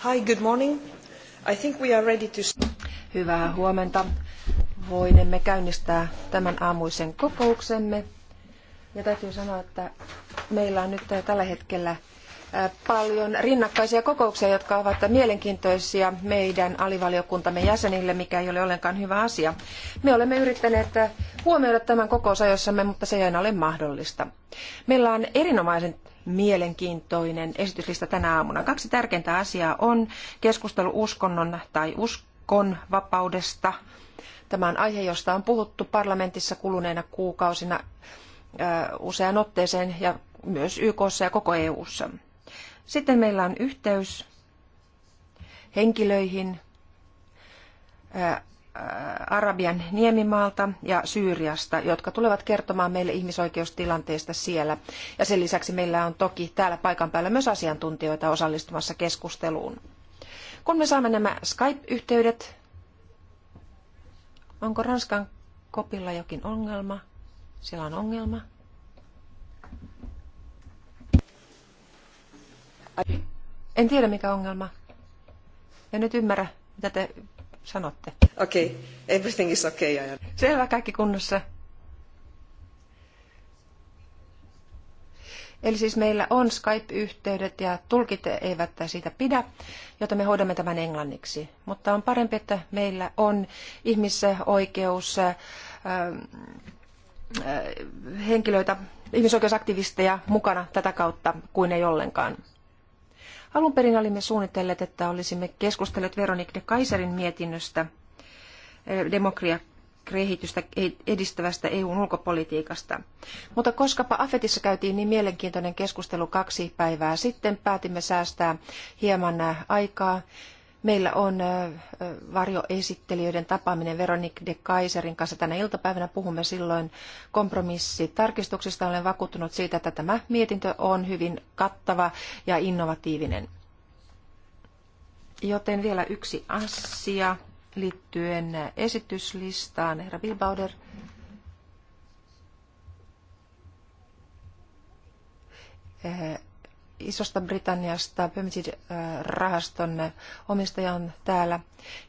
Hi, good morning. I think we are ready to... Hyvää huomenta. Voinemme käynnistää tämän aamuisen kokouksemme. Ja täytyy sanoa, että meillä on nyt tällä hetkellä paljon rinnakkaisia kokouksia, jotka ovat mielenkiintoisia meidän alivaliokuntamme jäsenille, mikä ei ole ollenkaan hyvä asia. Me olemme yrittäneet huomioida tämän kokousajoissamme, mutta se ei aina ole mahdollista. Meillä on erinomaisen mielenkiintoinen esityslista tänä aamuna. Kaksi tärkeintä asiaa on keskustelu uskonnon tai uskon vapaudesta. Tämä on aihe, josta on puhuttu parlamentissa kuluneina kuukausina useaan otteeseen ja myös YKssa ja koko EUssa. Sitten meillä on yhteys henkilöihin Arabian niemimaalta ja Syyriasta, jotka tulevat kertomaan meille ihmisoikeustilanteesta siellä. Ja sen lisäksi meillä on toki täällä paikan päällä myös asiantuntijoita osallistumassa keskusteluun. Kun me saamme nämä Skype-yhteydet, onko Ranskan kopilla jokin ongelma? Siellä on ongelma. En tiedä mikä ongelma. En nyt ymmärrä, mitä te sanotte. Okei, okay. everything is okay. Ajan. Selvä, kaikki kunnossa. Eli siis meillä on Skype-yhteydet ja tulkit eivät siitä pidä, jota me hoidamme tämän englanniksi. Mutta on parempi, että meillä on ihmisoikeus, äh, äh, henkilöitä, ihmisoikeusaktivisteja mukana tätä kautta kuin ei ollenkaan. Alun perin olimme suunnitelleet, että olisimme keskustelleet Veronique de Kaiserin mietinnöstä eh, demokratia kehitystä edistävästä EUn ulkopolitiikasta. Mutta koskapa AFETissa käytiin niin mielenkiintoinen keskustelu kaksi päivää sitten, päätimme säästää hieman eh, aikaa Meillä on varjoesittelijöiden tapaaminen Veronik de Kaiserin kanssa tänä iltapäivänä. Puhumme silloin kompromissitarkistuksista. Olen vakuuttunut siitä, että tämä mietintö on hyvin kattava ja innovatiivinen. Joten vielä yksi asia liittyen esityslistaan. Herra Bilbauder. Isosta Britanniasta Pyramid-rahaston omistaja on täällä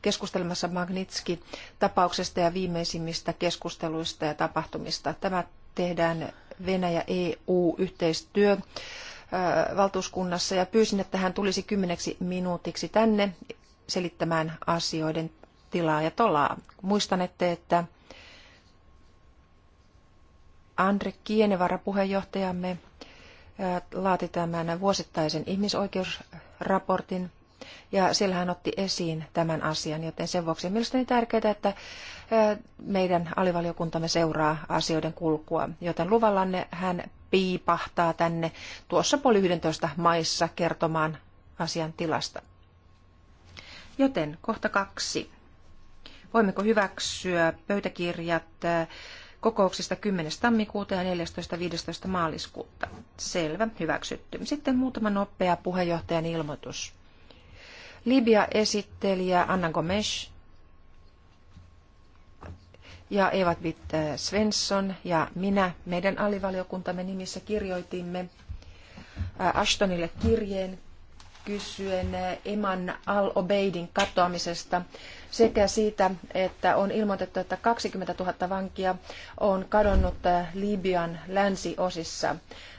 keskustelemassa Magnitski-tapauksesta ja viimeisimmistä keskusteluista ja tapahtumista. Tämä tehdään Venäjä-EU-yhteistyö äh, valtuuskunnassa ja pyysin, että hän tulisi kymmeneksi minuutiksi tänne selittämään asioiden tilaa ja tolaa. Muistan, että, että Andre Kiene, puheenjohtajamme, laati tämän vuosittaisen ihmisoikeusraportin ja siellä hän otti esiin tämän asian, joten sen vuoksi on mielestäni tärkeää, että meidän alivaliokuntamme seuraa asioiden kulkua, joten luvallanne hän piipahtaa tänne tuossa puoli 11 maissa kertomaan asian tilasta. Joten kohta kaksi. Voimmeko hyväksyä pöytäkirjat kokouksista 10. tammikuuta ja 14.–15. maaliskuuta. Selvä, hyväksytty. Sitten muutama nopea puheenjohtajan ilmoitus. Libya-esittelijä Anna Gomes ja Evat Witt äh, Svensson ja minä meidän alivaliokuntamme nimissä kirjoitimme äh, Ashtonille kirjeen kysyen äh, Eman al-Obeidin katoamisesta sekä siitä, että on ilmoitettu, että 20 000 vankia on kadonnut äh, Libyan länsiosissa.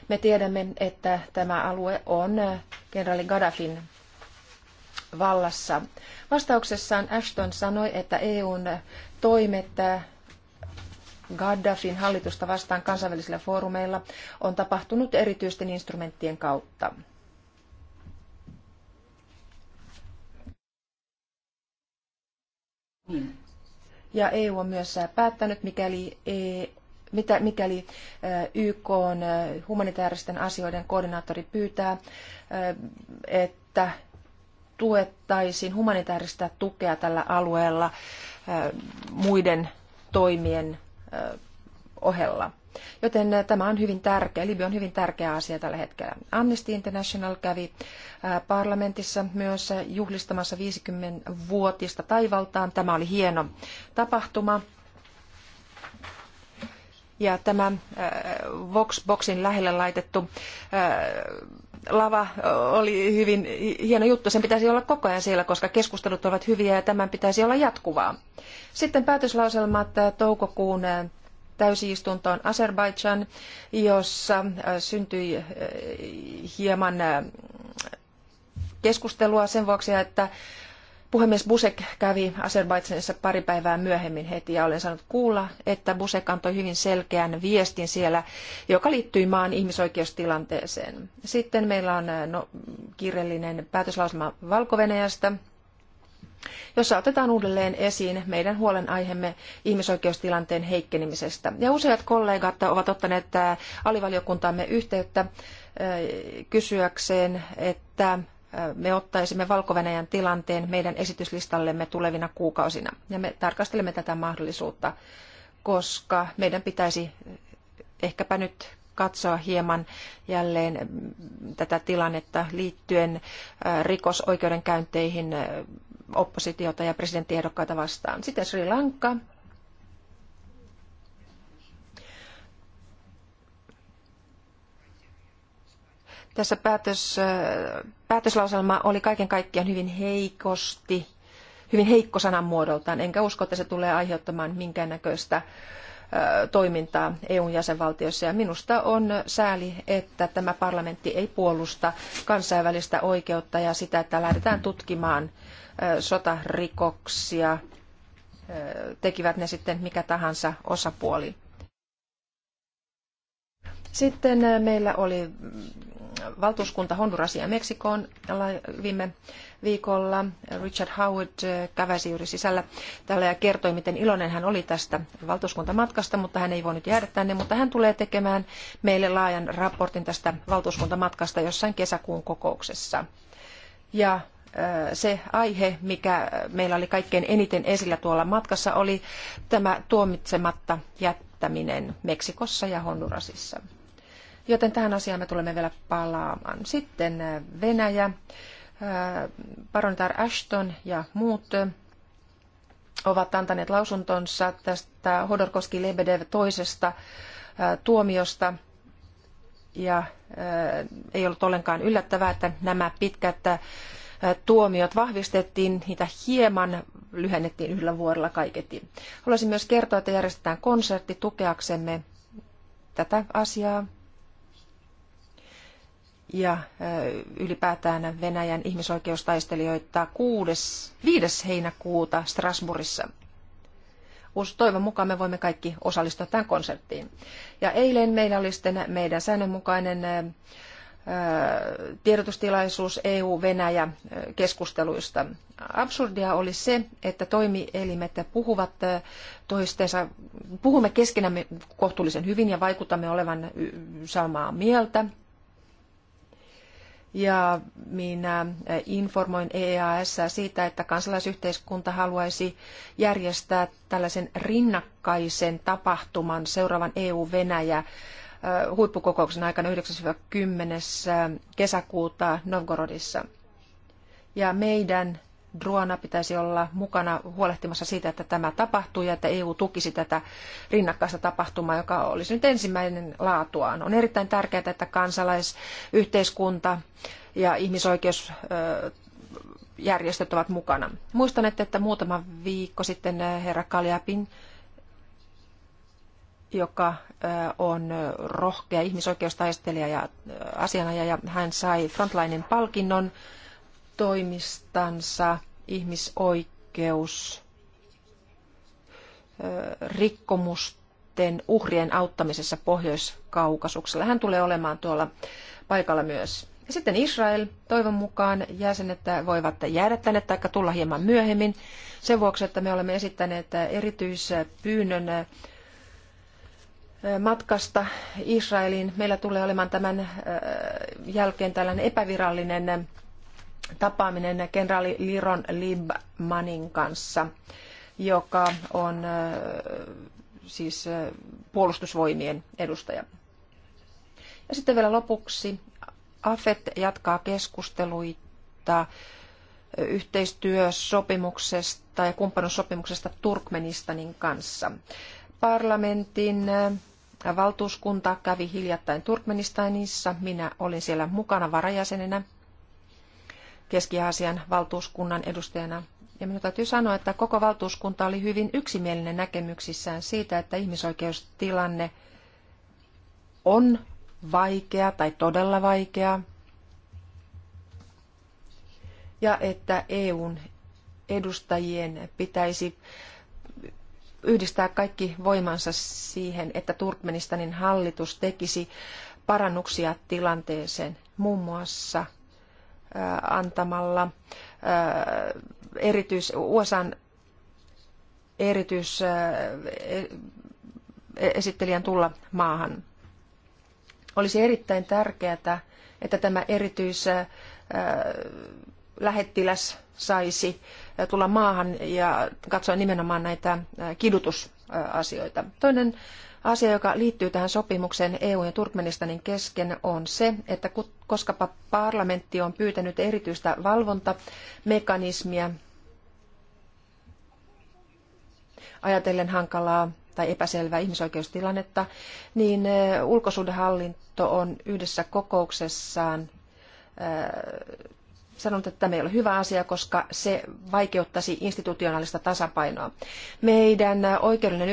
Me tiedämme, että tämä alue on äh, kenraali Gaddafin vallassa. Vastauksessaan Ashton sanoi, että EUn äh, toimet Gaddafin hallitusta vastaan kansainvälisillä foorumeilla on tapahtunut erityisten instrumenttien kautta. Niin. Ja EU on myös äh, päättänyt, mikäli, e, mitä, mikäli äh, YK on äh, humanitaaristen asioiden koordinaattori pyytää, että tuettaisiin humanitaarista tukea tällä alueella muiden toimien ohella. Joten eh, tämä on hyvin tärkeä, Libya on hyvin tärkeä asia tällä hetkellä. Amnesty International kävi eh, parlamentissa myös eh, juhlistamassa 50-vuotista taivaltaan. Tämä oli hieno tapahtuma. Ja tämä vox boxin lähellä laitettu lava oli hyvin hieno juttu. Sen pitäisi olla koko ajan siellä, koska keskustelut ovat hyviä ja tämän pitäisi olla jatkuvaa. Sitten päätöslauselmat toukokuun täysistuntoon Azerbaidžan, jossa äh, syntyi äh, hieman äh, keskustelua sen vuoksi, että Puhemies Busek kävi Azerbaidsanissa pari päivää myöhemmin heti ja olen saanut kuulla, että Busek antoi hyvin selkeän viestin siellä, joka liittyy maan ihmisoikeustilanteeseen. Sitten meillä on no, kirjallinen päätöslausuma valko -Venäjästä jossa otetaan uudelleen esiin meidän huolenaiheemme ihmisoikeustilanteen heikkenemisestä. Ja useat kollegat ovat ottaneet alivaliokuntaamme yhteyttä kysyäkseen, että me ottaisimme valko tilanteen meidän esityslistallemme tulevina kuukausina. Ja me tarkastelemme tätä mahdollisuutta, koska meidän pitäisi ehkäpä nyt katsoa hieman jälleen tätä tilannetta liittyen rikosoikeudenkäynteihin oppositiota ja presidenttiehdokkaita vastaan. Sitten Sri Lanka. Tässä päätös, päätöslauselma oli kaiken kaikkiaan hyvin heikosti, hyvin heikko sanamuodoltaan, enkä usko, että se tulee aiheuttamaan minkäännäköistä näköistä toimintaa EUn jäsenvaltioissa. Ja minusta on sääli, että tämä parlamentti ei puolusta kansainvälistä oikeutta ja sitä, että lähdetään tutkimaan sotarikoksia, tekivät ne sitten mikä tahansa osapuoli. Sitten meillä oli valtuuskunta Hondurasia ja Meksikoon viime viikolla. Richard Howard eh, käväsi juuri sisällä täällä ja kertoi, miten iloinen hän oli tästä valtuuskuntamatkasta, mutta hän ei voinut jäädä tänne, mutta hän tulee tekemään meille laajan raportin tästä valtuuskuntamatkasta jossain kesäkuun kokouksessa. Ja eh, se aihe, mikä meillä oli kaikkein eniten esillä tuolla matkassa, oli tämä tuomitsematta jättäminen Meksikossa ja Hondurasissa. Joten tähän asiaan me tulemme vielä palaamaan. Sitten äh, Venäjä, Parontar äh, Ashton ja muut äh, ovat antaneet lausuntonsa tästä Hodorkoski lebedev toisesta tuomiosta. Ja ei ollut ollenkaan yllättävää, että nämä pitkät tuomiot vahvistettiin, niitä hieman lyhennettiin yhdellä vuodella kaiketi. Haluaisin myös kertoa, että järjestetään konsertti tukeaksemme tätä asiaa ja ylipäätään Venäjän ihmisoikeustaistelijoita 6, 5. heinäkuuta Strasbourgissa. Toivon mukaan me voimme kaikki osallistua tähän konserttiin. Ja eilen meillä oli sitten meidän säännönmukainen tiedotustilaisuus EU-Venäjä keskusteluista. Absurdia oli se, että toimielimet puhuvat toistensa, puhumme keskenämme kohtuullisen hyvin ja vaikutamme olevan samaa mieltä ja minä eh, informoin EAS siitä, että kansalaisyhteiskunta haluaisi järjestää tällaisen rinnakkaisen tapahtuman seuraavan EU-Venäjä eh, huippukokouksen aikana 9-10. Eh, kesäkuuta Novgorodissa. Ja meidän Druana pitäisi olla mukana huolehtimassa siitä, että tämä tapahtuu ja että EU tukisi tätä rinnakkaista tapahtumaa, joka olisi nyt ensimmäinen laatuaan. On erittäin tärkeää, että kansalaisyhteiskunta ja ihmisoikeus järjestöt ovat mukana. Muistan, että muutama viikko sitten eh, herra Kaljapin, joka eh, on rohkea ihmisoikeustaistelija ja eh, asianajaja, hän sai Frontlinen palkinnon toimistansa ihmisoikeus rikkomusten uhrien auttamisessa Pohjois-Kaukasuksella. Hän tulee olemaan tuolla paikalla myös. Ja sitten Israel, toivon mukaan jäsenet voivat jäädä tänne tai tulla hieman myöhemmin sen vuoksi, että me olemme esittäneet erityispyynnön matkasta Israeliin. Meillä tulee olemaan tämän jälkeen tällainen epävirallinen tapaaminen kenraali Liron Libmanin kanssa, joka on siis puolustusvoimien edustaja. Ja sitten vielä lopuksi AFET jatkaa keskusteluita yhteistyösopimuksesta ja kumppanuussopimuksesta Turkmenistanin kanssa. Parlamentin valtuuskunta kävi hiljattain Turkmenistanissa. Minä olin siellä mukana varajäsenenä Keski-Aasian valtuuskunnan edustajana. Ja minun täytyy sanoa, että koko valtuuskunta oli hyvin yksimielinen näkemyksissään siitä, että ihmisoikeustilanne on vaikea tai todella vaikea. Ja että EUn edustajien pitäisi yhdistää kaikki voimansa siihen, että Turkmenistanin hallitus tekisi parannuksia tilanteeseen muun muassa – antamalla erityis, USAn erityisesittelijän e, e, tulla maahan. Olisi erittäin tärkeää, että tämä erityislähettiläs saisi tulla maahan ja katsoa nimenomaan näitä kidutusasioita. Toinen Asia, joka liittyy tähän sopimukseen EU ja Turkmenistanin kesken, on se, että koska parlamentti on pyytänyt erityistä valvontamekanismia ajatellen hankalaa tai epäselvää ihmisoikeustilannetta, niin ulkosuhdehallinto on yhdessä kokouksessaan sanonut, että tämä ei ole hyvä asia, koska se vaikeuttaisi institutionaalista tasapainoa. Meidän oikeudellinen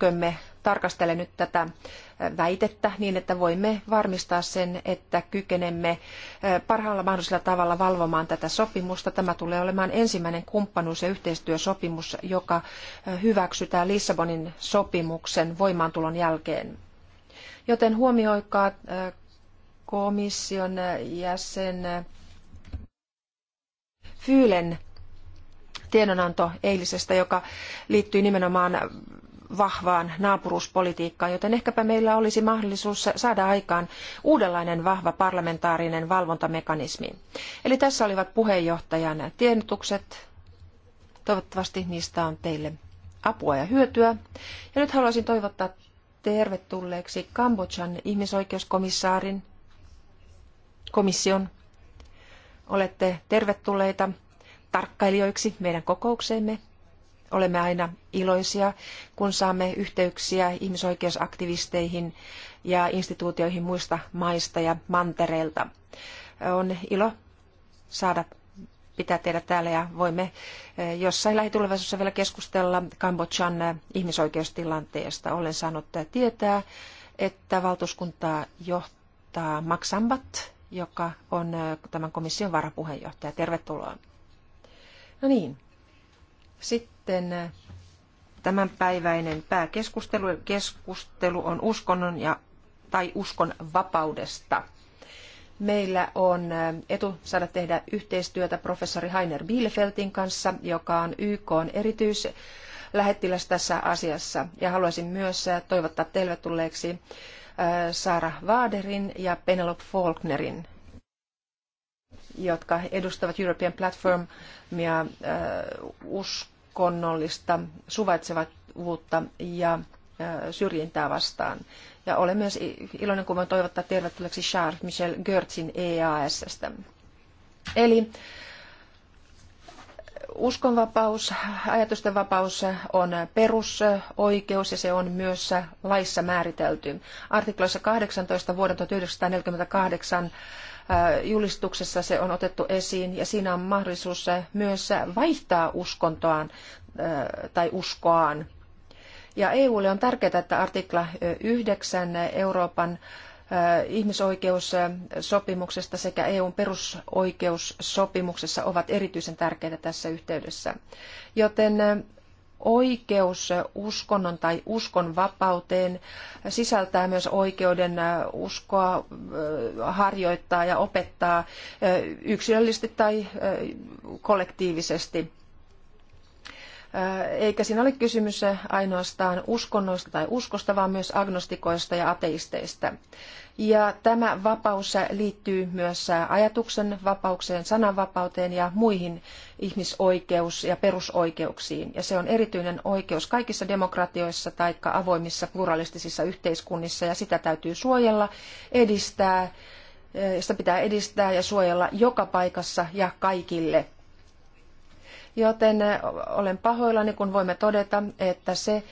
yksikkömme tarkastele nyt tätä väitettä niin, että voimme varmistaa sen, että kykenemme parhaalla mahdollisella tavalla valvomaan tätä sopimusta. Tämä tulee olemaan ensimmäinen kumppanuus- ja yhteistyösopimus, joka hyväksytään Lissabonin sopimuksen voimaantulon jälkeen. Joten huomioikaa komission jäsen Fyylen tiedonanto eilisestä, joka liittyy nimenomaan vahvaan naapuruuspolitiikkaan, joten ehkäpä meillä olisi mahdollisuus saada aikaan uudenlainen vahva parlamentaarinen valvontamekanismi. Eli tässä olivat puheenjohtajan tiedotukset. Toivottavasti niistä on teille apua ja hyötyä. Ja nyt haluaisin toivottaa tervetulleeksi Kambodjan ihmisoikeuskomissaarin komission. Olette tervetulleita tarkkailijoiksi meidän kokoukseemme Olemme aina iloisia, kun saamme yhteyksiä ihmisoikeusaktivisteihin ja instituutioihin muista maista ja mantereilta. On ilo saada pitää teidät täällä ja voimme eh, jossain lähitulevaisuudessa vielä keskustella Kambodjan eh, ihmisoikeustilanteesta. Olen saanut eh, tietää, että valtuuskuntaa johtaa Maksambat, joka on tämän komission varapuheenjohtaja. Tervetuloa. No niin, sitten äh, tämänpäiväinen pääkeskustelu keskustelu on uskonnon ja, tai uskon vapaudesta. Meillä on äh, etu saada tehdä yhteistyötä professori Heiner Bielefeldin kanssa, joka on YK on erityislähettiläs tässä asiassa. Ja haluaisin myös äh, toivottaa tervetulleeksi Saara Vaaderin ja Penelope Faulknerin, jotka edustavat European Platformia äh, uskon uskonnollista suvaitsevuutta ja äh, syrjintää vastaan. Ja olen myös iloinen, kun voin toivottaa tervetulleeksi Charles Michel Görtsin EASstä. Eli uskonvapaus, vapaus on perusoikeus ja se on myös laissa määritelty. Artikloissa 18 vuoden 1948 julistuksessa se on otettu esiin ja siinä on mahdollisuus myös vaihtaa uskontoaan tai uskoaan. Ja EUlle on tärkeää, että artikla 9 Euroopan ihmisoikeussopimuksesta sekä EUn perusoikeussopimuksessa ovat erityisen tärkeitä tässä yhteydessä. Joten oikeus uskonnon tai uskon vapauteen sisältää myös oikeuden äh, uskoa äh, harjoittaa ja opettaa äh, yksilöllisesti tai kollektiivisesti. Eikä siinä ole kysymys ainoastaan uskonnoista tai uskosta, vaan myös agnostikoista ja ateisteista. Ja tämä vapaus liittyy myös ajatuksen vapaukseen, sananvapauteen ja muihin ihmisoikeus- ja perusoikeuksiin. Ja se on erityinen oikeus kaikissa demokratioissa tai avoimissa pluralistisissa yhteiskunnissa ja sitä täytyy suojella, edistää, sitä pitää edistää ja suojella joka paikassa ja kaikille. Joten olen pahoillani, kun voimme todeta, että se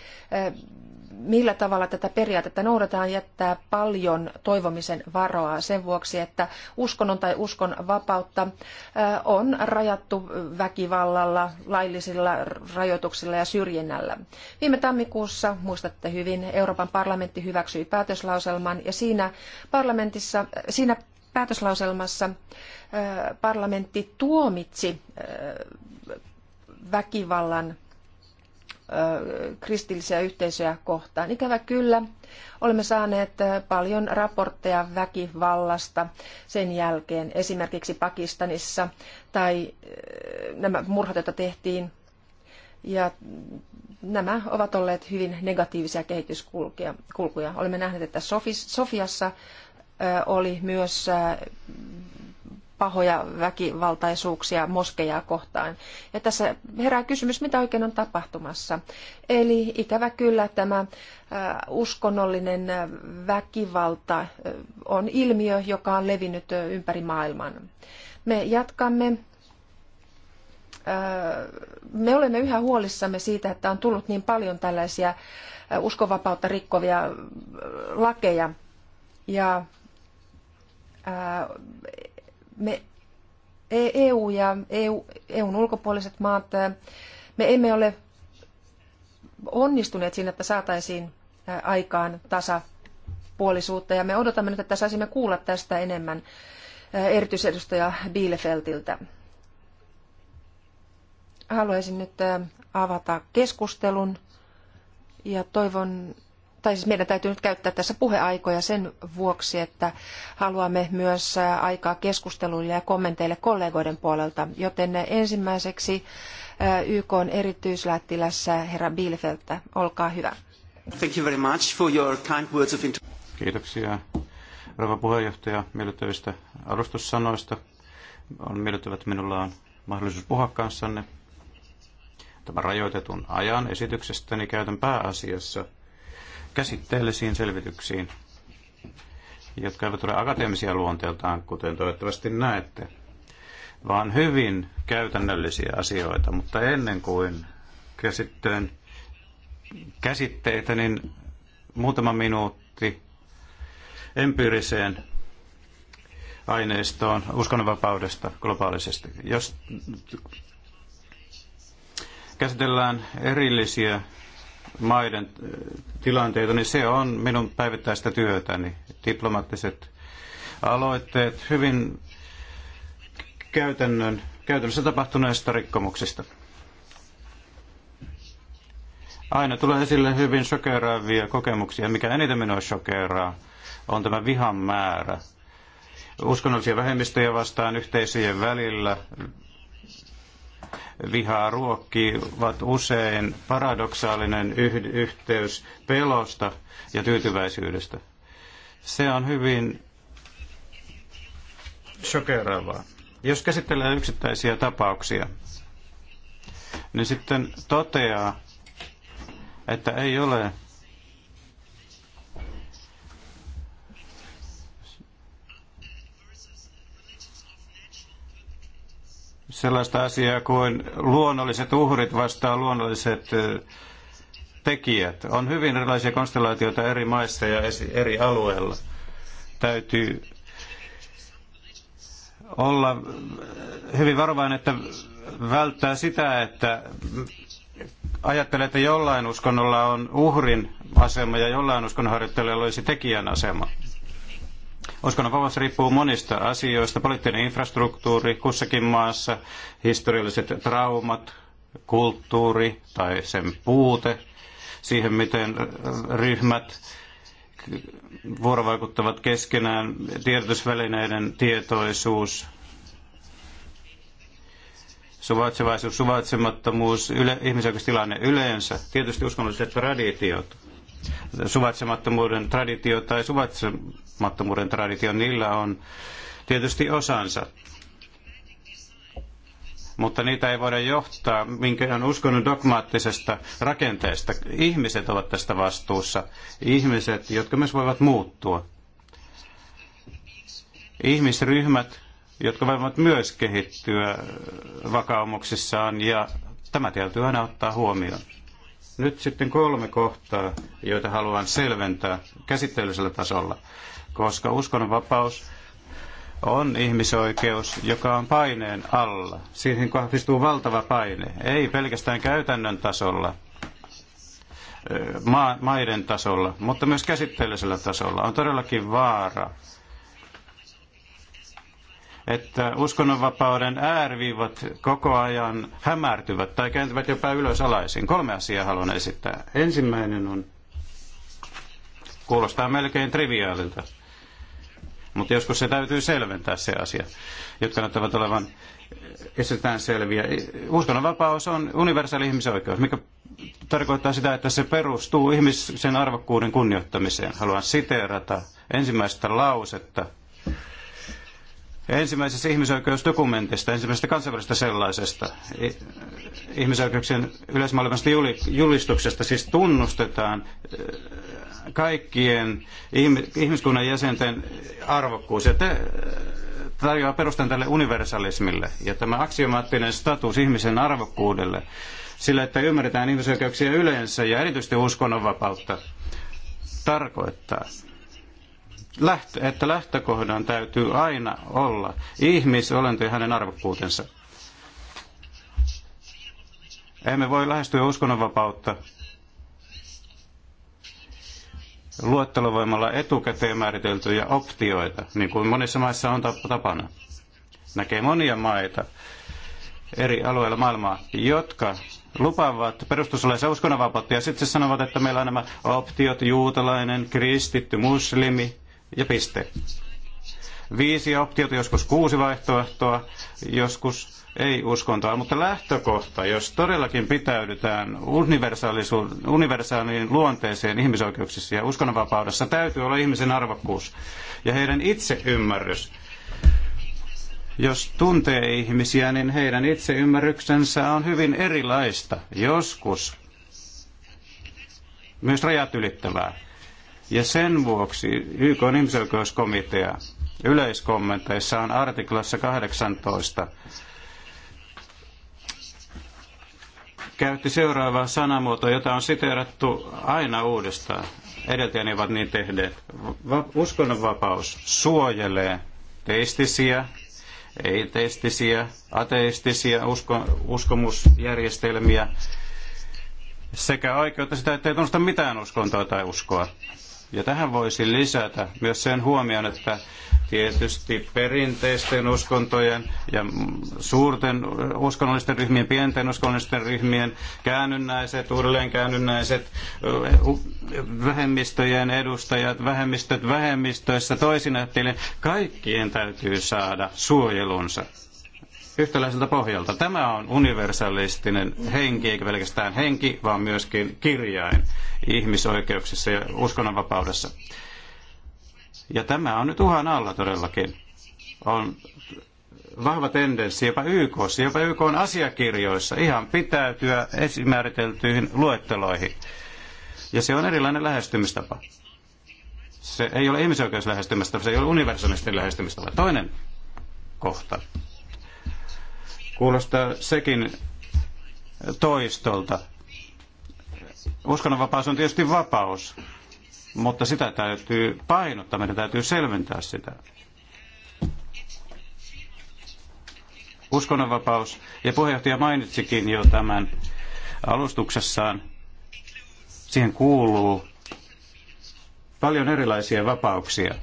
millä tavalla tätä periaatetta noudataan, jättää paljon toivomisen varoa sen vuoksi, että uskonnon tai uskon vapautta on rajattu väkivallalla, laillisilla rajoituksilla ja syrjinnällä. Viime tammikuussa, muistatte hyvin, Euroopan parlamentti hyväksyi päätöslauselman ja siinä, parlamentissa, siinä päätöslauselmassa parlamentti tuomitsi väkivallan kristillisiä yhteisöjä kohtaan. Ikävä kyllä, olemme saaneet paljon raportteja väkivallasta sen jälkeen, esimerkiksi Pakistanissa, tai nämä murhat, joita tehtiin. Ja nämä ovat olleet hyvin negatiivisia kehityskulkuja. Olemme nähneet, että Sofiassa oli myös pahoja väkivaltaisuuksia moskejaa kohtaan. Ja tässä herää kysymys, mitä oikein on tapahtumassa. Eli ikävä kyllä tämä äh, uskonnollinen äh, väkivalta äh, on ilmiö, joka on levinnyt ympäri maailman. Me jatkamme me olemme yhä huolissamme siitä, että on tullut niin paljon tällaisia uskonvapautta rikkovia lakeja. Ja me EU e ja EU, EUn ulkopuoliset maat, me emme ole onnistuneet siinä, että saataisiin aikaan tasapuolisuutta ja me odotamme nyt, että saisimme kuulla tästä enemmän erityisedustaja Bielefeltiltä. Haluaisin nyt avata keskustelun ja toivon, tai siis meidän täytyy nyt käyttää tässä puheaikoja sen vuoksi, että haluamme myös aikaa keskusteluille ja kommenteille kollegoiden puolelta. Joten ensimmäiseksi YK on erityislähettilässä herra Bielefeldtä. Olkaa hyvä. Thank you very much for your kind words of Kiitoksia rouva puheenjohtaja miellyttävistä alustussanoista. On miellyttävä, että minulla on mahdollisuus puhua kanssanne tämän rajoitetun ajan esityksestäni käytän pääasiassa käsitteellisiin selvityksiin, jotka eivät ole akateemisia luonteeltaan, kuten toivottavasti näette, vaan hyvin käytännöllisiä asioita. Mutta ennen kuin käsittelen käsitteitä, niin muutama minuutti empiiriseen aineistoon uskonnonvapaudesta globaalisesti. Jos käsitellään erillisiä maiden äh, tilanteita, niin se on minun päivittäistä työtäni. Diplomaattiset aloitteet hyvin käytännön, käytännössä tapahtuneista rikkomuksista. Aina tulee esille hyvin shokeraavia kokemuksia. Mikä eniten minua shokeraa, on tämä vihan määrä. Uskonnollisia vähemmistöjä vastaan yhteisöjen välillä, vihaa ruokkivat usein paradoksaalinen yh- yhteys pelosta ja tyytyväisyydestä. Se on hyvin shokeraavaa. Jos käsitellään yksittäisiä tapauksia, niin sitten toteaa, että ei ole sellaista asiaa kuin luonnolliset uhrit vastaan luonnolliset tekijät. On hyvin erilaisia konstellaatioita eri maissa ja eri alueilla. Täytyy olla hyvin varovainen, että välttää sitä, että ajattelee, että jollain uskonnolla on uhrin asema ja jollain uskonnon olisi tekijän asema. Uskonnonvapaus riippuu monista asioista, poliittinen infrastruktuuri kussakin maassa, historialliset traumat, kulttuuri tai sen puute, siihen miten äh, ryhmät vuorovaikuttavat keskenään, tiedotusvälineiden tietoisuus, suvaitsevaisuus, suvaitsemattomuus, yle, ihmisoikeustilanne yleensä, tietysti uskonnolliset traditiot suvaitsemattomuuden traditio tai suvaitsemattomuuden traditio, niillä on tietysti osansa. Mutta niitä ei voida johtaa minkään uskonnon dogmaattisesta rakenteesta. Ihmiset ovat tästä vastuussa. Ihmiset, jotka myös voivat muuttua. Ihmisryhmät, jotka voivat myös kehittyä vakaumuksissaan ja tämä täytyy aina ottaa huomioon. Nyt sitten kolme kohtaa, joita haluan selventää käsitteellisellä tasolla, koska uskonnonvapaus on ihmisoikeus, joka on paineen alla. Siihen kohdistuu valtava paine, ei pelkästään käytännön tasolla, maiden tasolla, mutta myös käsitteellisellä tasolla. On todellakin vaara, että uskonnonvapauden ääriviivat koko ajan hämärtyvät tai kääntyvät jopa ylös alaisin. Kolme asiaa haluan esittää. Ensimmäinen on, kuulostaa melkein triviaalilta, mutta joskus se täytyy selventää se asia, jotka näyttävät olevan esitetään selviä. Uskonnonvapaus on universaali ihmisoikeus, mikä tarkoittaa sitä, että se perustuu ihmisen arvokkuuden kunnioittamiseen. Haluan siteerata ensimmäistä lausetta ensimmäisestä ihmisoikeusdokumentista, ensimmäisestä kansainvälisestä sellaisesta, ihmisoikeuksien yleismaailmasta julistuksesta, siis tunnustetaan äh, kaikkien ihmiskunnan jäsenten arvokkuus. Ja te, äh, tarjoaa perustan tälle universalismille ja tämä aksiomaattinen status ihmisen arvokkuudelle, sillä että ymmärretään ihmisoikeuksia yleensä ja erityisesti uskonnonvapautta, tarkoittaa että lähtökohdan täytyy aina olla ihmisolento ja hänen arvokkuutensa. Emme voi lähestyä uskonnonvapautta luettelovoimalla etukäteen määriteltyjä optioita, niin kuin monissa maissa on tapana. Näkee monia maita eri alueilla maailmaa, jotka lupaavat perustuslaissa uskonnonvapautta ja sitten sanovat, että meillä on nämä optiot, juutalainen, kristitty, muslimi, ja piste. Viisi optiota, joskus kuusi vaihtoehtoa, joskus ei uskontoa, mutta lähtökohta, jos todellakin pitäydytään universaaliin luonteeseen ihmisoikeuksissa ja uskonnonvapaudessa, täytyy olla ihmisen arvokkuus ja heidän itse ymmärrys jos tuntee ihmisiä, niin heidän itseymmärryksensä on hyvin erilaista, joskus myös rajat ylittävää. Ja sen vuoksi YK on ihmisoikeuskomitea yleiskommenteissa on artiklassa 18 käytti seuraavaa sanamuotoa, jota on siteerattu aina uudestaan. Edeltäjäni ovat niin tehneet. Va- uskonnonvapaus suojelee teistisiä, ei-teistisiä, ateistisia usko- uskomusjärjestelmiä sekä oikeutta sitä, ettei tunnusta mitään uskontoa tai uskoa. Ja tähän voisi lisätä myös sen huomion, että tietysti perinteisten uskontojen ja suurten uskonnollisten ryhmien, pienten uskonnollisten ryhmien käännynnäiset, uudelleenkäännynnäiset vähemmistöjen edustajat, vähemmistöt vähemmistöissä toisinäyttelijät, kaikkien täytyy saada suojelunsa yhtäläiseltä pohjalta. Tämä on universalistinen henki, eikä pelkästään henki, vaan myöskin kirjain ihmisoikeuksissa ja uskonnonvapaudessa. Ja tämä on nyt uhan alla todellakin. On vahva tendenssi jopa YK, jopa YK on asiakirjoissa ihan pitäytyä esimääriteltyihin luetteloihin. Ja se on erilainen lähestymistapa. Se ei ole ihmisoikeuslähestymistapa, se ei ole universalistinen lähestymistapa. Toinen kohta Kuulostaa sekin toistolta. Uskonnonvapaus on tietysti vapaus, mutta sitä täytyy painottaa, meidän täytyy selventää sitä. Uskonnonvapaus, ja puheenjohtaja mainitsikin jo tämän alustuksessaan, siihen kuuluu paljon erilaisia vapauksia,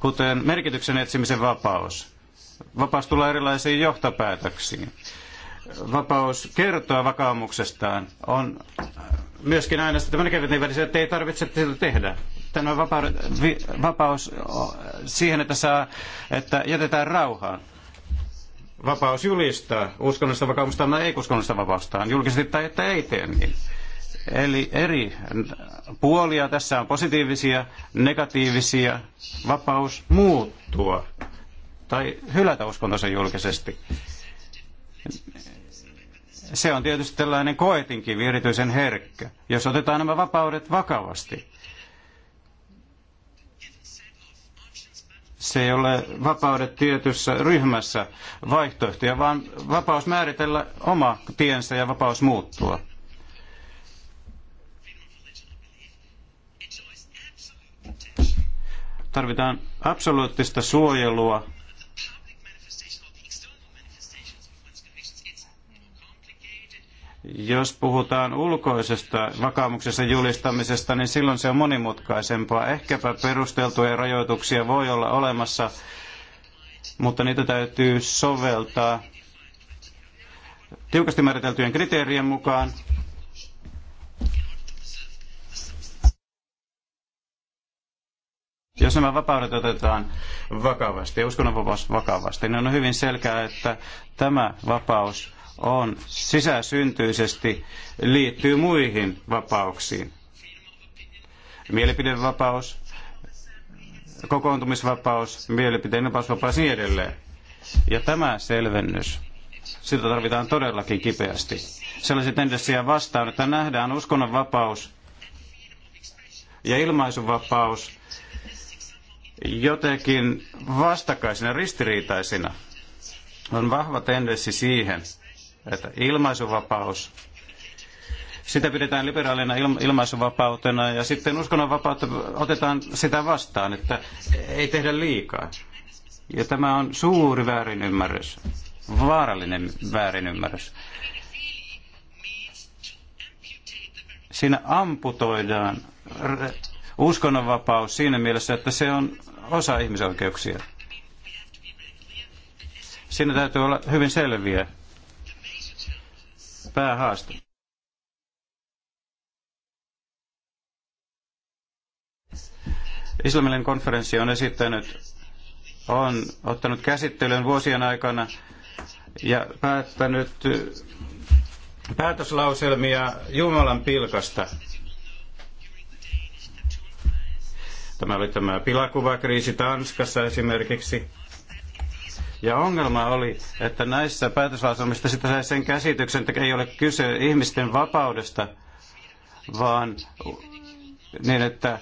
kuten merkityksen etsimisen vapaus, vapaus tulla erilaisiin johtopäätöksiin. Vapaus kertoa vakaumuksestaan on myöskin aina tämmöinen kevytin välissä, että ei tarvitse sitä tehdä. Tämä vapaus siihen, että, saa, että jätetään rauhaan vapaus julistaa uskonnollista vakaumustaan tai ei-uskonnollista vapaustaan, julkisesti tai että ei tee niin. Eli eri puolia tässä on positiivisia, negatiivisia, vapaus muuttua tai hylätä uskontonsa julkisesti. Se on tietysti tällainen koetinkin erityisen herkkä, jos otetaan nämä vapaudet vakavasti. Se ei ole vapaudet tietyssä ryhmässä vaihtoehtoja, vaan vapaus määritellä oma tiensä ja vapaus muuttua. tarvitaan absoluuttista suojelua Jos puhutaan ulkoisesta vakaumuksen julistamisesta, niin silloin se on monimutkaisempaa. Ehkäpä perusteltuja rajoituksia voi olla olemassa, mutta niitä täytyy soveltaa tiukasti määriteltyjen kriteerien mukaan. Jos nämä vapaudet otetaan vakavasti ja uskonnonvapaus vakavasti, niin on hyvin selkeää, että tämä vapaus on sisäsyntyisesti liittyy muihin vapauksiin. Mielipidevapaus, kokoontumisvapaus, mielipiteen vapaus ja niin edelleen. Ja tämä selvennys, sitä tarvitaan todellakin kipeästi. Sellaisia tendenssiä vastaan, että nähdään uskonnonvapaus ja ilmaisuvapaus jotenkin vastakkaisina, ristiriitaisina. On vahva tendenssi siihen, että ilmaisuvapaus, sitä pidetään liberaalina ilmaisuvapautena ja sitten uskonnonvapautta otetaan sitä vastaan, että ei tehdä liikaa. Ja tämä on suuri väärinymmärrys, vaarallinen väärinymmärrys. Siinä amputoidaan uskonnonvapaus siinä mielessä, että se on osa ihmisoikeuksia. Siinä täytyy olla hyvin selviä päähaaste. Islamilainen konferenssi on esittänyt, on ottanut käsittelyyn vuosien aikana ja päättänyt päätöslauselmia Jumalan pilkasta. Tämä oli tämä pilakuvakriisi Tanskassa esimerkiksi. Ja ongelma oli, että näissä päätöslauselmissa sitä sai sen käsityksen, että ei ole kyse ihmisten vapaudesta, vaan niin, että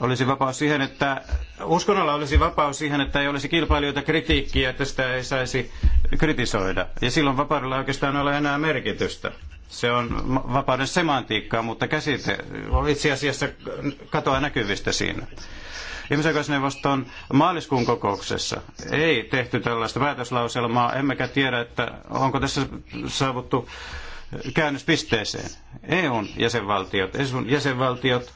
olisi vapaus siihen, että uskonnolla olisi vapaus siihen, että ei olisi kilpailijoita kritiikkiä, että sitä ei saisi kritisoida. Ja silloin vapaudella oikeastaan ole enää merkitystä. Se on vapauden semantiikkaa, mutta käsite itse asiassa katoaa näkyvistä siinä ihmisoikeusneuvoston maaliskuun kokouksessa ei tehty tällaista päätöslauselmaa, emmekä tiedä, että onko tässä saavuttu käynnispisteeseen. EUn jäsenvaltiot, EUn jäsenvaltiot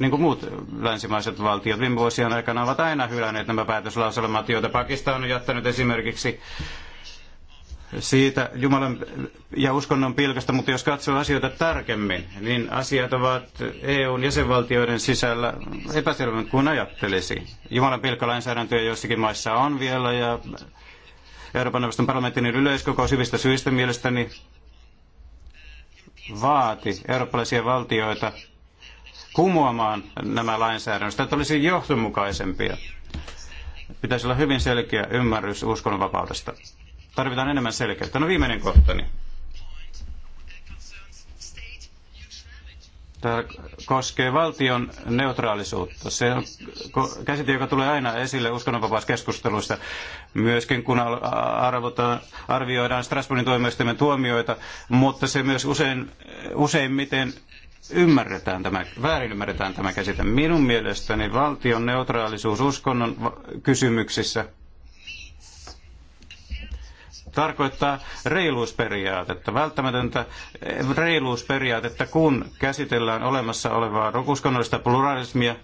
niin kuin muut länsimaiset valtiot viime vuosien aikana ovat aina hylänneet nämä päätöslauselmat, joita Pakistan on jättänyt esimerkiksi siitä Jumalan ja uskonnon pilkasta, mutta jos katsoo asioita tarkemmin, niin asiat ovat EUn jäsenvaltioiden sisällä epäselvän kuin ajattelisi. Jumalan pilkkalainsäädäntöä joissakin maissa on vielä ja Euroopan neuvoston parlamentin yleiskokous hyvistä syistä mielestäni vaati eurooppalaisia valtioita kumoamaan nämä lainsäädännöt, että olisi johtonmukaisempia. Pitäisi olla hyvin selkeä ymmärrys uskonnonvapaudesta. Tarvitaan enemmän selkeyttä. No viimeinen kohtani. Niin. Tämä koskee valtion neutraalisuutta. Se on käsite, joka tulee aina esille uskonnonvapauskeskusteluissa, myöskin kun arvotaan, arvioidaan Strasbourgin toimijoistamme tuomioita, mutta se myös usein, useimmiten ymmärretään tämä, väärin ymmärretään tämä käsite. Minun mielestäni valtion neutraalisuus uskonnon kysymyksissä tarkoittaa reiluusperiaatetta, välttämätöntä reiluusperiaatetta, kun käsitellään olemassa olevaa uskonnollista pluralismia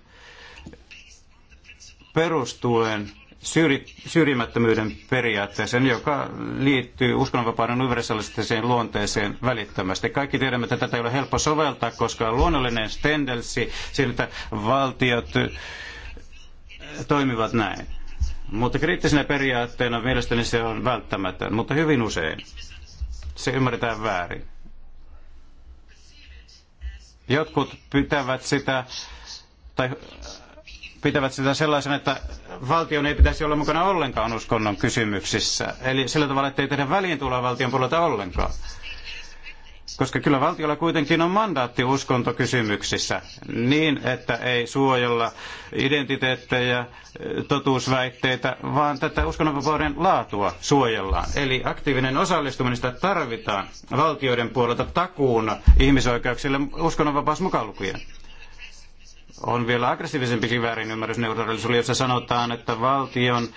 perustuen syrji, syrjimättömyyden periaatteeseen, joka liittyy uskonnonvapauden universalistiseen luonteeseen välittömästi. Kaikki tiedämme, että tätä ei ole helppo soveltaa, koska on luonnollinen stendelssi siltä valtiot toimivat näin. Mutta kriittisenä periaatteena mielestäni se on välttämätön, mutta hyvin usein se ymmärretään väärin. Jotkut pitävät sitä, tai pitävät sitä sellaisena, että valtion ei pitäisi olla mukana ollenkaan uskonnon kysymyksissä. Eli sillä tavalla, että ei tehdä väliintuloa valtion puolelta ollenkaan. Koska kyllä valtiolla kuitenkin on mandaatti uskontokysymyksissä niin, että ei suojella identiteettejä, totuusväitteitä, vaan tätä uskonnonvapauden laatua suojellaan. Eli aktiivinen osallistuminen sitä tarvitaan valtioiden puolelta takuuna ihmisoikeuksille uskonnonvapaus mukaan lukien on vielä aggressiivisempikin väärinymmärrys neutraalisuudelle, jossa sanotaan, että valtion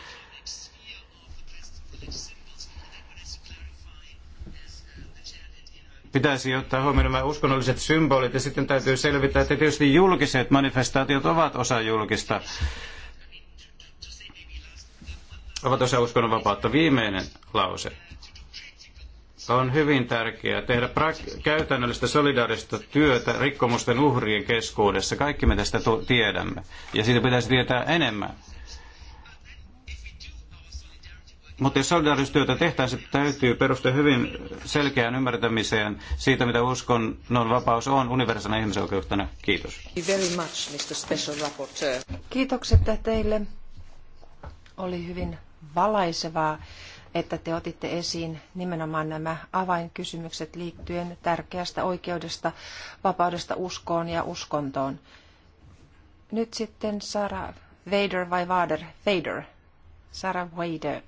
pitäisi ottaa huomioon nämä uskonnolliset symbolit ja sitten täytyy selvittää, että tietysti julkiset manifestaatiot ovat osa julkista, ovat osa uskonnonvapautta. Viimeinen lause on hyvin tärkeää tehdä pra- käytännöllistä solidaarista työtä rikkomusten uhrien keskuudessa. Kaikki me tästä tiedämme ja siitä pitäisi tietää enemmän. Mutta jos solidaarisuustyötä tehtäisiin, se täytyy perustua hyvin selkeään ymmärtämiseen siitä, mitä uskonnon vapaus on universaalina ihmisoikeutena. Kiitos. Kiitokset teille. Oli hyvin valaisevaa, että te otitte esiin nimenomaan nämä avainkysymykset liittyen tärkeästä oikeudesta, vapaudesta uskoon ja uskontoon. Nyt sitten Sara Vader vai Vader? Vader. Sara Vader.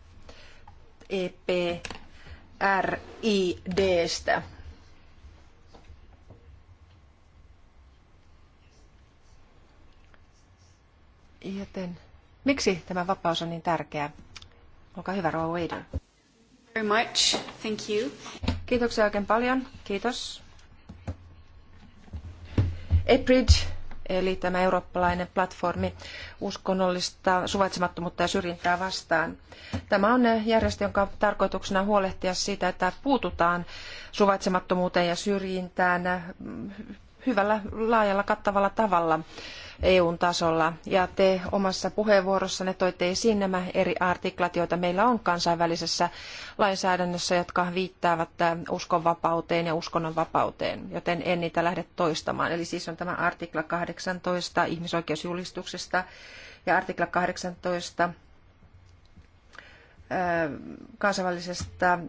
EPRIDstä. Joten miksi tämä vapaus on niin tärkeä? Olkaa hyvä, Rouva Wader. Very much. Thank you. Kiitoksia oikein paljon. Kiitos. EPRID eli tämä eurooppalainen platformi uskonnollista suvaitsemattomuutta ja syrjintää vastaan. Tämä on järjestö, jonka tarkoituksena on huolehtia siitä, että puututaan suvaitsemattomuuteen ja syrjintään hyvällä, laajalla, kattavalla tavalla EUn tasolla. Ja te omassa puheenvuorossanne toitte esiin nämä eri artiklat, joita meillä on kansainvälisessä lainsäädännössä, jotka viittaavat äh, uskonvapauteen ja uskonnonvapauteen, joten en niitä lähde toistamaan. Eli siis on tämä artikla 18 ihmisoikeusjulistuksesta ja artikla 18 äh, kansainvälisestä äh,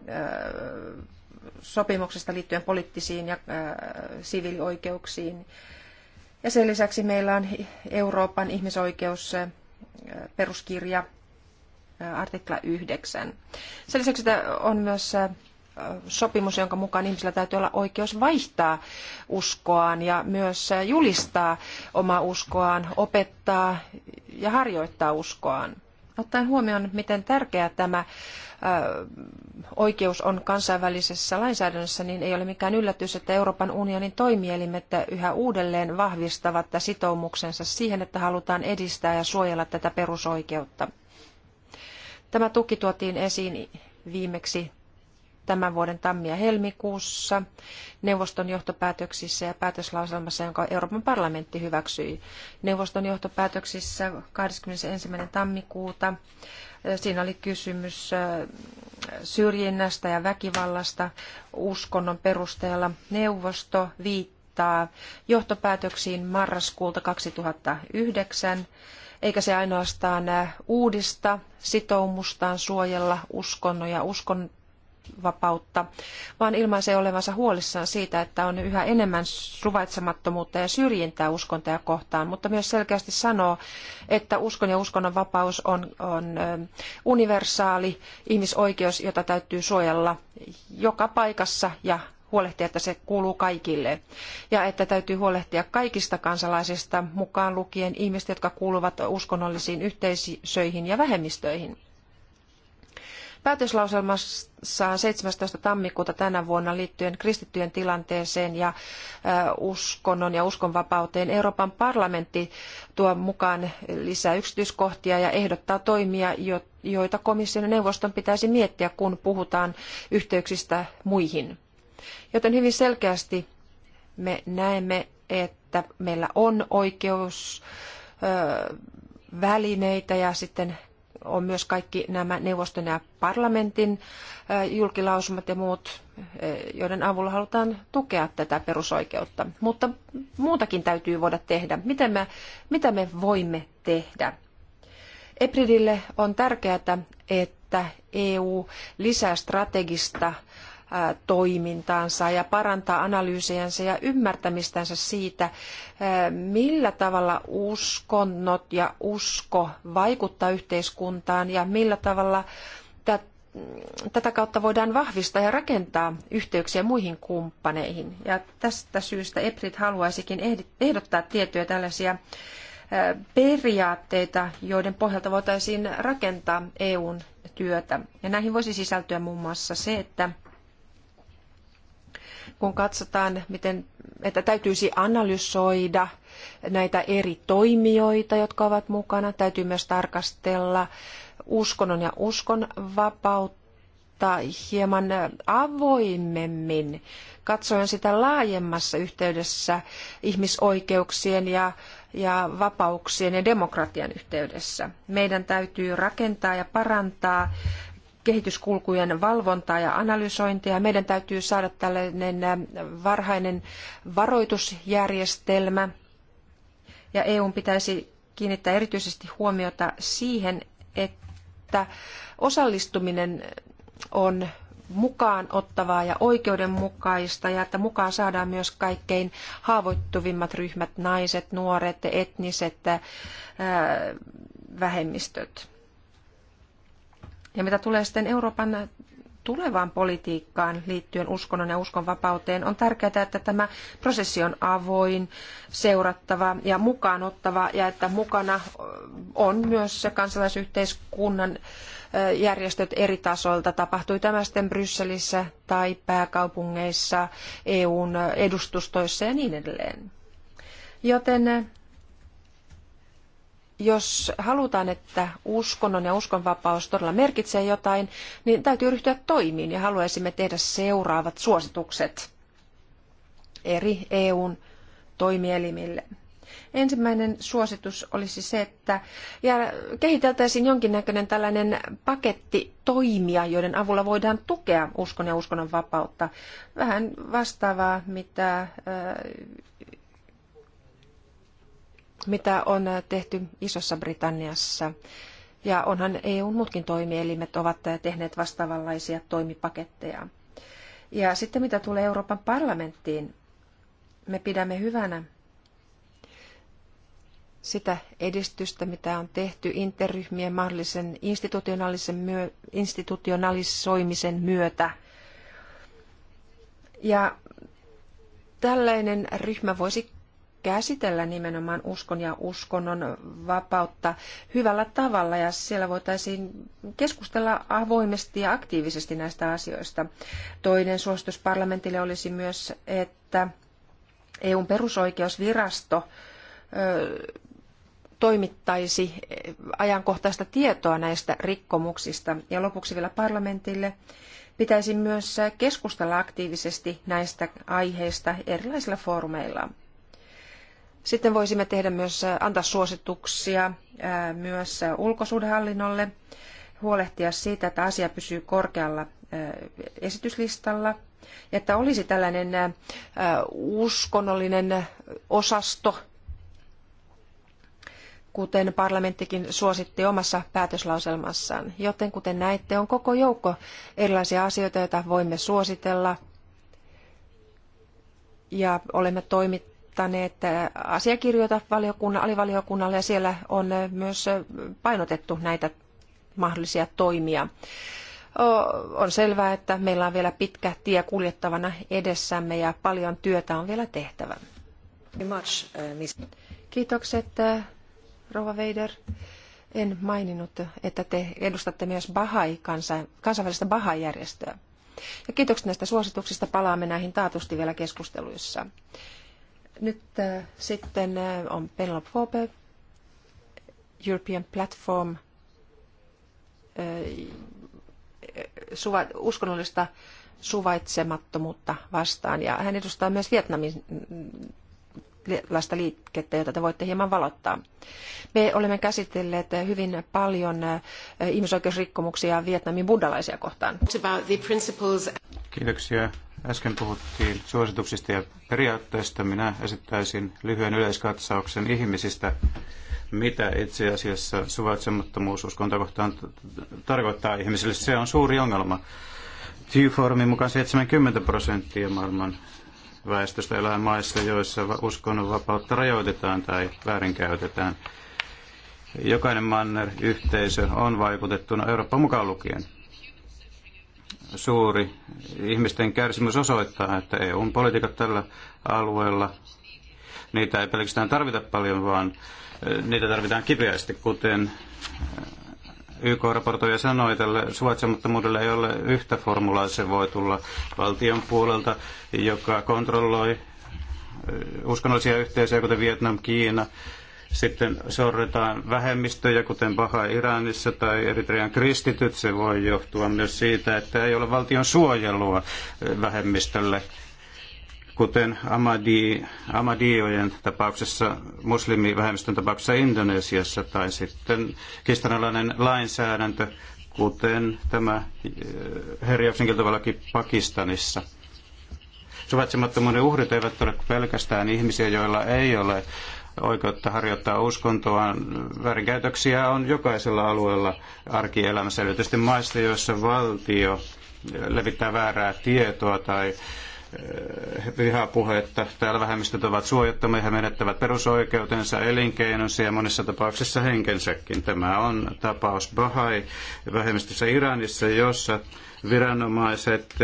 sopimuksesta liittyen poliittisiin ja siviilioikeuksiin ja sen lisäksi meillä on Euroopan ihmisoikeusperuskirja peruskirja artikla 9. Sen lisäksi on myös sopimus, jonka mukaan ihmisillä täytyy olla oikeus vaihtaa uskoaan ja myös julistaa omaa uskoaan, opettaa ja harjoittaa uskoaan. Ottaen huomioon, miten tärkeä tämä oikeus on kansainvälisessä lainsäädännössä, niin ei ole mikään yllätys, että Euroopan unionin toimielimet yhä uudelleen vahvistavat sitoumuksensa siihen, että halutaan edistää ja suojella tätä perusoikeutta. Tämä tuki tuotiin esiin viimeksi tämän vuoden tammi- ja helmikuussa neuvoston johtopäätöksissä ja päätöslauselmassa, jonka Euroopan parlamentti hyväksyi. Neuvoston johtopäätöksissä 21. tammikuuta siinä oli kysymys syrjinnästä ja väkivallasta uskonnon perusteella. Neuvosto viittaa johtopäätöksiin marraskuulta 2009 eikä se ainoastaan uudista sitoumustaan suojella uskonnon ja uskon vapautta, vaan ilmaisee olevansa huolissaan siitä, että on yhä enemmän suvaitsemattomuutta ja syrjintää uskontoja kohtaan, mutta myös selkeästi sanoo, että uskon ja uskonnon vapaus on, on universaali ihmisoikeus, jota täytyy suojella joka paikassa ja huolehtia, että se kuuluu kaikille ja että täytyy huolehtia kaikista kansalaisista, mukaan lukien ihmiset, jotka kuuluvat uskonnollisiin yhteisöihin ja vähemmistöihin. Päätöslauselmassaan 17. tammikuuta tänä vuonna liittyen kristittyjen tilanteeseen ja uskonnon ja uskonvapauteen Euroopan parlamentti tuo mukaan lisää yksityiskohtia ja ehdottaa toimia, joita komission ja neuvoston pitäisi miettiä, kun puhutaan yhteyksistä muihin. Joten hyvin selkeästi me näemme, että meillä on oikeus välineitä ja sitten on myös kaikki nämä neuvoston ja parlamentin julkilausumat ja muut, joiden avulla halutaan tukea tätä perusoikeutta. Mutta muutakin täytyy voida tehdä. Mitä me, mitä me voimme tehdä? Epridille on tärkeää, että EU lisää strategista toimintaansa ja parantaa analyysiänsä ja ymmärtämistänsä siitä, millä tavalla uskonnot ja usko vaikuttaa yhteiskuntaan ja millä tavalla tätä kautta voidaan vahvistaa ja rakentaa yhteyksiä muihin kumppaneihin. Ja tästä syystä EPRIT haluaisikin ehdottaa tiettyjä tällaisia periaatteita, joiden pohjalta voitaisiin rakentaa EUn työtä. Ja näihin voisi sisältyä muun muassa se, että kun katsotaan, miten, että täytyisi analysoida näitä eri toimijoita, jotka ovat mukana. Täytyy myös tarkastella uskonnon ja uskonvapautta hieman avoimemmin. katsoen sitä laajemmassa yhteydessä ihmisoikeuksien ja ja vapauksien ja demokratian yhteydessä. Meidän täytyy rakentaa ja parantaa kehityskulkujen valvontaa ja analysointia. Meidän täytyy saada tällainen äh, varhainen varoitusjärjestelmä ja EUn pitäisi kiinnittää erityisesti huomiota siihen, että osallistuminen on mukaan ottavaa ja oikeudenmukaista ja että mukaan saadaan myös kaikkein haavoittuvimmat ryhmät, naiset, nuoret, etniset äh, vähemmistöt. Ja mitä tulee sitten Euroopan tulevaan politiikkaan liittyen uskonnon ja uskonvapauteen, on tärkeää, että tämä prosessi on avoin, seurattava ja mukaanottava ja että mukana on myös kansalaisyhteiskunnan järjestöt eri tasoilta. Tapahtui tämä sitten Brysselissä tai pääkaupungeissa, EUn edustustoissa ja niin edelleen. Joten jos halutaan, että uskonnon ja uskonvapaus todella merkitsee jotain, niin täytyy ryhtyä toimiin ja haluaisimme tehdä seuraavat suositukset eri EUn toimielimille. Ensimmäinen suositus olisi se, että kehiteltäisiin jonkinnäköinen tällainen paketti toimia, joiden avulla voidaan tukea uskon ja uskonnon vapautta. Vähän vastaavaa, mitä mitä on tehty Isossa Britanniassa. Ja onhan EUn muutkin toimielimet ovat tehneet vastaavanlaisia toimipaketteja. Ja sitten mitä tulee Euroopan parlamenttiin, me pidämme hyvänä sitä edistystä, mitä on tehty interryhmien mahdollisen institutionaalisen myö, institutionalisoimisen myötä. Ja tällainen ryhmä voisi käsitellä nimenomaan uskon ja uskonnon vapautta hyvällä tavalla ja siellä voitaisiin keskustella avoimesti ja aktiivisesti näistä asioista. Toinen suositus parlamentille olisi myös, että EUn perusoikeusvirasto toimittaisi ajankohtaista tietoa näistä rikkomuksista. Ja lopuksi vielä parlamentille pitäisi myös keskustella aktiivisesti näistä aiheista erilaisilla foorumeilla. Sitten voisimme tehdä myös, antaa suosituksia myös ulkosuhdehallinnolle, huolehtia siitä, että asia pysyy korkealla esityslistalla, että olisi tällainen uskonnollinen osasto, kuten parlamenttikin suositti omassa päätöslauselmassaan. Joten kuten näette, on koko joukko erilaisia asioita, joita voimme suositella. Ja olemme toimit toimittaneet eh, asiakirjoita valiokunnan, alivaliokunnalle ja siellä on eh, myös eh, painotettu näitä mahdollisia toimia. On selvää, että meillä on vielä pitkä tie kuljettavana edessämme ja paljon työtä on vielä tehtävä. Kiitokset, Rova Weider. En maininnut, että te edustatte myös Bahai, kansainvälistä Bahai-järjestöä. Ja kiitokset näistä suosituksista. Palaamme näihin taatusti vielä keskusteluissa. Nyt äh, sitten äh, on Penelope Fobe, European Platform, äh, suva, uskonnollista suvaitsemattomuutta vastaan. Ja hän edustaa myös Vietnamin mm, lasta liikettä, jota te voitte hieman valottaa. Me olemme käsitelleet hyvin paljon äh, ihmisoikeusrikkomuksia Vietnamin buddhalaisia kohtaan. Kiitoksia Äsken puhuttiin suosituksista ja periaatteista. Minä esittäisin lyhyen yleiskatsauksen ihmisistä, mitä itse asiassa suvaitsemattomuus uskontokohtaan tarkoittaa ihmisille. Se on suuri ongelma. T-Formin mukaan 70 prosenttia maailman väestöstä elää maissa, joissa uskonnonvapautta rajoitetaan tai väärinkäytetään. Jokainen manner yhteisö on vaikutettuna Eurooppa mukaan lukien suuri. Ihmisten kärsimys osoittaa, että EUn politiikat tällä alueella, niitä ei pelkästään tarvita paljon, vaan niitä tarvitaan kipeästi, kuten YK-raportoija sanoi, tälle suvaitsemattomuudelle ei ole yhtä formulaa. Se voi tulla valtion puolelta, joka kontrolloi uskonnollisia yhteisöjä, kuten Vietnam, Kiina, sitten sorretaan vähemmistöjä, kuten bahai Iranissa tai Eritrean kristityt. Se voi johtua myös siitä, että ei ole valtion suojelua eh, vähemmistölle kuten Amadi, Amadiojen tapauksessa, muslimivähemmistön tapauksessa Indonesiassa, tai sitten kiistanalainen lainsäädäntö, kuten tämä eh, herjauksen kieltovalaki Pakistanissa. Suvaitsemattomuuden uhrit eivät ole pelkästään ihmisiä, joilla ei ole oikeutta harjoittaa uskontoa. Väärinkäytöksiä on jokaisella alueella arkielämässä, erityisesti maissa, joissa valtio levittää väärää tietoa tai eh, vihapuhetta. Täällä vähemmistöt ovat suojattomia, he menettävät perusoikeutensa, elinkeinonsa ja monissa tapauksissa henkensäkin. Tämä on tapaus Bahai vähemmistössä Iranissa, jossa viranomaiset,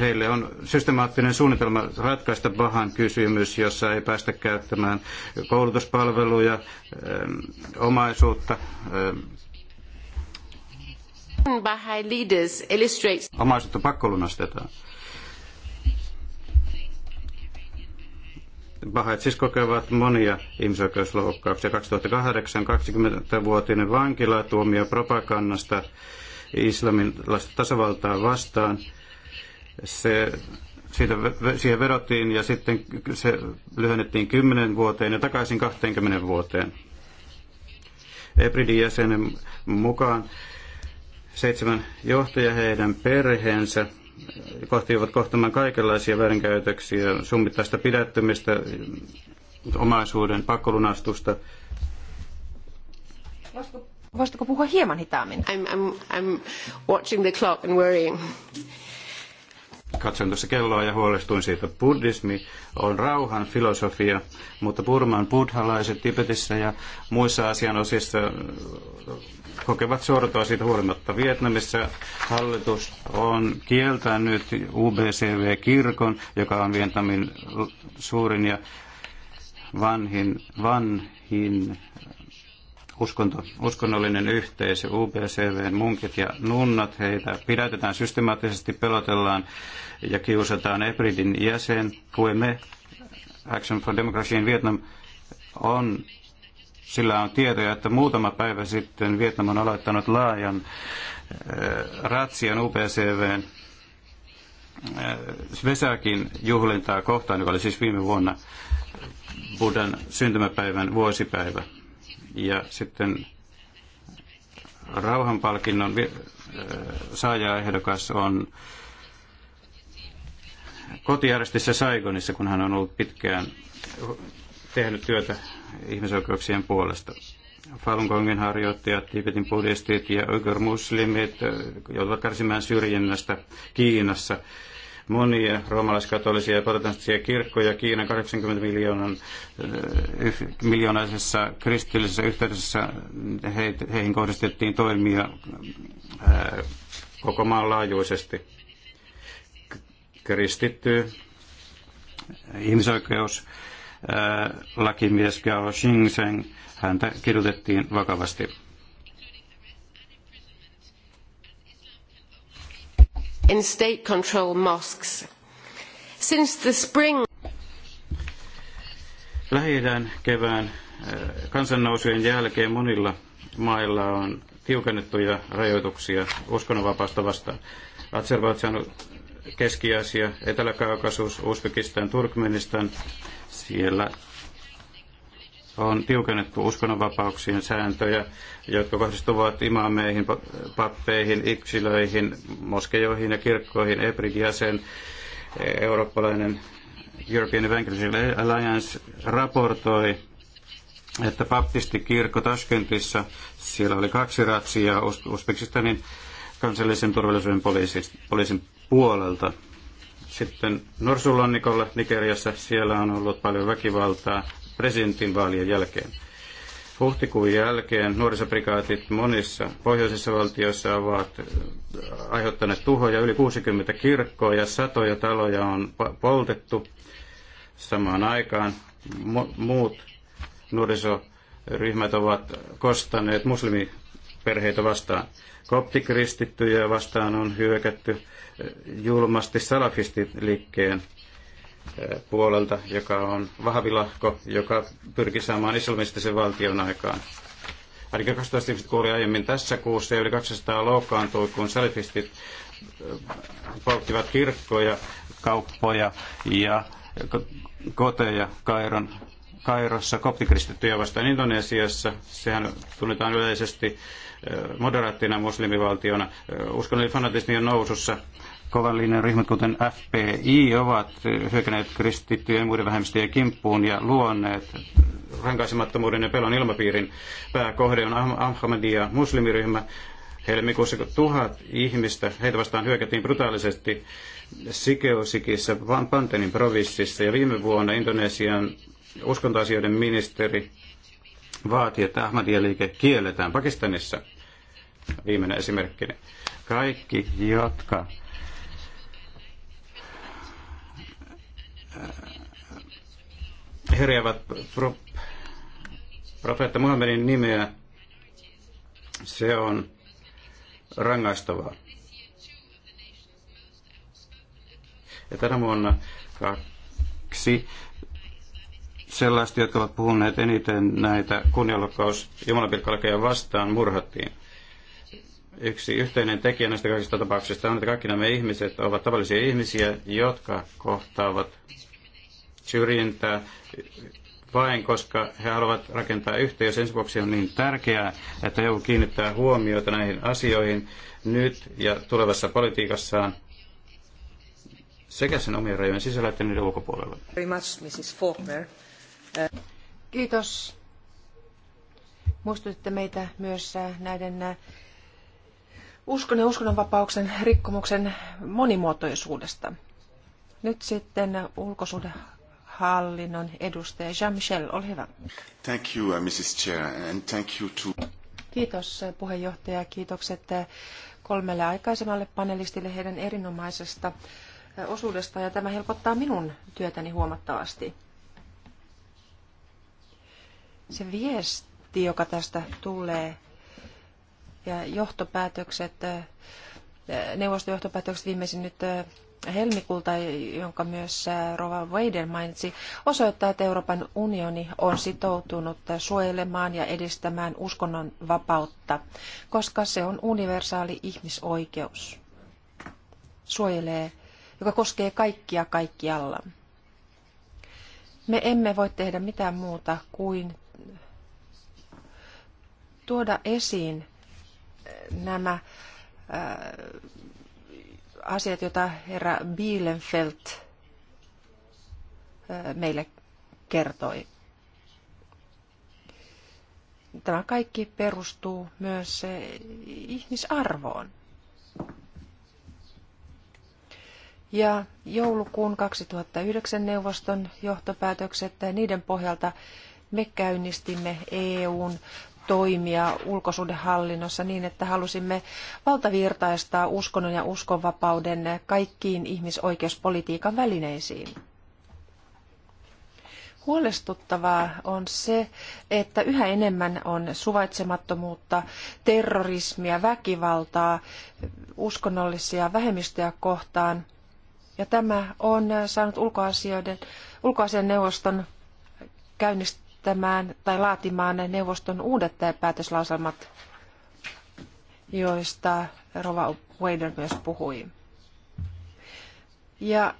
heille on systemaattinen suunnitelma ratkaista pahan kysymys, jossa ei päästä käyttämään koulutuspalveluja, omaisuutta, Omaisuutta pakkolunastetaan. Bahait siis kokevat monia ihmisoikeusloukkauksia. 2008 20-vuotinen vankilatuomio propagandasta islamilaista tasavaltaa vastaan. Se, siitä, siihen verottiin ja sitten se lyhennettiin 10 vuoteen ja takaisin 20 vuoteen. Ebridin jäsenen mukaan seitsemän johtaja heidän perheensä kohtivat kohtamaan kaikenlaisia väärinkäytöksiä, summittaista pidättymistä, omaisuuden pakkolunastusta. Lasku Voisitko puhua hieman hitaammin? I'm, I'm, I'm watching the clock and worrying. Katsoin tuossa kelloa ja huolestuin siitä. Buddhismi on rauhan filosofia, mutta Burman buddhalaiset Tibetissä ja muissa asianosissa kokevat sortoa siitä huolimatta. Vietnamissa hallitus on kieltänyt UBCV-kirkon, joka on Vietnamin suurin ja vanhin, vanhin uskonto, uskonnollinen yhteisö, UPCVn munkit ja nunnat, heitä pidätetään systemaattisesti, pelotellaan ja kiusataan Ebridin jäsen. QME, Action for Democracy in Vietnam, on, sillä on tietoja, että muutama päivä sitten Vietnam on aloittanut laajan eh, ratsian UPCVn eh, Vesakin juhlintaa kohtaan, joka oli siis viime vuonna Buddhan syntymäpäivän vuosipäivä. Ja sitten rauhanpalkinnon äh, saajaehdokas on kotijärjestössä Saigonissa, kun hän on ollut pitkään tehnyt työtä ihmisoikeuksien puolesta. Falun Gongin harjoittajat, Tibetin buddhistit ja uyghur muslimit äh, joutuvat kärsimään syrjinnästä Kiinassa monia roomalaiskatolisia ja protestanttisia kirkkoja Kiinan 80 miljoonan, eh, miljoonaisessa kristillisessä yhteydessä eh, He, heihin kohdistettiin toimia ää, eh, koko maan laajuisesti. Kristitty ihmisoikeus ää, lakimies Gao Xingzheng, häntä kirjoitettiin vakavasti in state controlled mosques. Since the spring lähi kevään eh, kansannousujen jälkeen monilla mailla on tiukennettuja rajoituksia uskonnonvapaasta vastaan. Azerbaidžan, Keski-Asia, Etelä-Kaukasus, Uzbekistan, Turkmenistan, siellä on tiukennettu uskonnonvapauksien sääntöjä, jotka kohdistuvat imameihin, pappeihin, yksilöihin, moskejoihin ja kirkkoihin. EPRIG jäsen, eurooppalainen European Evangelical Alliance raportoi, että baptistikirkko Taskentissa, siellä oli kaksi ratsiaa Uzbekistanin kansallisen turvallisuuden poliisin, poliisin puolelta. Sitten Norsulannikolla Nigeriassa, siellä on ollut paljon väkivaltaa presidentinvaalien jälkeen. Huhtikuun jälkeen nuorisoprikaatit monissa pohjoisissa valtioissa ovat äh, aiheuttaneet tuhoja. Yli 60 kirkkoa ja satoja taloja on poltettu samaan aikaan. Muut nuorisoryhmät ovat kostaneet muslimiperheitä vastaan. Koptikristittyjä vastaan on hyökätty äh, julmasti salafistiliikkeen puolelta, joka on vahvilahko, joka pyrki saamaan islamistisen valtion aikaan. Ainakin 12 ihmistä kuoli aiemmin tässä kuussa ja yli 200 loukkaantui, kun salifistit polttivat kirkkoja, kauppoja ja koteja Kairon, Kairossa koptikristittyjä vastaan Indonesiassa. Sehän tunnetaan yleisesti moderaattina muslimivaltiona. Uskonnollinen fanatismi on nousussa kovan linjan ryhmät, kuten FPI, ovat hyökänneet kristittyjen ja muiden vähemmistöjen kimppuun ja luonneet rankaisemattomuuden ja pelon ilmapiirin. Pääkohde on Ahmadiyya muslimiryhmä. Helmikuussa tuhat ihmistä, heitä vastaan hyökättiin brutaalisesti Sikeusikissa, Pantenin provississa ja viime vuonna Indonesian uskontoasioiden ministeri vaati, että Ahmadiyya-liike kielletään Pakistanissa. Viimeinen esimerkki. Kaikki, jotka herjäävät pro, profeetta Muhammedin nimeä, se on rangaistavaa. Ja tänä vuonna kaksi sellaista, jotka ovat puhuneet eniten näitä kunnianlokkaus Jumalanpilkkalakeja vastaan, murhattiin yksi yhteinen tekijä näistä kaikista tapauksista on, että kaikki nämä ihmiset ovat tavallisia ihmisiä, jotka kohtaavat syrjintää vain, koska he haluavat rakentaa yhteyttä. Sen vuoksi on niin tärkeää, että he kiinnittää huomiota näihin asioihin nyt ja tulevassa politiikassaan sekä sen omien rajojen sisällä että niiden ulkopuolella. Kiitos. Muistutitte meitä myös äh, näiden äh, uskon ja uskonnonvapauksen rikkomuksen monimuotoisuudesta. Nyt sitten ulkosuhdehallinnon edustaja Jean-Michel, ole hyvä. Thank you, uh, Mrs. Chair, and thank you to... Kiitos uh, puheenjohtaja, kiitokset uh, kolmelle aikaisemmalle panelistille heidän erinomaisesta osuudesta ja tämä helpottaa minun työtäni huomattavasti. Se viesti, joka tästä tulee, ja johtopäätökset, neuvoston johtopäätökset viimeisin nyt helmikuulta, jonka myös Rova Weiden mainitsi, osoittaa, että Euroopan unioni on sitoutunut suojelemaan ja edistämään uskonnon vapautta, koska se on universaali ihmisoikeus. Suojelee, joka koskee kaikkia kaikkialla. Me emme voi tehdä mitään muuta kuin tuoda esiin nämä äh, asiat, joita herra Bielenfeld äh, meille kertoi. Tämä kaikki perustuu myös äh, ihmisarvoon. Ja joulukuun 2009 neuvoston johtopäätökset, niiden pohjalta me käynnistimme EUn toimia ulkosuhdehallinnossa niin, että halusimme valtavirtaistaa uskonnon ja uskonvapauden kaikkiin ihmisoikeuspolitiikan välineisiin. Huolestuttavaa on se, että yhä enemmän on suvaitsemattomuutta, terrorismia, väkivaltaa uskonnollisia vähemmistöjä kohtaan. Ja tämä on saanut ulkoasioiden, ulkoasian neuvoston käynnist, esittämään tai laatimaan neuvoston uudet päätöslauselmat, joista Rova Wader myös puhui. Ja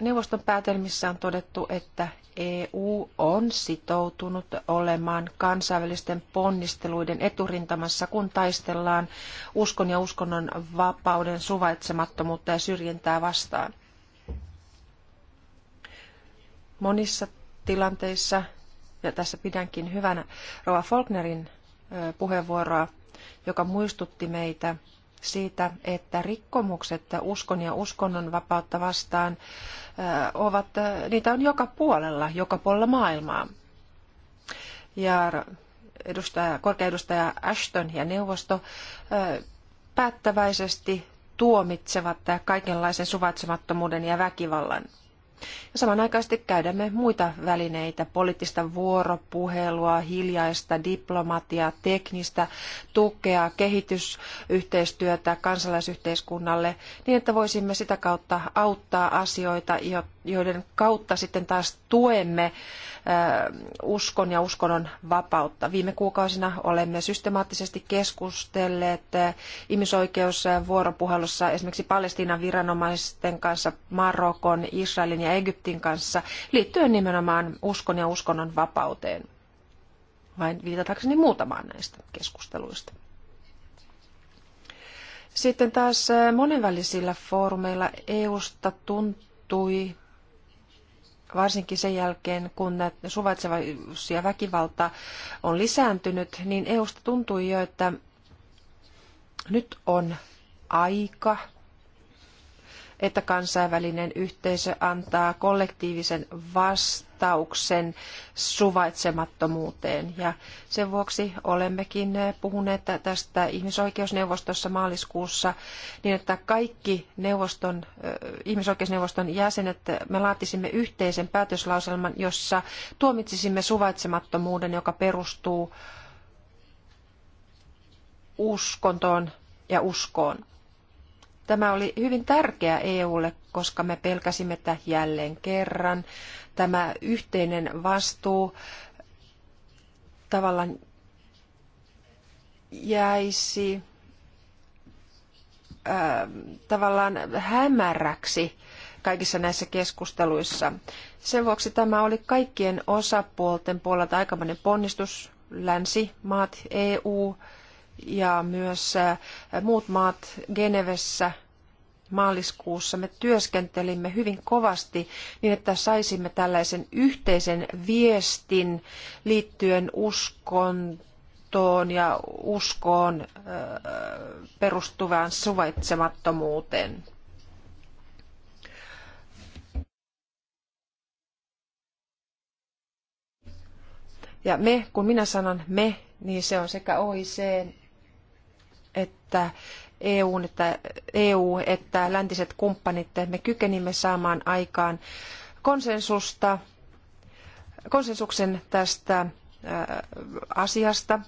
neuvoston päätelmissä on todettu, että EU on sitoutunut olemaan kansainvälisten ponnisteluiden eturintamassa, kun taistellaan uskon ja uskonnon vapauden suvaitsemattomuutta ja syrjintää vastaan. Monissa tilanteissa ja tässä pidänkin hyvänä Roa Faulknerin puheenvuoroa, joka muistutti meitä siitä, että rikkomukset uskon ja uskonnon vapautta vastaan ovat, niitä on joka puolella, joka puolella maailmaa. Ja edustaja, korkea edustaja Ashton ja neuvosto päättäväisesti tuomitsevat kaikenlaisen suvaitsemattomuuden ja väkivallan. Ja samanaikaisesti käydämme muita välineitä, poliittista vuoropuhelua, hiljaista diplomatiaa, teknistä tukea, kehitysyhteistyötä kansalaisyhteiskunnalle, niin että voisimme sitä kautta auttaa asioita, jotka joiden kautta sitten taas tuemme uskon ja uskonnon vapautta. Viime kuukausina olemme systemaattisesti keskustelleet ihmisoikeusvuoropuhelussa esimerkiksi Palestiinan viranomaisten kanssa, Marokon, Israelin ja Egyptin kanssa liittyen nimenomaan uskon ja uskonnon vapauteen. Vain viitatakseni muutamaan näistä keskusteluista. Sitten taas monenvälisillä foorumeilla EUsta tuntui varsinkin sen jälkeen, kun suvaitsevaisuus ja väkivalta on lisääntynyt, niin EUsta tuntui jo, että nyt on aika että kansainvälinen yhteisö antaa kollektiivisen vastauksen suvaitsemattomuuteen. Ja sen vuoksi olemmekin puhuneet tästä ihmisoikeusneuvostossa maaliskuussa niin, että kaikki neuvoston, ihmisoikeusneuvoston jäsenet me laatisimme yhteisen päätöslauselman, jossa tuomitsisimme suvaitsemattomuuden, joka perustuu uskontoon ja uskoon. Tämä oli hyvin tärkeä EUlle, koska me pelkäsimme, että jälleen kerran tämä yhteinen vastuu tavallaan jäisi ähm, tavallaan hämäräksi kaikissa näissä keskusteluissa. Sen vuoksi tämä oli kaikkien osapuolten puolelta aikamoinen ponnistus, länsimaat, EU, ja myös muut maat Genevessä maaliskuussa me työskentelimme hyvin kovasti niin, että saisimme tällaisen yhteisen viestin liittyen uskontoon ja uskoon perustuvaan suvaitsemattomuuteen. Ja me, kun minä sanon me, niin se on sekä OIC että EU, että, EU, että läntiset kumppanit, me kykenimme saamaan aikaan konsensusta, konsensuksen tästä äh, asiasta.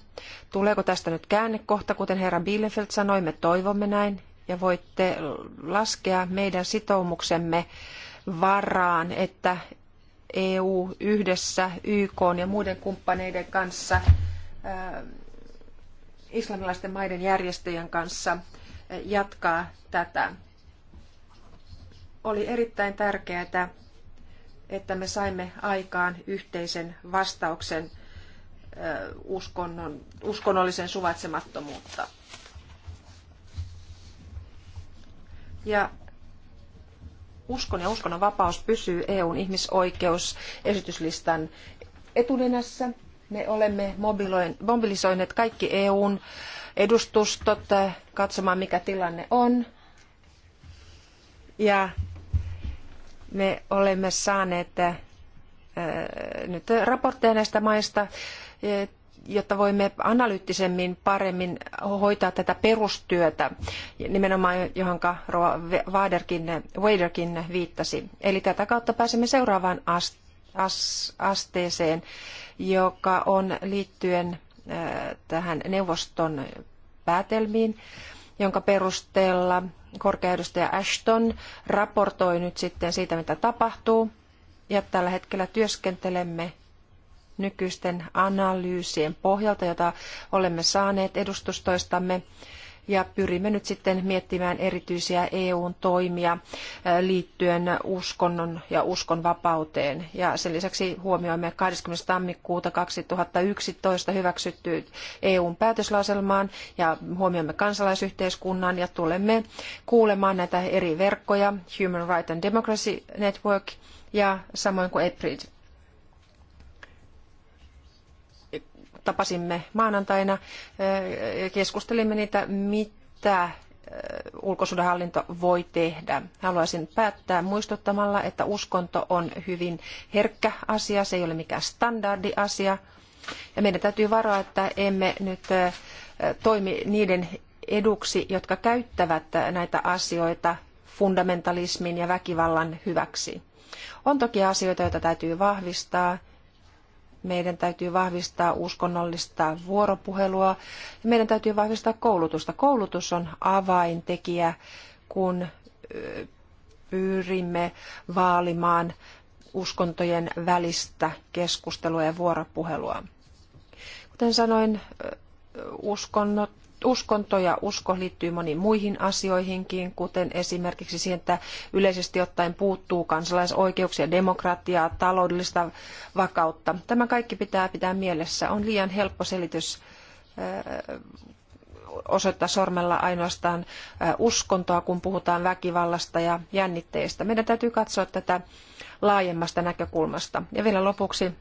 Tuleeko tästä nyt käännekohta, kuten herra Bielefeld sanoi, me toivomme näin ja voitte laskea meidän sitoumuksemme varaan, että EU yhdessä YK ja muiden kumppaneiden kanssa äh, islamilaisten maiden järjestöjen kanssa eh, jatkaa tätä. Oli erittäin tärkeää, että me saimme aikaan yhteisen vastauksen eh, uskonnon, uskonnollisen suvaitsemattomuutta. Ja uskon ja uskonnon vapaus pysyy EUn ihmisoikeusesityslistan etunenässä. Me olemme mobilisoineet kaikki EUn edustustot eh, katsomaan, mikä tilanne on. Ja me olemme saaneet eh, eh, nyt raportteja näistä maista, jotta voimme analyyttisemmin paremmin hoitaa tätä perustyötä, nimenomaan johon Vaderkin, Waderkin viittasi. Eli tätä kautta pääsemme seuraavaan asteeseen joka on liittyen tähän neuvoston päätelmiin, jonka perusteella korkeaedustaja Ashton raportoi nyt sitten siitä, mitä tapahtuu. Ja tällä hetkellä työskentelemme nykyisten analyysien pohjalta, jota olemme saaneet edustustoistamme ja pyrimme nyt sitten miettimään erityisiä EUn toimia liittyen uskonnon ja uskonvapauteen. Ja sen lisäksi huomioimme 20. tammikuuta 2011 hyväksytty EUn päätöslauselmaan ja huomioimme kansalaisyhteiskunnan ja tulemme kuulemaan näitä eri verkkoja, Human Rights and Democracy Network ja samoin kuin EPRID tapasimme maanantaina ja keskustelimme niitä, mitä ulkosuudenhallinto voi tehdä. Haluaisin päättää muistuttamalla, että uskonto on hyvin herkkä asia, se ei ole mikään standardiasia. Ja meidän täytyy varoa, että emme nyt toimi niiden eduksi, jotka käyttävät näitä asioita fundamentalismin ja väkivallan hyväksi. On toki asioita, joita täytyy vahvistaa, meidän täytyy vahvistaa uskonnollista vuoropuhelua ja meidän täytyy vahvistaa koulutusta. Koulutus on avaintekijä, kun pyrimme vaalimaan uskontojen välistä keskustelua ja vuoropuhelua. Kuten sanoin, uskonnot uskonto ja usko liittyy moniin muihin asioihinkin, kuten esimerkiksi siihen, että yleisesti ottaen puuttuu kansalaisoikeuksia, demokratiaa, taloudellista vakautta. Tämä kaikki pitää pitää mielessä. On liian helppo selitys osoittaa sormella ainoastaan uskontoa, kun puhutaan väkivallasta ja jännitteistä. Meidän täytyy katsoa tätä laajemmasta näkökulmasta. Ja vielä lopuksi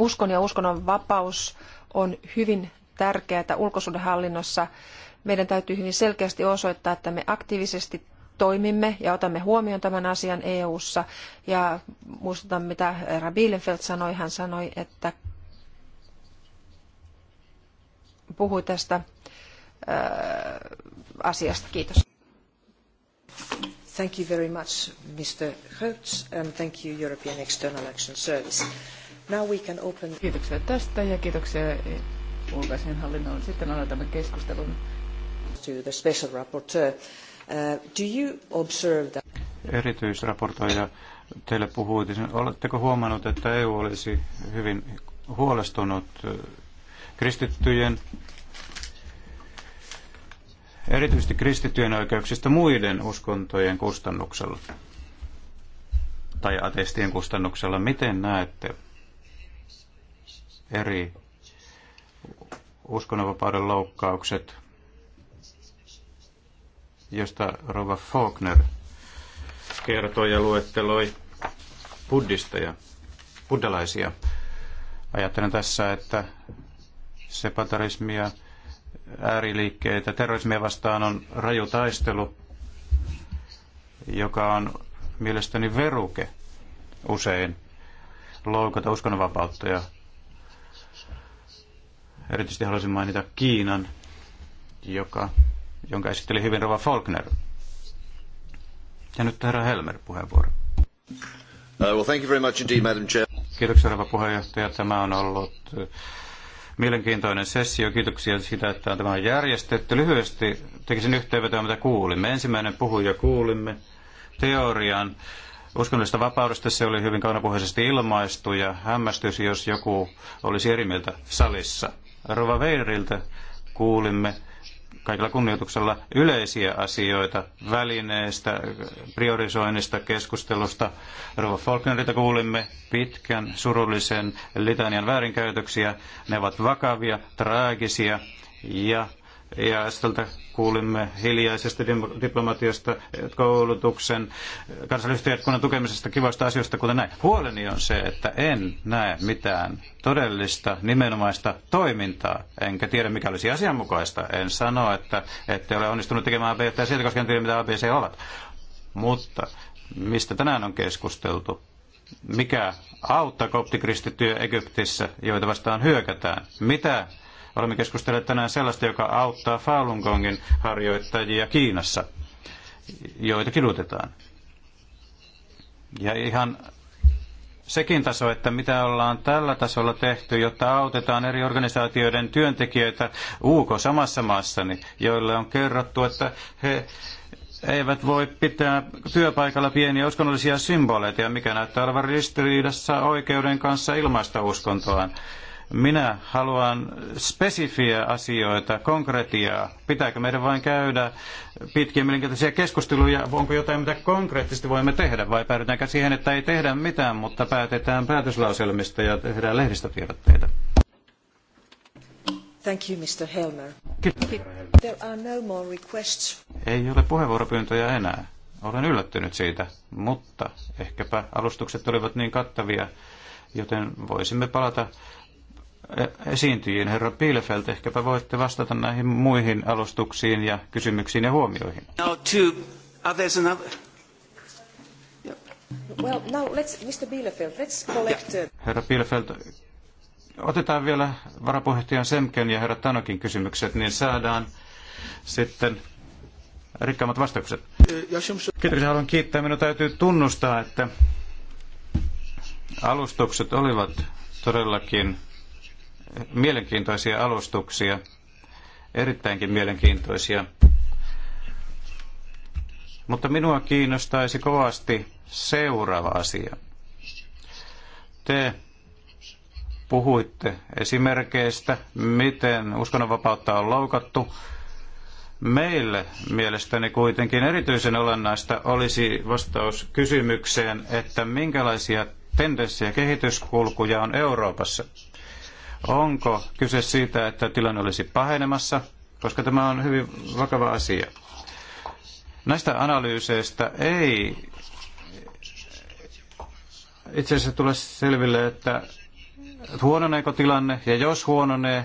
uskon ja uskonnon vapaus on hyvin tärkeää että ulkosuhdehallinnossa. Meidän täytyy hyvin selkeästi osoittaa, että me aktiivisesti toimimme ja otamme huomioon tämän asian EU-ssa. Ja muistutan, mitä Herra Bielenfeld sanoi. Hän sanoi, että puhui tästä ää, äh, asiasta. Kiitos. Thank you very much, Mr. Hertz, and thank you, European External Action Service. Now we can open... Kiitoksia tästä ja kiitoksia ulkoisen hallinnon. Sitten aloitamme keskustelun. To the special rapporteur. Uh, do you observe that... Erityisraportoija teille puhui, oletteko huomannut, että EU olisi hyvin huolestunut uh, kristittyjen, erityisesti kristittyjen oikeuksista muiden uskontojen kustannuksella tai ateistien kustannuksella. Miten näette eri uskonnonvapauden loukkaukset, josta Rova Faulkner kertoi ja luetteloi buddisteja, buddalaisia. Ajattelen tässä, että sepatarismia, ääriliikkeitä, terrorismia vastaan on raju taistelu, joka on mielestäni veruke usein loukata uskonnonvapautta ja Erityisesti haluaisin mainita Kiinan, joka, jonka esitteli hyvin Rova Faulkner. Ja nyt herra Helmer puheenvuoro. Uh, well, thank you very much indeed, Madam Chair. Kiitoksia, herra puheenjohtaja. Tämä on ollut uh, mielenkiintoinen sessio. Kiitoksia siitä, että tämä on järjestetty. Lyhyesti tekisin yhteenvetoa, mitä kuulimme. Ensimmäinen puhuja kuulimme teorian uskonnollisesta vapaudesta. Se oli hyvin kaunopuheisesti ilmaistu ja hämmästyisi, jos joku olisi eri mieltä salissa. Rova Veiriltä kuulimme kaikilla kunnioituksella yleisiä asioita välineistä, priorisoinnista, keskustelusta. Rova Faulknerilta kuulimme pitkän surullisen litanian väärinkäytöksiä. Ne ovat vakavia, traagisia ja ja e Estolta kuulimme hiljaisesta diplomatiasta, koulutuksen, kansallisyhteiskunnan tukemisesta, kivoista asioista, kuten näin. Huoleni on se, että en näe mitään todellista nimenomaista toimintaa, enkä tiedä mikä olisi asianmukaista. En sano, että ette ole onnistunut tekemään ABC sieltä, koska en tiedä mitä ABC ovat. Mutta mistä tänään on keskusteltu, mikä auttaa koptikristittyä Egyptissä, joita vastaan hyökätään? Mitä Olemme keskustelleet tänään sellaista, joka auttaa Falun Gongin harjoittajia Kiinassa, joita kidutetaan. Ja ihan sekin taso, että mitä ollaan tällä tasolla tehty, jotta autetaan eri organisaatioiden työntekijöitä UK samassa maassa, joille on kerrottu, että he eivät voi pitää työpaikalla pieniä uskonnollisia symboleita, mikä näyttää olevan ristiriidassa oikeuden kanssa ilmaista uskontoaan. Minä haluan spesifiä asioita, konkretiaa. Pitääkö meidän vain käydä pitkiä mielenkiintoisia keskusteluja? Onko jotain, mitä konkreettisesti voimme tehdä? Vai päädytäänkö siihen, että ei tehdä mitään, mutta päätetään päätöslauselmista ja tehdään lehdistötiedotteita? Thank you, Mr. Helmer. There are no more requests. Ei ole puheenvuoropyyntöjä enää. Olen yllättynyt siitä, mutta ehkäpä alustukset olivat niin kattavia, joten voisimme palata E, esiintyjiin. Herra Bielefeld, ehkäpä voitte vastata näihin muihin alustuksiin ja kysymyksiin ja huomioihin. Now to, others another. Well, now let's, Mr. Bielefeld, let's collect... Yeah. Uh, herra Bielefeld, otetaan vielä varapuheenjohtajan Semken ja herra Tanokin kysymykset, niin saadaan sitten rikkaammat vastaukset. Kiitoksia, haluan kiittää. Minun täytyy tunnustaa, että alustukset olivat todellakin mielenkiintoisia alustuksia, erittäinkin mielenkiintoisia. Mutta minua kiinnostaisi kovasti seuraava asia. Te puhuitte esimerkkeistä, miten uskonnonvapautta on loukattu. Meille mielestäni kuitenkin erityisen olennaista olisi vastaus kysymykseen, että minkälaisia tendenssejä kehityskulkuja on Euroopassa Onko kyse siitä, että tilanne olisi pahenemassa, koska tämä on hyvin vakava asia. Näistä analyyseistä ei itse asiassa tule selville, että huononeeko tilanne, ja jos huononee,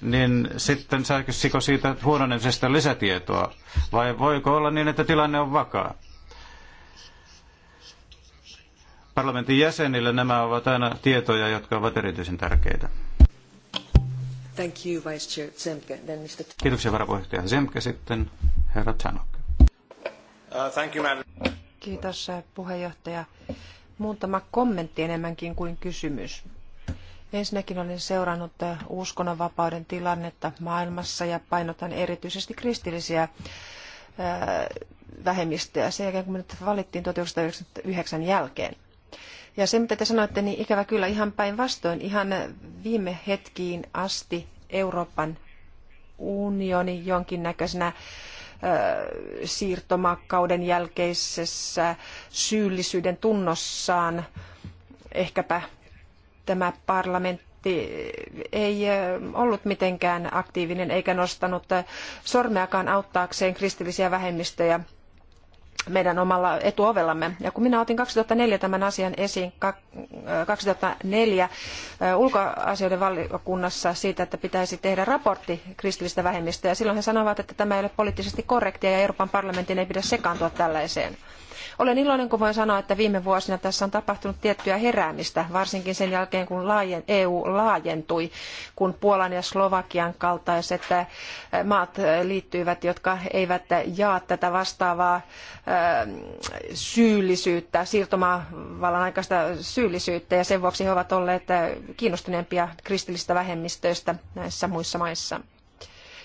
niin sitten saako siitä huononemisesta lisätietoa, vai voiko olla niin, että tilanne on vakaa? parlamentin jäsenille nämä ovat aina tietoja, jotka ovat erityisen tärkeitä. Thank you, Vice Chair Zemke. Then Mr. Kiitoksia varapuheenjohtaja Zemke sitten, herra Tanok. Uh, thank you, madam. Kiitos puheenjohtaja. Muutama kommentti enemmänkin kuin kysymys. Ensinnäkin olen seurannut uh, uskonnonvapauden tilannetta maailmassa ja painotan erityisesti kristillisiä uh, vähemmistöjä sen jälkeen, kun me nyt valittiin 1999 jälkeen. Ja se, mitä te sanoitte, niin ikävä kyllä ihan päinvastoin, ihan viime hetkiin asti Euroopan unioni jonkinnäköisenä siirtomakkauden jälkeisessä syyllisyyden tunnossaan. Ehkäpä tämä parlamentti ei ollut mitenkään aktiivinen eikä nostanut sormeakaan auttaakseen kristillisiä vähemmistöjä meidän omalla etuovellamme. Ja kun minä otin 2004 tämän asian esiin, 2004 äh, äh, ulkoasioiden valiokunnassa siitä, että pitäisi tehdä raportti kristillistä vähemmistöä, silloin he sanoivat, että tämä ei ole poliittisesti korrektia ja Euroopan parlamentin ei pidä sekaantua tällaiseen. Olen iloinen, kun voin sanoa, että viime vuosina tässä on tapahtunut tiettyä heräämistä, varsinkin sen jälkeen, kun EU e laajentui, kun Puolan ja Slovakian kaltaiset äh, maat äh, liittyivät, jotka eivät jaa tätä vastaavaa äh, syyllisyyttä, siirtomaavallan aikaista syyllisyyttä, ja sen vuoksi he ovat olleet kiinnostuneempia kristillistä vähemmistöistä näissä muissa maissa.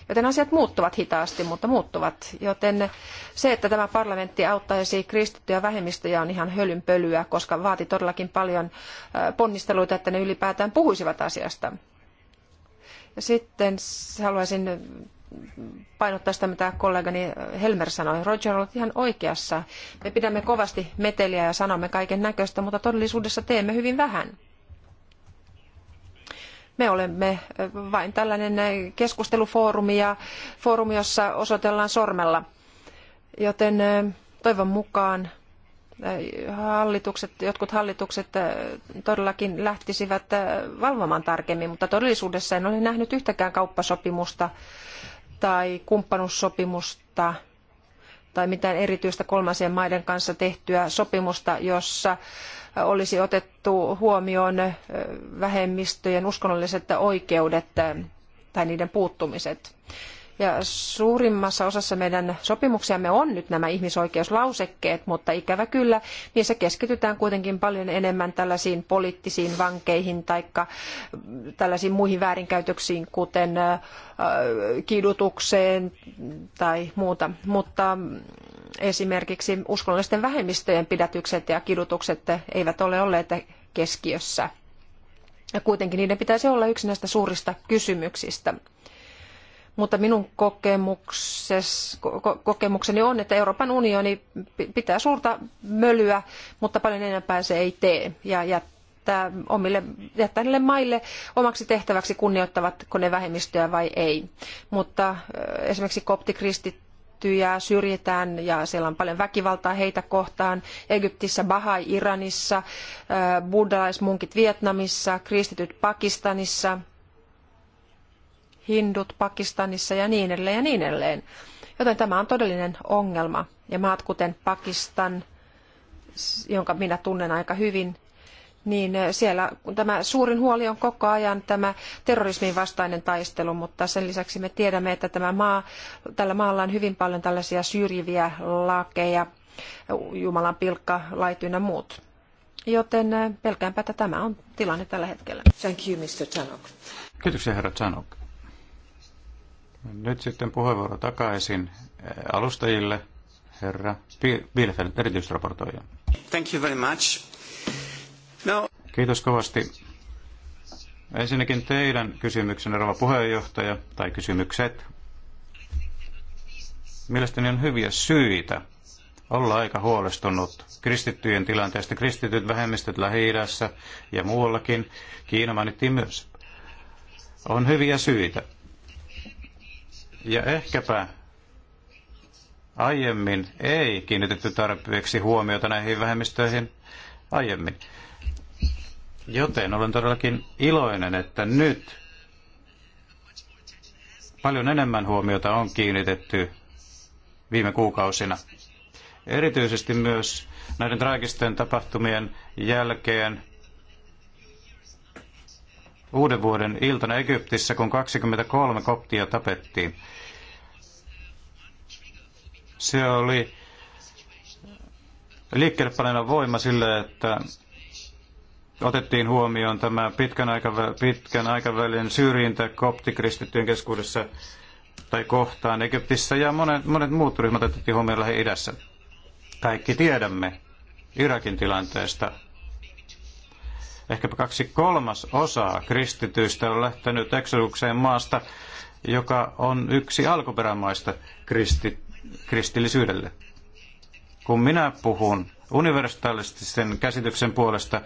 Joten asiat muuttuvat hitaasti, mutta muuttuvat. Joten se, että tämä parlamentti auttaisi kristittyjä vähemmistöjä on ihan hölynpölyä, koska vaati todellakin paljon ponnisteluita, että ne ylipäätään puhuisivat asiasta. Ja sitten haluaisin painottaa sitä, mitä kollegani Helmer sanoi. Roger on ihan oikeassa. Me pidämme kovasti meteliä ja sanomme kaiken näköistä, mutta todellisuudessa teemme hyvin vähän. Me olemme vain tällainen keskustelufoorumi ja foorumi, jossa osoitellaan sormella. Joten toivon mukaan hallitukset, jotkut hallitukset todellakin lähtisivät valvomaan tarkemmin, mutta todellisuudessa en ole nähnyt yhtäkään kauppasopimusta tai kumppanuussopimusta tai mitään erityistä kolmansien maiden kanssa tehtyä sopimusta, jossa olisi otettu huomioon vähemmistöjen uskonnolliset oikeudet tai niiden puuttumiset. Ja suurimmassa osassa meidän sopimuksiamme on nyt nämä ihmisoikeuslausekkeet, mutta ikävä kyllä niissä keskitytään kuitenkin paljon enemmän tällaisiin poliittisiin vankeihin tai mm, tällaisiin muihin väärinkäytöksiin, kuten kidutukseen tai muuta. Mutta mm, esimerkiksi uskonnollisten vähemmistöjen pidätykset ja kidutukset eivät ole olleet keskiössä. Ja kuitenkin niiden pitäisi olla yksi näistä suurista kysymyksistä. Mutta minun kokemukseni on, että Euroopan unioni pitää suurta mölyä, mutta paljon enempää se ei tee ja jättää, omille, jättää niille maille omaksi tehtäväksi kunnioittavatko ne vähemmistöä vai ei. Mutta esimerkiksi koptikristit syrjitään ja siellä on paljon väkivaltaa heitä kohtaan. Egyptissä, Bahai, Iranissa, buddhalaismunkit Vietnamissa, kristityt Pakistanissa – hindut Pakistanissa ja niin edelleen ja niin edelleen. Joten tämä on todellinen ongelma. Ja maat kuten Pakistan, jonka minä tunnen aika hyvin, niin eh, siellä tämä suurin huoli on koko ajan tämä terrorismin vastainen taistelu, mutta sen lisäksi me tiedämme, että tämä maa, tällä maalla on hyvin paljon tällaisia syrjiviä lakeja, Jumalan pilkka, ynnä muut. Joten eh, pelkäänpä, että tämä on tilanne tällä hetkellä. Thank you, Mr. Chanok. Kiitoksia, herra Chanok. Nyt sitten puheenvuoro takaisin eh, alustajille, herra Bielefeld, erityisraportoija. Thank you very much. No. Kiitos kovasti. Ensinnäkin teidän kysymyksenne, rouva puheenjohtaja, tai kysymykset. Mielestäni on hyviä syitä olla aika huolestunut kristittyjen tilanteesta. Kristityt vähemmistöt lähi ja muuallakin. Kiina mainittiin myös. On hyviä syitä. Ja ehkäpä aiemmin ei kiinnitetty tarpeeksi huomiota näihin vähemmistöihin aiemmin. Joten olen todellakin iloinen, että nyt paljon enemmän huomiota on kiinnitetty viime kuukausina. Erityisesti myös näiden traagisten tapahtumien jälkeen uuden vuoden iltana Egyptissä, kun 23 koptia tapettiin. Se oli liikkeelle voima sille, että otettiin huomioon tämä pitkän, aikavä, pitkän aikavälin syrjintä koptikristittyjen keskuudessa tai kohtaan Egyptissä ja monet, monet muut ryhmät otettiin huomioon Lähi-idässä. Kaikki tiedämme Irakin tilanteesta, ehkäpä kaksi kolmas osaa kristityistä on lähtenyt eksodukseen maasta, joka on yksi alkuperämaista kristi, kristillisyydelle. Kun minä puhun universaalistisen käsityksen puolesta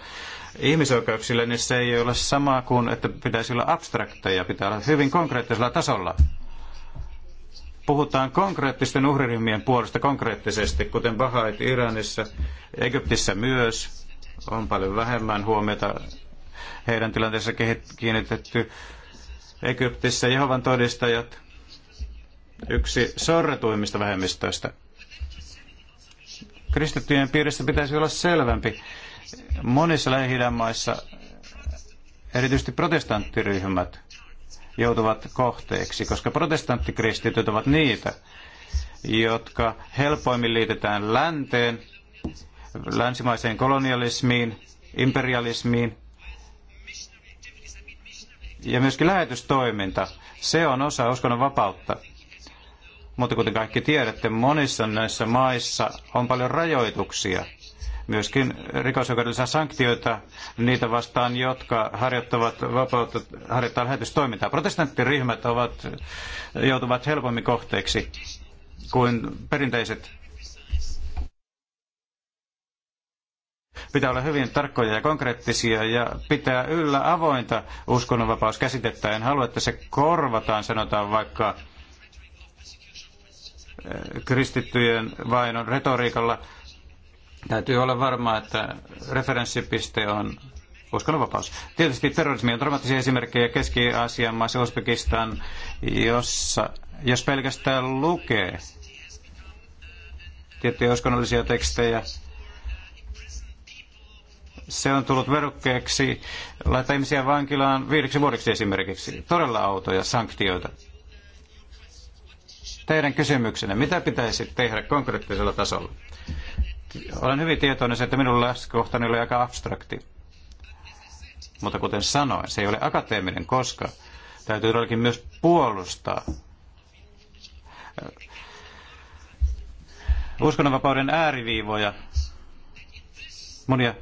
ihmisoikeuksille, niin se ei ole sama kuin, että pitäisi olla abstrakteja, pitää olla hyvin konkreettisella tasolla. Puhutaan konkreettisten uhriryhmien puolesta konkreettisesti, kuten Bahait Iranissa, Egyptissä myös, on paljon vähemmän huomiota heidän tilanteessa kiinnitetty. Egyptissä Jehovan todistajat, yksi sorretuimmista vähemmistöistä. Kristittyjen piirissä pitäisi olla selvämpi. Monissa lähi maissa erityisesti protestanttiryhmät joutuvat kohteeksi, koska protestanttikristityt ovat niitä, jotka helpoimmin liitetään länteen länsimaiseen kolonialismiin, imperialismiin ja myöskin lähetystoiminta. Se on osa uskonnon vapautta. Mutta kuten kaikki tiedätte, monissa näissä maissa on paljon rajoituksia myöskin rikosoikeudellisia sanktioita niitä vastaan, jotka harjoittavat vapautta, harjoittaa lähetystoimintaa. Protestanttiryhmät ovat, joutuvat helpommin kohteeksi kuin perinteiset Pitää olla hyvin tarkkoja ja konkreettisia ja pitää yllä avointa uskonnonvapauskäsitettä. En halua, että se korvataan, sanotaan vaikka eh, kristittyjen vainon retoriikalla. Täytyy olla varma, että referenssipiste on uskonnonvapaus. Tietysti terrorismi on dramaattisia esimerkkejä Keski-Aasian maassa Uzbekistan, jossa jos pelkästään lukee tiettyjä uskonnollisia tekstejä, se on tullut verukkeeksi laittaa ihmisiä vankilaan viideksi vuodeksi esimerkiksi. Todella autoja sanktioita. Teidän kysymyksenne, mitä pitäisi tehdä konkreettisella tasolla? Olen hyvin tietoinen että minun lähtökohtani oli aika abstrakti. Mutta kuten sanoin, se ei ole akateeminen, koska täytyy todellakin myös puolustaa äh, uskonnonvapauden ääriviivoja monia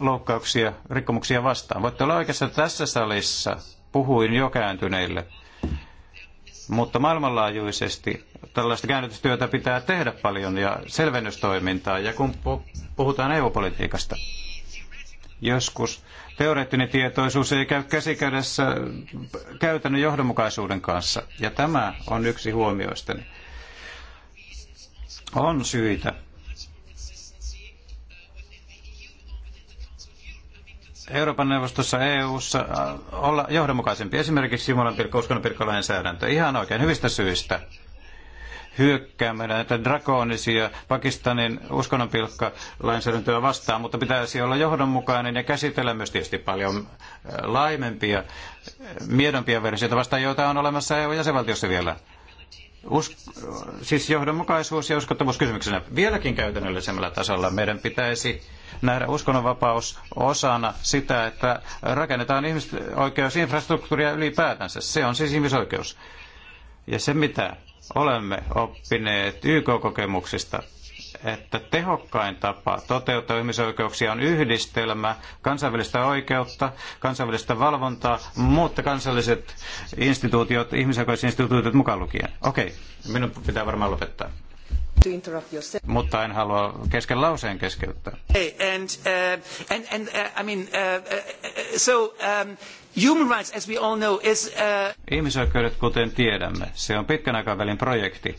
loukkauksia, rikkomuksia vastaan. Voitte olla oikeassa tässä salissa, puhuin jo kääntyneille, mutta maailmanlaajuisesti tällaista käännytystyötä pitää tehdä paljon ja selvennystoimintaa. Ja kun puhutaan EU-politiikasta, joskus teoreettinen tietoisuus ei käy käsikädessä käytännön johdonmukaisuuden kanssa. Ja tämä on yksi huomioistani. On syitä, Euroopan neuvostossa EU:ssa äh, olla johdonmukaisempi. Esimerkiksi Jumalan pirkko, uskonnon lainsäädäntö. Ihan oikein hyvistä syistä hyökkäämään näitä drakoonisia Pakistanin uskonnonpilkka lainsäädäntöä vastaan, mutta pitäisi olla johdonmukainen ja käsitellä myös tietysti paljon äh, laimempia, äh, miedompia versioita vastaan, joita on olemassa EU-jäsenvaltiossa vielä. Us- siis johdonmukaisuus ja uskottavuus kysymyksenä. Vieläkin käytännöllisemmällä tasolla meidän pitäisi nähdä uskonnonvapaus osana sitä, että rakennetaan ihmisoikeusinfrastruktuuria ylipäätänsä. Se on siis ihmisoikeus. Ja se, mitä olemme oppineet YK-kokemuksista, että tehokkain tapa toteuttaa ihmisoikeuksia on yhdistelmä kansainvälistä oikeutta, kansainvälistä valvontaa, mutta kansalliset instituutiot, ihmisoikeusinstituutiot mukaan lukien. Okei, minun pitää varmaan lopettaa. Mutta en halua kesken lauseen keskeyttää. Hey, and, uh, and, and, uh, I mean, uh, uh so, um, Human rights, as we all know, is, uh, Ihmisoikeudet, kuten tiedämme, se on pitkän aikavälin projekti.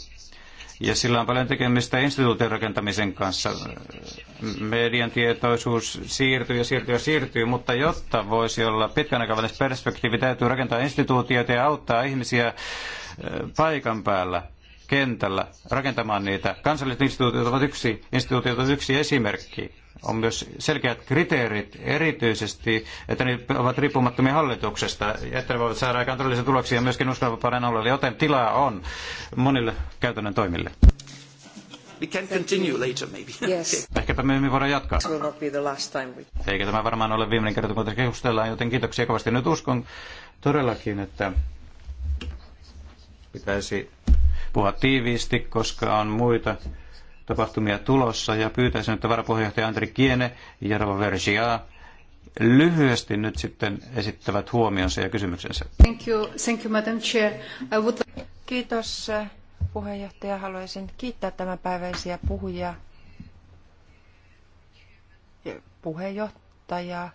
Ja sillä on paljon tekemistä instituutin rakentamisen kanssa. Median tietoisuus siirtyy ja siirtyy ja siirtyy, mutta jotta voisi olla pitkän aikavälin perspektiivi, täytyy rakentaa instituutioita ja auttaa ihmisiä äh, paikan päällä kentällä rakentamaan niitä. Kansalliset instituutiot ovat yksi, instituutiot ovat yksi esimerkki. On myös selkeät kriteerit erityisesti, että ne ovat riippumattomia hallituksesta, että ne voivat saada aikaan todellisia tuloksia ja myöskin uskonnonvapauden alueella, joten tilaa on monille käytännön toimille. We can continue later maybe. Yes. Ehkäpä myöhemmin voidaan jatkaa. This will not be the last time we. Eikä tämä varmaan ole viimeinen kerta, kun keskustellaan, joten kiitoksia kovasti. Nyt uskon todellakin, että pitäisi puhua tiiviisti, koska on muita tapahtumia tulossa ja pyytäisin, että varapuheenjohtaja Andri Kiene ja Rova Vergia lyhyesti nyt sitten esittävät huomionsa ja kysymyksensä. Thank you, thank you Madam Chair. I would... Kiitos äh, puheenjohtaja. Haluaisin kiittää tämänpäiväisiä puhujia puheenjohtajaa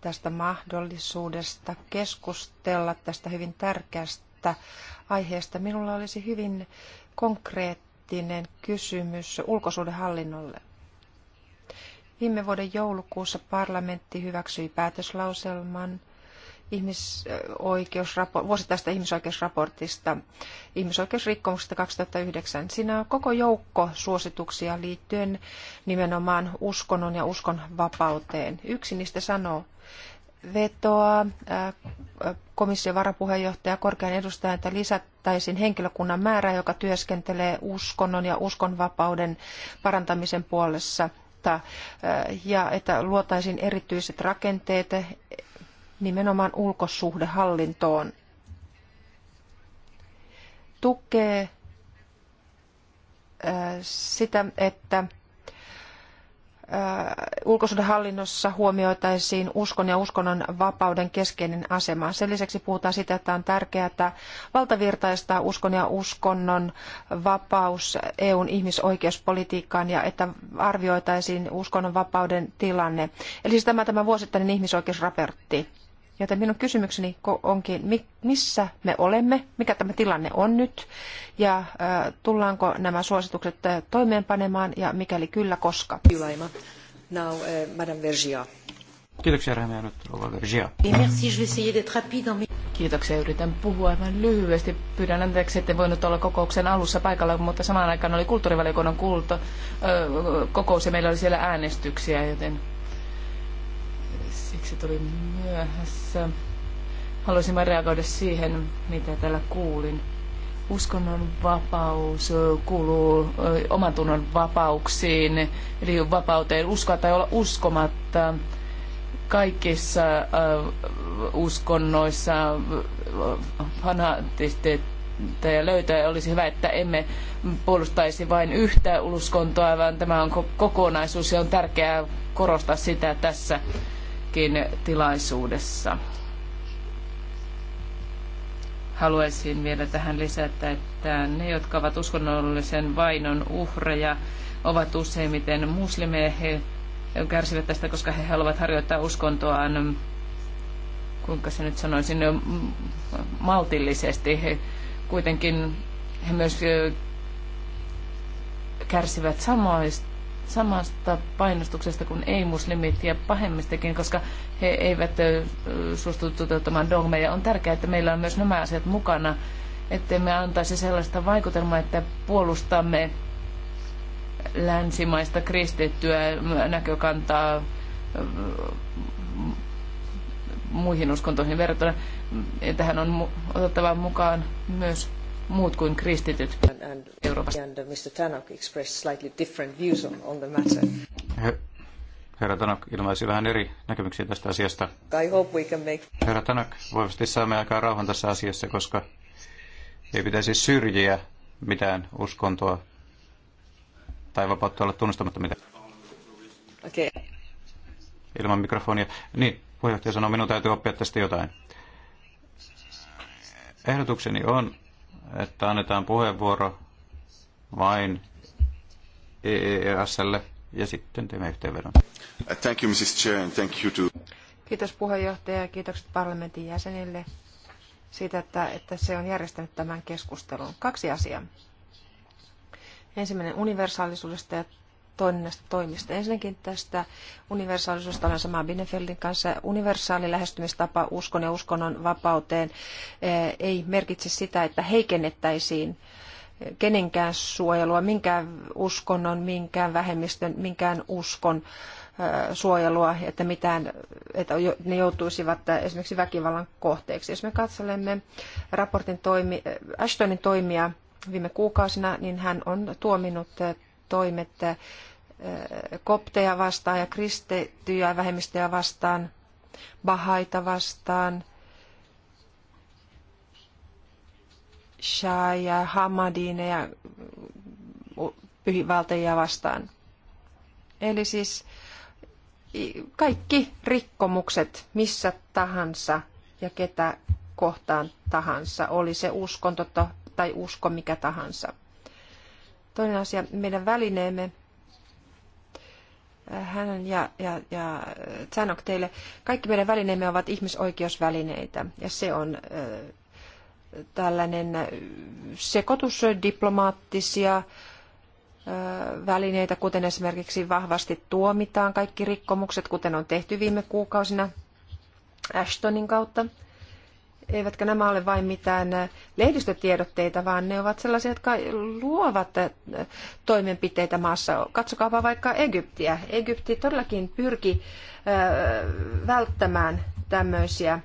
tästä mahdollisuudesta keskustella tästä hyvin tärkeästä tästä aiheesta. Minulla olisi hyvin konkreettinen kysymys ulkosuudenhallinnolle. Viime vuoden joulukuussa parlamentti hyväksyi päätöslauselman ihmisoikeusrapo- vuosittaista ihmisoikeusraportista ihmisoikeusrikkomuksesta 2009. Siinä on koko joukko suosituksia liittyen nimenomaan uskonnon ja uskon Yksi niistä sanoo, vetoaa äh, komission varapuheenjohtaja korkean edustajan, että lisättäisiin henkilökunnan määrää, joka työskentelee uskonnon ja uskonvapauden parantamisen puolessa äh, ja että luotaisiin erityiset rakenteet nimenomaan ulkosuhdehallintoon. Tukee äh, sitä, että ulkosuhdehallinnossa huomioitaisiin uskon ja uskonnon vapauden keskeinen asema. Sen lisäksi puhutaan siitä, että on tärkeää, että valtavirtaistaa uskon ja uskonnon vapaus EUn ihmisoikeuspolitiikkaan ja että arvioitaisiin uskonnon vapauden tilanne. Eli siis tämä, tämä vuosittainen ihmisoikeusraportti. Joten minun kysymykseni onkin, missä me olemme, mikä tämä tilanne on nyt ja tullaanko nämä suositukset toimeenpanemaan ja mikäli kyllä, koska. Now, uh, Madame Vergia. Kiitoksia, Rähmä, nyt rouva Vergia. Niin, Kiitoksia, yritän puhua aivan lyhyesti. Pyydän anteeksi, että voinut olla kokouksen alussa paikalla, mutta samaan aikaan oli kulttuurivaliokunnan kulto, kokous ja meillä oli siellä äänestyksiä, joten anteeksi tuli myöhässä. Haluaisin vain reagoida siihen, mitä täällä kuulin. Uskonnon vapaus kuuluu oman tunnon vapauksiin, eli vapauteen uskoa tai olla uskomatta. Kaikissa uskonnoissa fanatistit ja löytää. Olisi hyvä, että emme puolustaisi vain yhtä uskontoa, vaan tämä on kokonaisuus ja on tärkeää korostaa sitä tässä. Turkin tilaisuudessa. Haluaisin vielä tähän lisätä, että ne, jotka ovat uskonnollisen vainon uhreja, ovat useimmiten muslimeja. He kärsivät tästä, koska he haluavat harjoittaa uskontoaan, kuinka se nyt sanoisin, maltillisesti. He kuitenkin he myös kärsivät samoista samasta painostuksesta kuin ei-muslimit ja pahemmistakin, koska he eivät suostu toteuttamaan dogmeja. On tärkeää, että meillä on myös nämä asiat mukana, ettei me antaisi sellaista vaikutelmaa, että puolustamme länsimaista kristittyä näkökantaa muihin uskontoihin verrattuna. Tähän on otettava mukaan myös muut kuin kristityt Euroopassa. Herra Tanak ilmaisi vähän eri näkemyksiä tästä asiasta. I hope we can make... Herra Tanak, voivasti saamme aikaan rauhan tässä asiassa, koska ei pitäisi syrjiä mitään uskontoa tai vapautta olla tunnustamatta mitään. Okay. Ilman mikrofonia. Niin, puheenjohtaja sanoo, minun täytyy oppia tästä jotain. Ehdotukseni on, että annetaan puheenvuoro vain EESL e ja sitten teemme yhteenvedon. Thank you, Mrs. Chair, and thank you to... Kiitos puheenjohtaja ja kiitokset parlamentin jäsenille siitä, että, että se on järjestänyt tämän keskustelun. Kaksi asiaa. Ensimmäinen universaalisuudesta ja toinen näistä toimista. Ensinnäkin tästä universaalisuudesta olen samaa Binefeldin kanssa. Universaali lähestymistapa uskon ja uskonnon vapauteen eh, ei merkitse sitä, että heikennettäisiin eh, kenenkään suojelua, minkään uskonnon, minkään vähemmistön, minkään uskon eh, suojelua, että, mitään, että ne joutuisivat esimerkiksi väkivallan kohteeksi. Jos me katselemme raportin toimi, Ashtonin toimia viime kuukausina, niin hän on tuominut toimet kopteja vastaan ja kristittyjä vähemmistöjä vastaan, bahaita vastaan, shaya, hamadineja, pyhivaltajia vastaan. Eli siis kaikki rikkomukset missä tahansa ja ketä kohtaan tahansa, oli se uskonto tai usko mikä tahansa. Toinen asia, meidän välineemme, äh, hän ja, ja, ja Tsanok äh, teille, kaikki meidän välineemme ovat ihmisoikeusvälineitä ja se on äh, tällainen sekoitus diplomaattisia välineitä, kuten esimerkiksi vahvasti tuomitaan kaikki rikkomukset, kuten on tehty viime kuukausina Ashtonin kautta eivätkä nämä ole vain mitään lehdistötiedotteita, vaan ne ovat sellaisia, jotka luovat toimenpiteitä maassa. Katsokaapa vaikka Egyptiä. Egypti todellakin pyrki välttämään tämmöisiä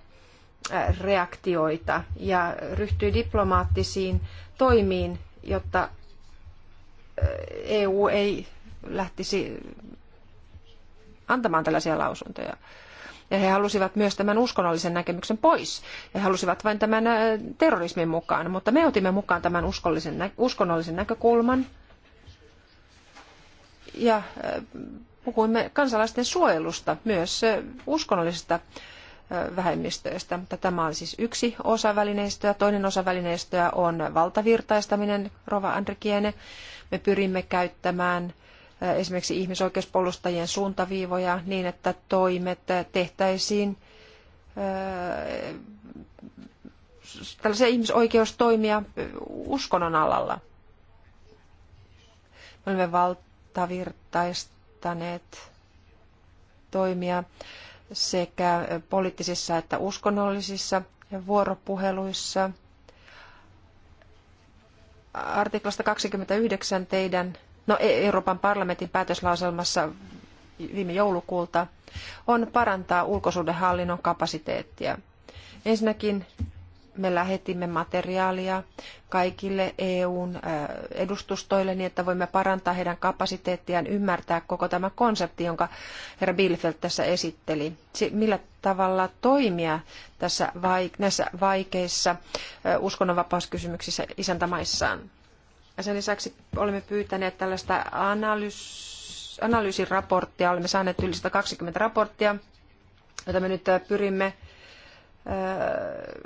reaktioita ja ryhtyi diplomaattisiin toimiin, jotta EU ei lähtisi antamaan tällaisia lausuntoja. Ja he halusivat myös tämän uskonnollisen näkemyksen pois. Ja he halusivat vain tämän terrorismin mukaan. Mutta me otimme mukaan tämän uskonnollisen näkökulman. Ja puhuimme kansalaisten suojelusta myös uskonnollisista vähemmistöistä. Mutta tämä on siis yksi osa välineistöä. Toinen osa välineistöä on valtavirtaistaminen, Rova Andrikiene. Me pyrimme käyttämään Äh, esimerkiksi ihmisoikeuspuolustajien suuntaviivoja niin, että toimet äh, tehtäisiin äh, tällaisia ihmisoikeustoimia uskonnon alalla. Me olemme valtavirtaistaneet toimia sekä poliittisissa että uskonnollisissa vuoropuheluissa. Artiklasta 29 teidän no e- Euroopan parlamentin päätöslauselmassa viime joulukuulta, on parantaa ulkosuhdehallinnon kapasiteettia. Ensinnäkin me lähetimme materiaalia kaikille EUn edustustoille niin, että voimme parantaa heidän kapasiteettiaan ymmärtää koko tämä konsepti, jonka herra Bielefeld tässä esitteli. Millä tavalla toimia tässä vaikeissa uskonnonvapauskysymyksissä isäntämaissaan? Ja sen lisäksi olemme pyytäneet tällaista analyys, analyysiraporttia. Olemme saaneet yli 120 raporttia, joita me nyt pyrimme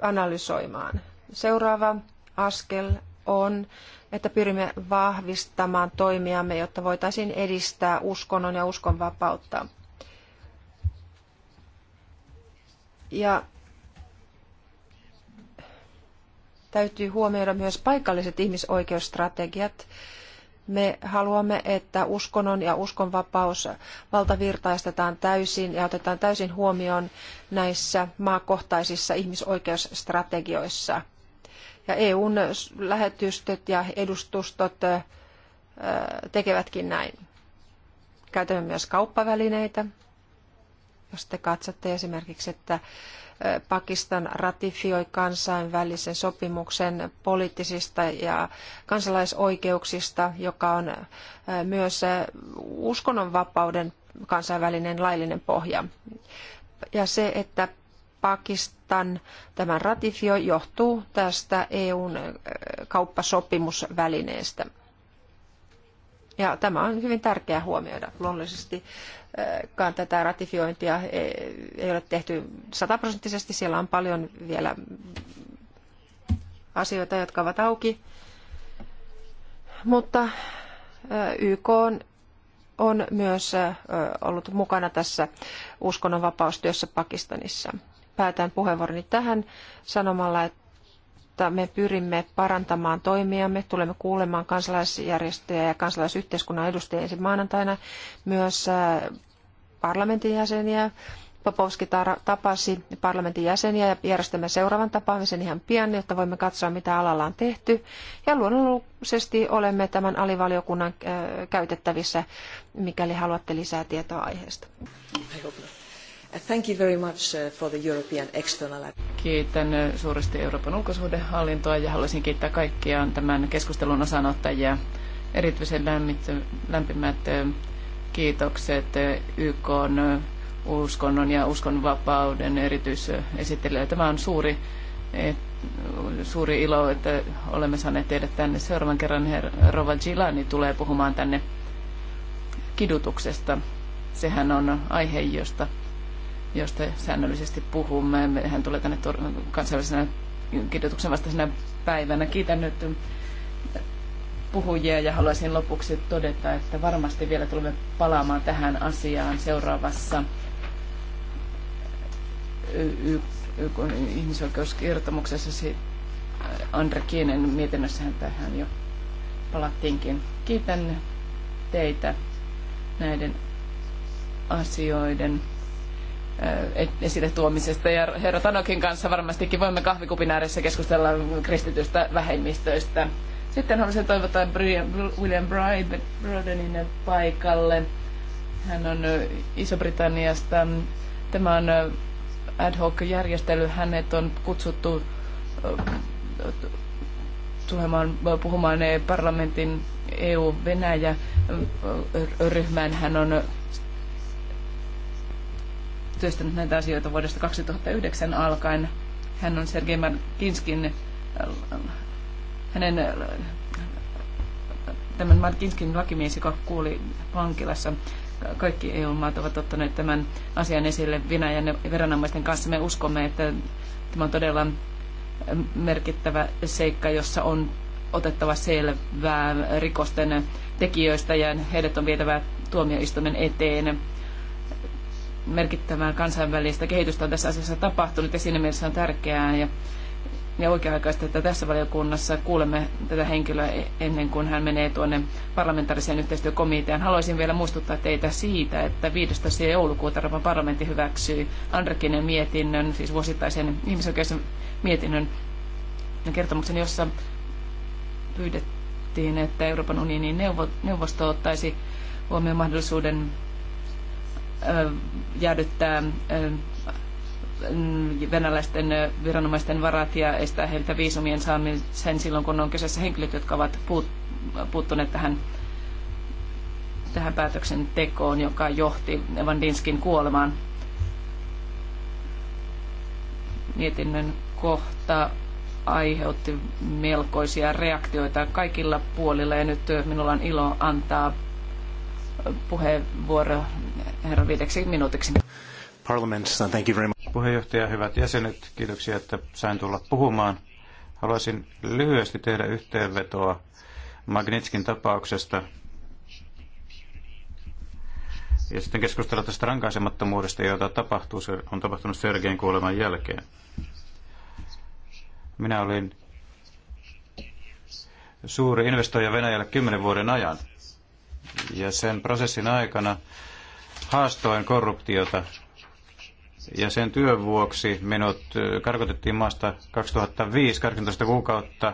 analysoimaan. Seuraava askel on, että pyrimme vahvistamaan toimiamme, jotta voitaisiin edistää uskonnon ja uskonvapautta. Ja täytyy huomioida myös paikalliset ihmisoikeusstrategiat. Me haluamme, että uskonnon ja uskonvapaus valtavirtaistetaan täysin ja otetaan täysin huomioon näissä maakohtaisissa ihmisoikeusstrategioissa. Ja EUn lähetystöt ja edustustot tekevätkin näin. Käytämme myös kauppavälineitä jos te katsotte esimerkiksi, että Pakistan ratifioi kansainvälisen sopimuksen poliittisista ja kansalaisoikeuksista, joka on myös uskonnonvapauden kansainvälinen laillinen pohja. Ja se, että Pakistan tämän ratifioi, johtuu tästä EUn kauppasopimusvälineestä. Ja tämä on hyvin tärkeää huomioida. Luonnollisesti tätä ratifiointia e, ei ole tehty sataprosenttisesti. Siellä on paljon vielä asioita, jotka ovat auki. Mutta YK on on myös ollut mukana tässä uskonnonvapaustyössä Pakistanissa. Päätän puheenvuoroni tähän sanomalla, että mutta me pyrimme parantamaan toimiamme. Tulemme kuulemaan kansalaisjärjestöjä ja kansalaisyhteiskunnan edustajia ensi maanantaina, myös äh, parlamentin jäseniä. Popovski tapasi parlamentin jäseniä ja järjestämme seuraavan tapaamisen ihan pian, jotta voimme katsoa, mitä alalla on tehty. Ja luonnollisesti olemme tämän alivaliokunnan äh, käytettävissä, mikäli haluatte lisää tietoa aiheesta. Thank you very much uh, for the European external... Kiitän uh, suuresti Euroopan ulkosuhdehallintoa ja haluaisin kiittää kaikkia tämän keskustelun osanottajia. Erityisen lämpimät uh, kiitokset YK uskonnon ja uskonvapauden erityisesittelijöille. Tämä on suuri, suuri ilo, että olemme saaneet teidät tänne. Seuraavan kerran herra Rova Gilani tulee puhumaan tänne kidutuksesta. Sehän on aihe, josta josta säännöllisesti puhumme. Hän tulee tänne kansainvälisenä kirjoituksen vastaisena päivänä. Kiitän nyt puhujia ja haluaisin lopuksi todeta, että varmasti vielä tulemme palaamaan tähän asiaan seuraavassa YK ihmisoikeuskertomuksessa. Andre Kienen mietinnössähän tähän jo palattiinkin. Kiitän teitä näiden asioiden esille tuomisesta. Ja herra Tanokin kanssa varmastikin voimme kahvikupin ääressä keskustella kristitystä vähemmistöistä. Sitten haluaisin toivottaa William Brodenin paikalle. Hän on Iso-Britanniasta. Tämä on ad hoc järjestely. Hänet on kutsuttu tulemaan puhumaan parlamentin EU-Venäjä-ryhmään. Hän on työstänyt näitä asioita vuodesta 2009 alkaen. Hän on Sergei Markinskin, hänen tämän Markinskin lakimies, joka kuuli vankilassa. Kaikki EU-maat ovat ottaneet tämän asian esille Venäjän viranomaisten kanssa. Me uskomme, että tämä on todella merkittävä seikka, jossa on otettava selvää rikosten tekijöistä ja heidät on vietävä tuomioistuimen eteen merkittävää kansainvälistä kehitystä on tässä asiassa tapahtunut ja siinä mielessä on tärkeää ja, ja oikea-aikaista, että tässä valiokunnassa kuulemme tätä henkilöä e- ennen kuin hän menee tuonne parlamentaariseen yhteistyökomiteaan. Haluaisin vielä muistuttaa teitä siitä, että 15. joulukuuta Euroopan parlamentti hyväksyi Andrekinen mietinnön, siis vuosittaisen ihmisoikeuden mietinnön kertomuksen, jossa pyydettiin, että Euroopan unionin neuvosto ottaisi huomioon mahdollisuuden jäädyttää venäläisten viranomaisten varat ja estää heiltä viisumien saamisen silloin, kun on kyseessä henkilöt, jotka ovat puuttuneet tähän, tähän päätöksentekoon, joka johti Vandinskin kuolemaan. Mietinnön kohta aiheutti melkoisia reaktioita kaikilla puolilla ja nyt minulla on ilo antaa puheenvuoro herra viideksi minuutiksi. thank you very much. Puheenjohtaja, hyvät jäsenet, kiitoksia, että sain tulla puhumaan. Haluaisin lyhyesti tehdä yhteenvetoa Magnitskin tapauksesta ja sitten keskustella tästä rankaisemattomuudesta, jota tapahtuu, on tapahtunut Sergein kuoleman jälkeen. Minä olin suuri investoija Venäjälle kymmenen vuoden ajan – ja sen prosessin aikana haastoin korruptiota ja sen työn vuoksi minut karkotettiin maasta 2005, 18 kuukautta.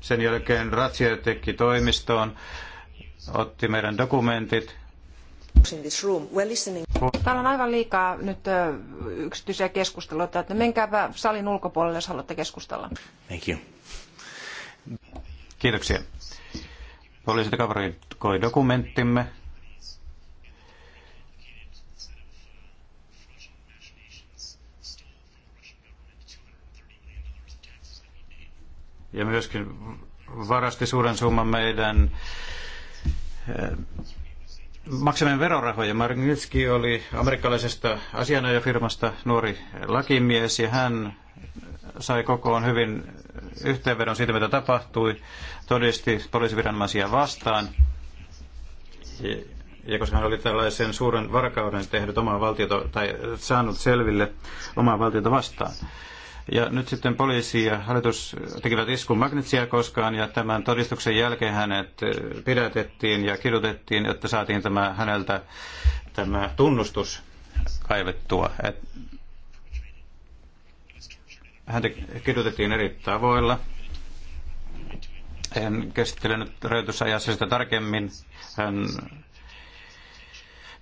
Sen jälkeen Ratsia teki toimistoon, otti meidän dokumentit. Täällä on aivan liikaa nyt yksityisiä keskusteluita, että menkääpä salin ulkopuolelle, jos haluatte keskustella. Thank you. Kiitoksia. Poliisit koi dokumenttimme. Ja myöskin varasti suuren summan meidän eh, maksamien verorahoja. Magnitski oli amerikkalaisesta asianajofirmasta nuori lakimies ja hän sai kokoon hyvin yhteenvedon siitä, mitä tapahtui, todisti poliisiviranomaisia vastaan. Ja koska hän oli tällaisen suuren varkauden tehnyt omaa valtiota tai saanut selville omaa valtiota vastaan. Ja nyt sitten poliisi ja hallitus tekivät iskun Magnitsia koskaan ja tämän todistuksen jälkeen hänet pidätettiin ja kidutettiin, että saatiin tämä häneltä tämä tunnustus kaivettua. Et Häntä kidutettiin eri tavoilla. En käsittele nyt rajoitusajassa sitä tarkemmin. Hän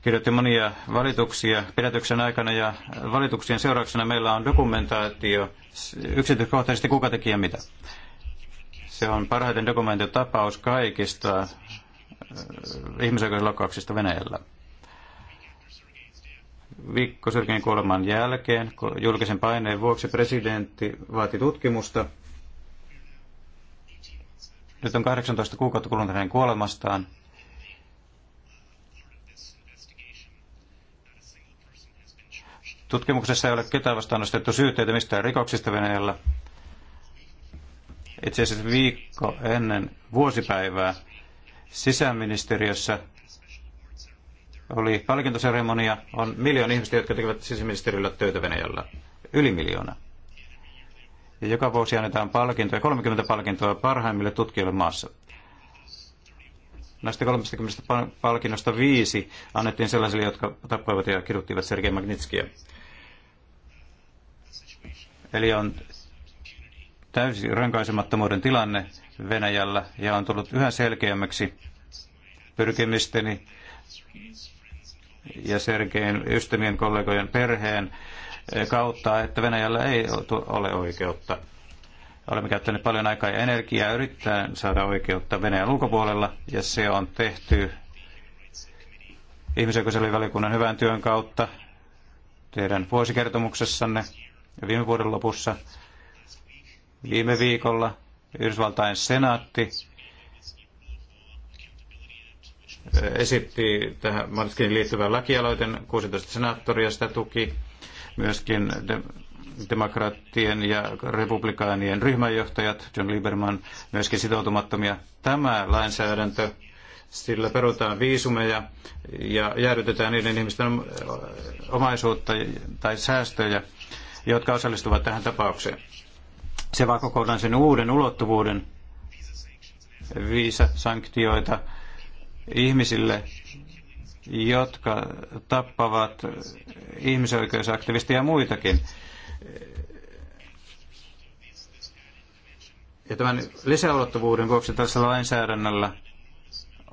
kirjoitti monia valituksia pidätyksen aikana ja valituksien seurauksena meillä on dokumentaatio yksityiskohtaisesti kuka teki ja mitä. Se on parhaiten dokumentoitapaus kaikista äh, ihmisoikeusloukkauksista Venäjällä viikko Sergein kuoleman jälkeen julkisen paineen vuoksi presidentti vaati tutkimusta. Nyt on 18 kuukautta kulunut hänen kuolemastaan. Tutkimuksessa ei ole ketään vastaan nostettu syytteitä mistään rikoksista Venäjällä. Itse asiassa viikko ennen vuosipäivää sisäministeriössä oli palkintoseremonia. On miljoona ihmistä, jotka tekevät sisäministeriöllä töitä Venäjällä. Yli miljoona. Ja joka vuosi annetaan palkintoja, 30 palkintoa parhaimmille tutkijoille maassa. Näistä 30 palkinnosta viisi annettiin sellaisille, jotka tappoivat ja kiduttivat Sergei Magnitskia. Eli on täysin rankaisemattomuuden tilanne Venäjällä ja on tullut yhä selkeämmäksi pyrkimisteni ja Sergein ystävien kollegojen perheen eh, kautta, että Venäjällä ei ole oikeutta. Olemme käyttäneet paljon aikaa ja energiaa yrittää saada oikeutta Venäjän ulkopuolella, ja se on tehty välikunnan hyvän työn kautta teidän vuosikertomuksessanne ja viime vuoden lopussa. Viime viikolla Yhdysvaltain senaatti esitti tähän Martskinin liittyvän lakialoiten, 16 senaattoria sitä tuki, myöskin de- demokraattien ja republikaanien ryhmänjohtajat, John Lieberman, myöskin sitoutumattomia. Tämä lainsäädäntö, sillä perutaan viisumeja ja jäädytetään niiden ihmisten omaisuutta tai säästöjä, jotka osallistuvat tähän tapaukseen. Se vaan kokonaan sen uuden ulottuvuuden viisa sanktioita ihmisille, jotka tappavat ihmisoikeusaktivisteja ja muitakin. Ja tämän lisäulottuvuuden vuoksi tässä lainsäädännöllä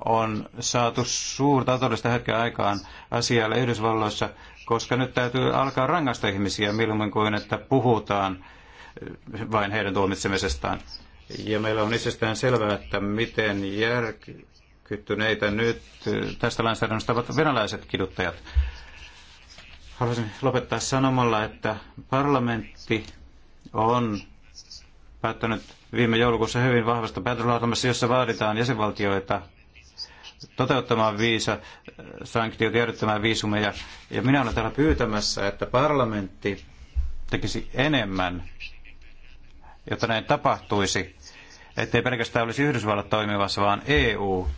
on saatu suurta todellista hetkeä aikaan asialle Yhdysvalloissa, koska nyt täytyy alkaa rangaista ihmisiä milloin kuin, että puhutaan vain heidän tuomitsemisestaan. Ja meillä on itsestään selvää, että miten järki, kyttyneitä nyt tästä lainsäädännöstä ovat venäläiset kiduttajat. Haluaisin lopettaa sanomalla, että parlamentti on päättänyt viime joulukuussa hyvin vahvasta päätöslautamassa, jossa vaaditaan jäsenvaltioita toteuttamaan viisa, sanktiot, järjettämään viisumeja. Ja minä olen täällä pyytämässä, että parlamentti tekisi enemmän, jotta näin tapahtuisi, ettei pelkästään olisi Yhdysvallat toimivassa, vaan EU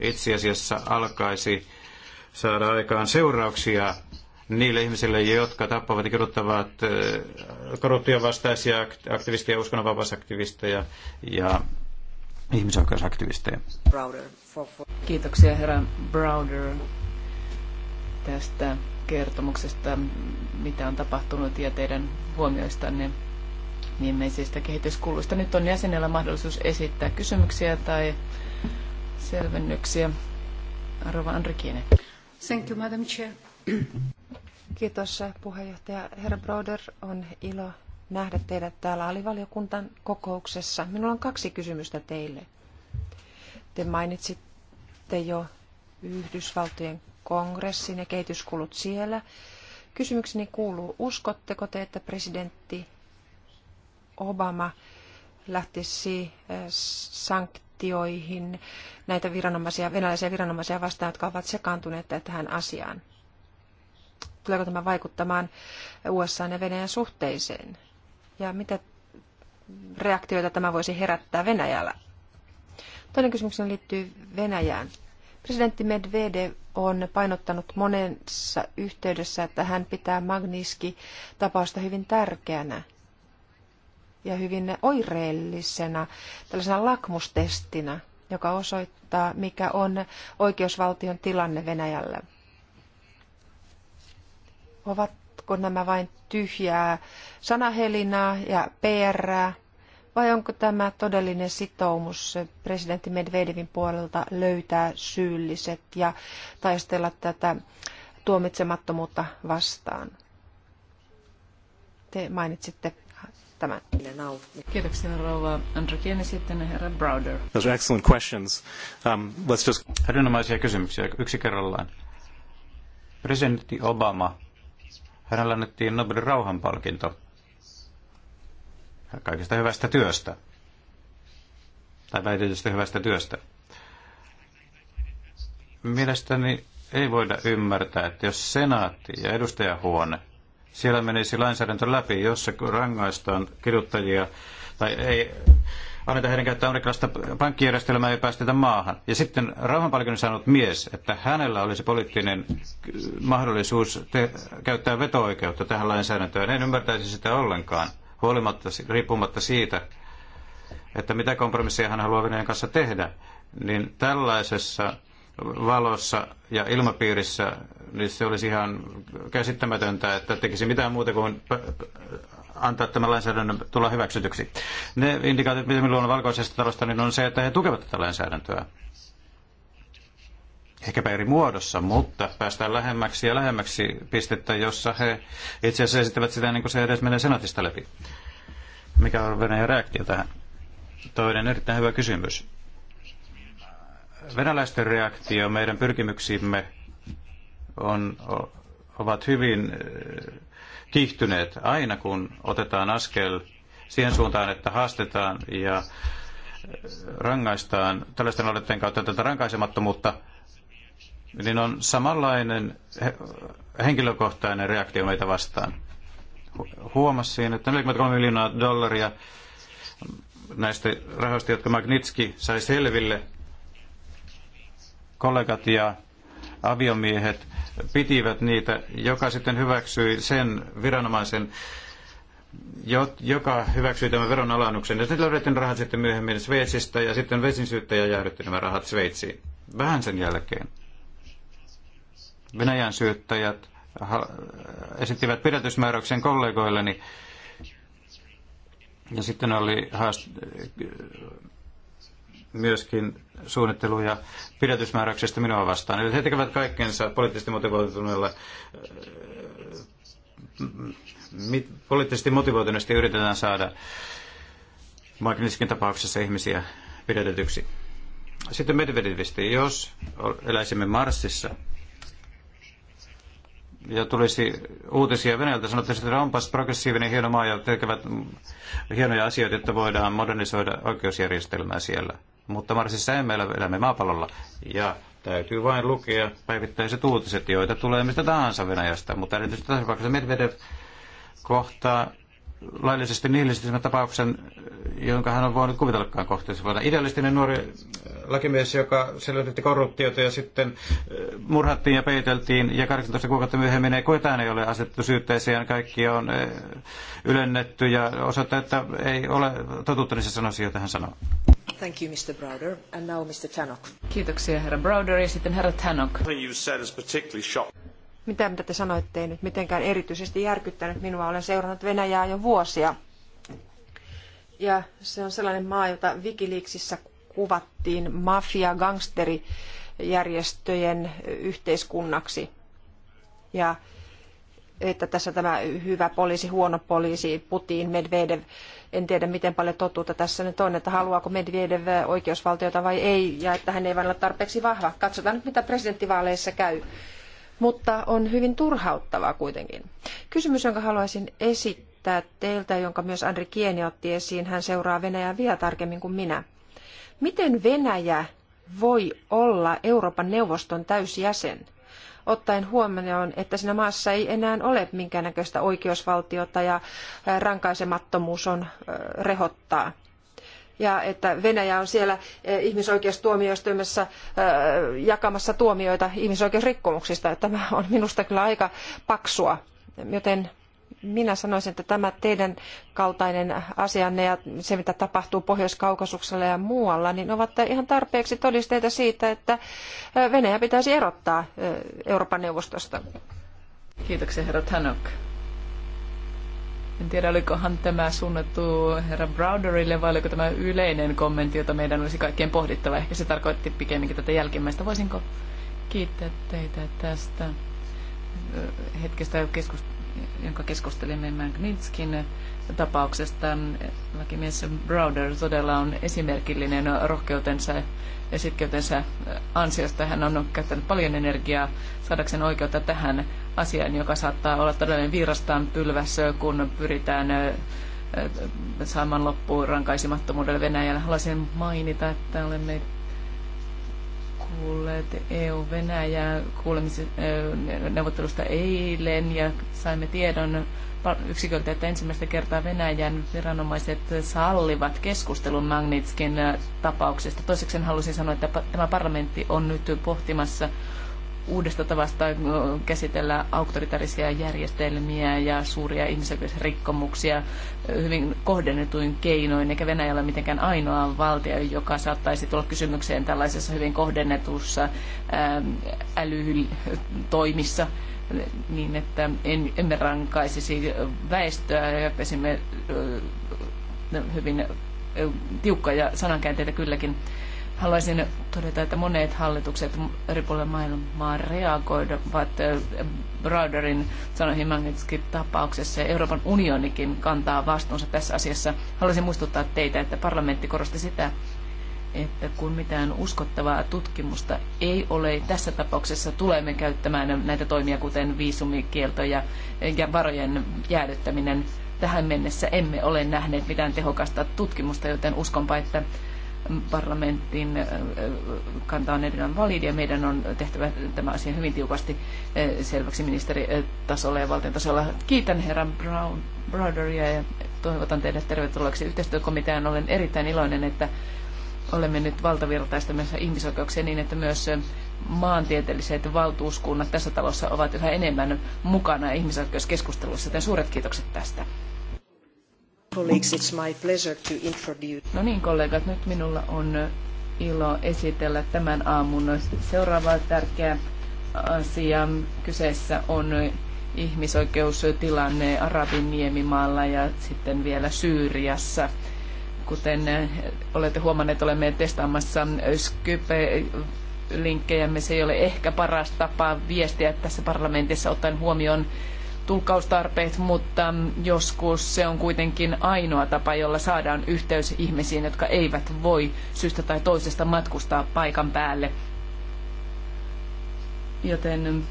itse asiassa alkaisi saada aikaan seurauksia niille ihmisille, jotka tappavat ja kiduttavat vastaisia aktivisteja, uskonnonvapausaktivisteja ja ihmisoikeusaktivisteja. Kiitoksia herra Browder tästä kertomuksesta, mitä on tapahtunut ja teidän huomioistanne viimeisistä kehityskuluista. Nyt on jäsenellä mahdollisuus esittää kysymyksiä tai selvennyksiä. Arva Andrikiinen. Thank you, Madam Chair. Kiitos puheenjohtaja. Herra Broder, on ilo nähdä teidät täällä alivaliokuntan kokouksessa. Minulla on kaksi kysymystä teille. Te mainitsitte jo Yhdysvaltojen kongressin ja kehityskulut siellä. Kysymykseni kuuluu, uskotteko te, että presidentti Obama lähtisi eh, sankt sanktioihin näitä viranomaisia, venäläisiä viranomaisia vastaan, jotka ovat sekaantuneet tähän asiaan? Tuleeko tämä vaikuttamaan USA ja Venäjän suhteeseen? Ja mitä reaktioita tämä voisi herättää Venäjällä? Toinen kysymys liittyy Venäjään. Presidentti Medvedev on painottanut monessa yhteydessä, että hän pitää Magniski tapausta hyvin tärkeänä – ja hyvin oireellisena tällaisena lakmustestinä, joka osoittaa, mikä on oikeusvaltion tilanne Venäjällä. Ovatko nämä vain tyhjää sanahelinaa ja PR, vai onko tämä todellinen sitoumus presidentti Medvedevin puolelta löytää syylliset ja taistella tätä tuomitsemattomuutta vastaan? Te mainitsitte tämän. Kiitoksia rouva Andrikien sitten herra Browder. Those are excellent questions. Um, let's just... Erinomaisia kysymyksiä yksi kerrallaan. Presidentti Obama, hänellä annettiin Nobelin rauhanpalkinto kaikesta hyvästä työstä. Tai väitetystä hyvästä työstä. Mielestäni ei voida ymmärtää, että jos senaatti ja edustajahuone siellä menisi lainsäädäntö läpi, jossa rangaistaan kirjoittajia tai ei anneta heidän käyttää amerikkalaista pankkijärjestelmää ja päästetä maahan. Ja sitten rauhanpalkinnon saanut mies, että hänellä olisi poliittinen mahdollisuus te- käyttää veto-oikeutta tähän lainsäädäntöön. En ymmärtäisi sitä ollenkaan, huolimatta, riippumatta siitä, että mitä kompromisseja hän haluaa Venäjän kanssa tehdä. Niin tällaisessa valossa ja ilmapiirissä, niin se olisi ihan käsittämätöntä, että tekisi mitään muuta kuin antaa tämän lainsäädännön tulla hyväksytyksi. Ne indikaatit, mitä minulla on valkoisesta talosta, niin on se, että he tukevat tätä lainsäädäntöä. Ehkäpä eri muodossa, mutta päästään lähemmäksi ja lähemmäksi pistettä, jossa he itse asiassa esittävät sitä niin kuin se edes menee senaatista läpi. Mikä on Venäjän reaktio tähän? Toinen erittäin hyvä kysymys Venäläisten reaktio meidän pyrkimyksiimme on, ovat hyvin e, kiihtyneet aina, kun otetaan askel siihen suuntaan, että haastetaan ja e, rangaistaan tällaisten aloitteiden kautta tätä rankaisemattomuutta, niin on samanlainen henkilökohtainen reaktio meitä vastaan. Huomasin, että 43 miljoonaa dollaria näistä rahoista, jotka Magnitski sai selville, kollegat ja aviomiehet pitivät niitä, joka sitten hyväksyi sen viranomaisen, joka hyväksyi tämän veron alannuksen. Ja sitten löydettiin rahat sitten myöhemmin Sveitsistä ja sitten vesinsyyttäjä jäädytti nämä rahat Sveitsiin. Vähän sen jälkeen Venäjän syyttäjät esittivät pidätysmääräyksen kollegoilleni. Ja sitten oli haast- myöskin suunnitteluja pidätysmääräyksestä minua vastaan. Eli he tekevät kaikkensa poliittisesti motivoituneella äh, poliittisesti motivoituneesti yritetään saada Magnitskin tapauksessa ihmisiä pidätetyksi. Sitten Medvedevistä, jos eläisimme Marsissa ja tulisi uutisia Venäjältä, sanottaisiin, että onpas progressiivinen hieno maa ja tekevät hienoja asioita, että voidaan modernisoida oikeusjärjestelmää siellä mutta Marsissa emme elä, elämme maapallolla. Ja täytyy vain lukea päivittäiset uutiset, joita tulee mistä tahansa Venäjästä, mutta erityisesti tässä tapauksessa Medvedev kohtaa laillisesti nihilistisen tapauksen, jonka hän on voinut kuvitellakaan kohteessa. Idealistinen nuori äh, lakimies, joka selvitti korruptiota ja sitten äh, murhattiin ja peiteltiin ja 18 kuukautta myöhemmin ei kuitenkaan ei ole asetettu syytteeseen, kaikki on äh, ylennetty ja osoittaa, että ei ole totuutta niin se sanoisi, jo tähän sanoa. Thank you, Mr. Browder. And now Mr. Tannock. Kiitoksia, herra Browder, ja sitten herra Tannock. Mitä, mitä te sanoitte, ei nyt mitenkään erityisesti järkyttänyt minua. Olen seurannut Venäjää jo vuosia. Ja se on sellainen maa, jota Wikileaksissa kuvattiin mafia, gangsteri, järjestöjen yhteiskunnaksi. Ja että tässä tämä hyvä poliisi, huono poliisi, Putin, Medvedev, en tiedä, miten paljon totuutta tässä nyt on, että haluaako Medvedev oikeusvaltiota vai ei, ja että hän ei vain ole tarpeeksi vahva. Katsotaan nyt, mitä presidenttivaaleissa käy. Mutta on hyvin turhauttavaa kuitenkin. Kysymys, jonka haluaisin esittää teiltä, jonka myös Andri Kieni otti esiin, hän seuraa Venäjää vielä tarkemmin kuin minä. Miten Venäjä voi olla Euroopan neuvoston täysjäsen? ottaen huomioon, että siinä maassa ei enää ole minkäännäköistä oikeusvaltiota ja rankaisemattomuus on rehottaa. Ja että Venäjä on siellä ihmisoikeustuomioistuimessa jakamassa tuomioita ihmisoikeusrikkomuksista. Tämä on minusta kyllä aika paksua, joten minä sanoisin, että tämä teidän kaltainen asianne ja se, mitä tapahtuu Pohjois-Kaukasuksella ja muualla, niin ovat ihan tarpeeksi todisteita siitä, että Venäjä pitäisi erottaa Euroopan neuvostosta. Kiitoksia, herra Tanok. En tiedä, olikohan tämä suunnattu herra Browderille vai oliko tämä yleinen kommentti, jota meidän olisi kaikkien pohdittava. Ehkä se tarkoitti pikemminkin tätä jälkimmäistä. Voisinko kiittää teitä tästä hetkestä keskustelusta? jonka keskustelimme Magnitskin tapauksesta. Lakimies Browder todella on esimerkillinen rohkeutensa ja sitkeytensä ansiosta. Hän on käyttänyt paljon energiaa saadakseen oikeutta tähän asiaan, joka saattaa olla todellinen virastaan pylväs, kun pyritään saamaan loppuun rankaisimattomuudelle Venäjällä. Haluaisin mainita, että olemme kuulleet eu venäjä neuvottelusta eilen ja saimme tiedon yksiköltä, että ensimmäistä kertaa Venäjän viranomaiset sallivat keskustelun Magnitskin tapauksesta. Toiseksi halusin sanoa, että tämä parlamentti on nyt pohtimassa uudesta tavasta äh, käsitellä auktoritarisia järjestelmiä ja suuria ihmisoikeusrikkomuksia äh, hyvin kohdennetuin keinoin, eikä Venäjällä mitenkään ainoa valtio, joka saattaisi tulla kysymykseen tällaisessa hyvin kohdennetussa ähm, älytoimissa niin, että en, emme rankaisisi väestöä ja pesimme äh, hyvin tiukkoja sanankäänteitä kylläkin Haluaisin todeta, että monet hallitukset eri puolilla maailmaa reagoivat eh, Browderin sanoihin Magnitskin tapauksessa ja Euroopan unionikin kantaa vastuunsa tässä asiassa. Haluaisin muistuttaa teitä, että parlamentti korosti sitä, että kun mitään uskottavaa tutkimusta ei ole, tässä tapauksessa tulemme käyttämään näitä toimia, kuten viisumikielto ja, ja varojen jäädyttäminen. Tähän mennessä emme ole nähneet mitään tehokasta tutkimusta, joten uskonpa, että parlamentin kanta on erilainen validi ja meidän on tehtävä tämä asia hyvin tiukasti selväksi ministeritasolla ja valtion tasolla. Kiitän herran Brown, Browderia ja toivotan teidät tervetulleeksi yhteistyökomiteaan. Olen erittäin iloinen, että olemme nyt valtavirtaistamassa ihmisoikeuksia niin, että myös maantieteelliset valtuuskunnat tässä talossa ovat yhä enemmän mukana ihmisoikeuskeskustelussa, joten suuret kiitokset tästä. Colleagues, it's my pleasure to introduce... No niin, kollegat, nyt minulla on äh, ilo esitellä tämän aamun seuraava tärkeä äh, asia. Kyseessä on äh, ihmisoikeustilanne Arabin niemimaalla ja sitten vielä Syyriassa. Kuten olette huomanneet, olemme testaamassa Skype linkkejämme. Se ei ole ehkä paras tapa viestiä tässä parlamentissa ottaen huomioon tulkkaustarpeet, mutta joskus se on kuitenkin ainoa tapa, jolla saadaan yhteys ihmisiin, jotka eivät voi syystä tai toisesta matkustaa paikan päälle. Joten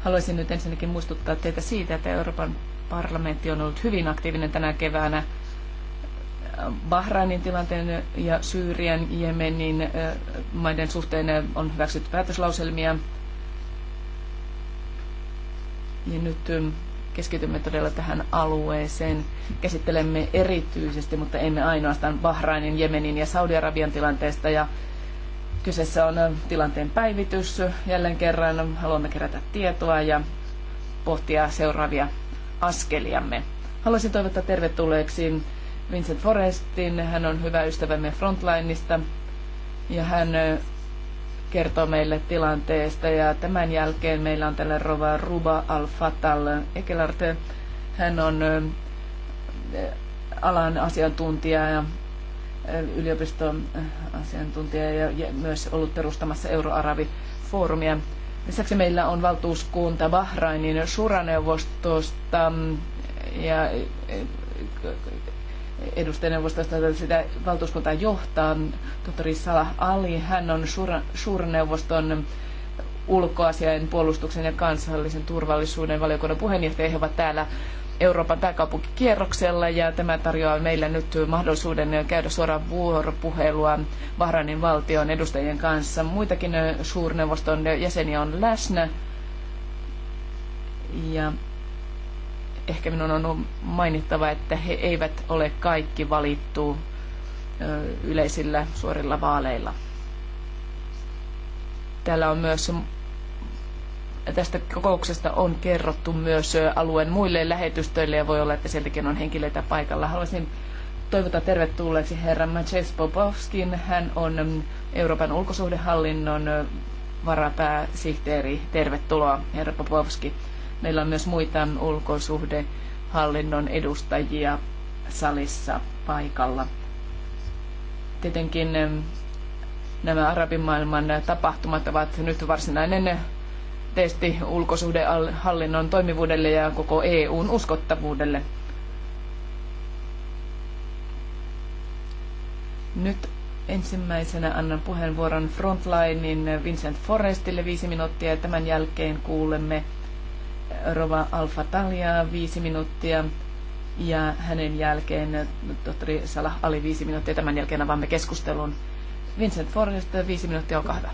haluaisin nyt ensinnäkin muistuttaa teitä siitä, että Euroopan parlamentti on ollut hyvin aktiivinen tänä keväänä Bahrainin tilanteen ja Syyrian, Jemenin eh, maiden suhteen on hyväksytty päätöslauselmia ja niin nyt ähm, keskitymme todella tähän alueeseen. Käsittelemme erityisesti, mutta emme ainoastaan Bahrainin, Jemenin ja Saudi-Arabian tilanteesta. Ja kyseessä on ähm, tilanteen päivitys. Jälleen kerran haluamme kerätä tietoa ja pohtia seuraavia askeliamme. Haluaisin toivottaa tervetulleeksi Vincent Forestin. Hän on hyvä ystävämme Frontlineista ja hän äh, kertoo meille tilanteesta ja tämän jälkeen meillä on tällä rova Ruba Al-Fatal Ekelart. Hän on alan asiantuntija ja yliopiston asiantuntija ja myös ollut perustamassa euroarabi Euroarabi-foorumia. Lisäksi meillä on valtuuskunta Bahrainin suraneuvostosta mm, ja edustajaneuvostosta sitä valtuuskuntaa johtaa, tohtori Salah Ali. Hän on suurneuvoston ulkoasian, puolustuksen ja kansallisen turvallisuuden valiokunnan puheenjohtaja. He ovat täällä Euroopan pääkaupunkikierroksella ja tämä tarjoaa meille nyt mahdollisuuden käydä suoraan vuoropuhelua Bahrainin valtion edustajien kanssa. Muitakin suurneuvoston jäseniä on läsnä ja ehkä minun on mainittava, että he eivät ole kaikki valittu yleisillä suorilla vaaleilla. Täällä on myös tästä kokouksesta on kerrottu myös alueen muille lähetystöille ja voi olla, että sieltäkin on henkilöitä paikalla. Haluaisin toivottaa tervetulleeksi herra Maciej Popovskin. Hän on Euroopan ulkosuhdehallinnon varapääsihteeri. Tervetuloa, herra Popovski. Meillä on myös muita ulkosuhdehallinnon edustajia salissa paikalla. Tietenkin nämä arabimaailman tapahtumat ovat nyt varsinainen testi ulkosuhdehallinnon toimivuudelle ja koko EUn uskottavuudelle. Nyt ensimmäisenä annan puheenvuoron Frontlinein Vincent Forrestille viisi minuuttia ja tämän jälkeen kuulemme Rova Alfa Talia viisi minuuttia ja hänen jälkeen tohtori Salah Ali viisi minuuttia. Tämän jälkeen avaamme keskustelun. Vincent Forrest, viisi minuuttia, olkaa hyvä.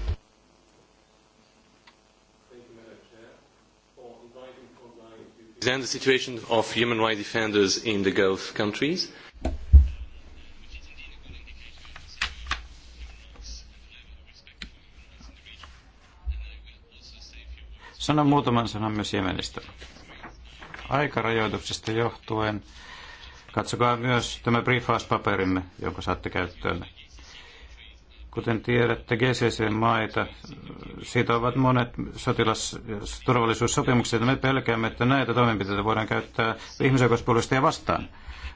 The situation of human rights defenders in the Gulf countries. Sano muutaman sanan myös Jemenistä. Aikarajoituksesta johtuen katsokaa myös tämä briefaus-paperimme, jonka saatte käyttöön. Kuten tiedätte, GCC-maita, siitä ovat monet sotilasturvallisuussopimukset, että me pelkäämme, että näitä toimenpiteitä voidaan käyttää ihmisoikeuspuolustajia vastaan.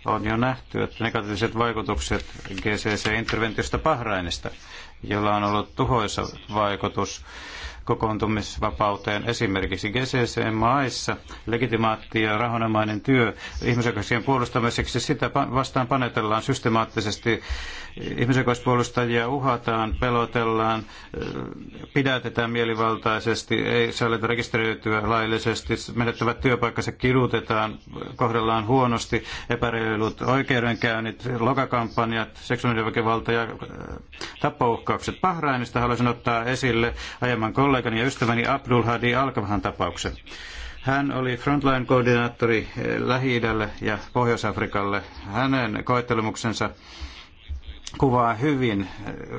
On jo nähty, että negatiiviset vaikutukset GCC-interventiosta pahrainista. jolla on ollut tuhoisa vaikutus kokoontumisvapauteen esimerkiksi GCC-maissa. Legitimaatti ja rahonomainen työ ihmisoikeuksien puolustamiseksi sitä vastaan panetellaan systemaattisesti ihmisoikeuspuolustajia uhataan, pelotellaan, pidätetään mielivaltaisesti, ei sallita rekisteröityä laillisesti, menettävät työpaikkansa kidutetaan, kohdellaan huonosti, epäreilut oikeudenkäynnit, lokakampanjat, seksuaalinen väkivalta ja tappouhkaukset. Bahrainista haluaisin ottaa esille aiemman kollegani ja ystäväni Abdul Hadi Alkavahan tapauksen. Hän oli frontline-koordinaattori lähi ja Pohjois-Afrikalle. Hänen koettelemuksensa kuvaa hyvin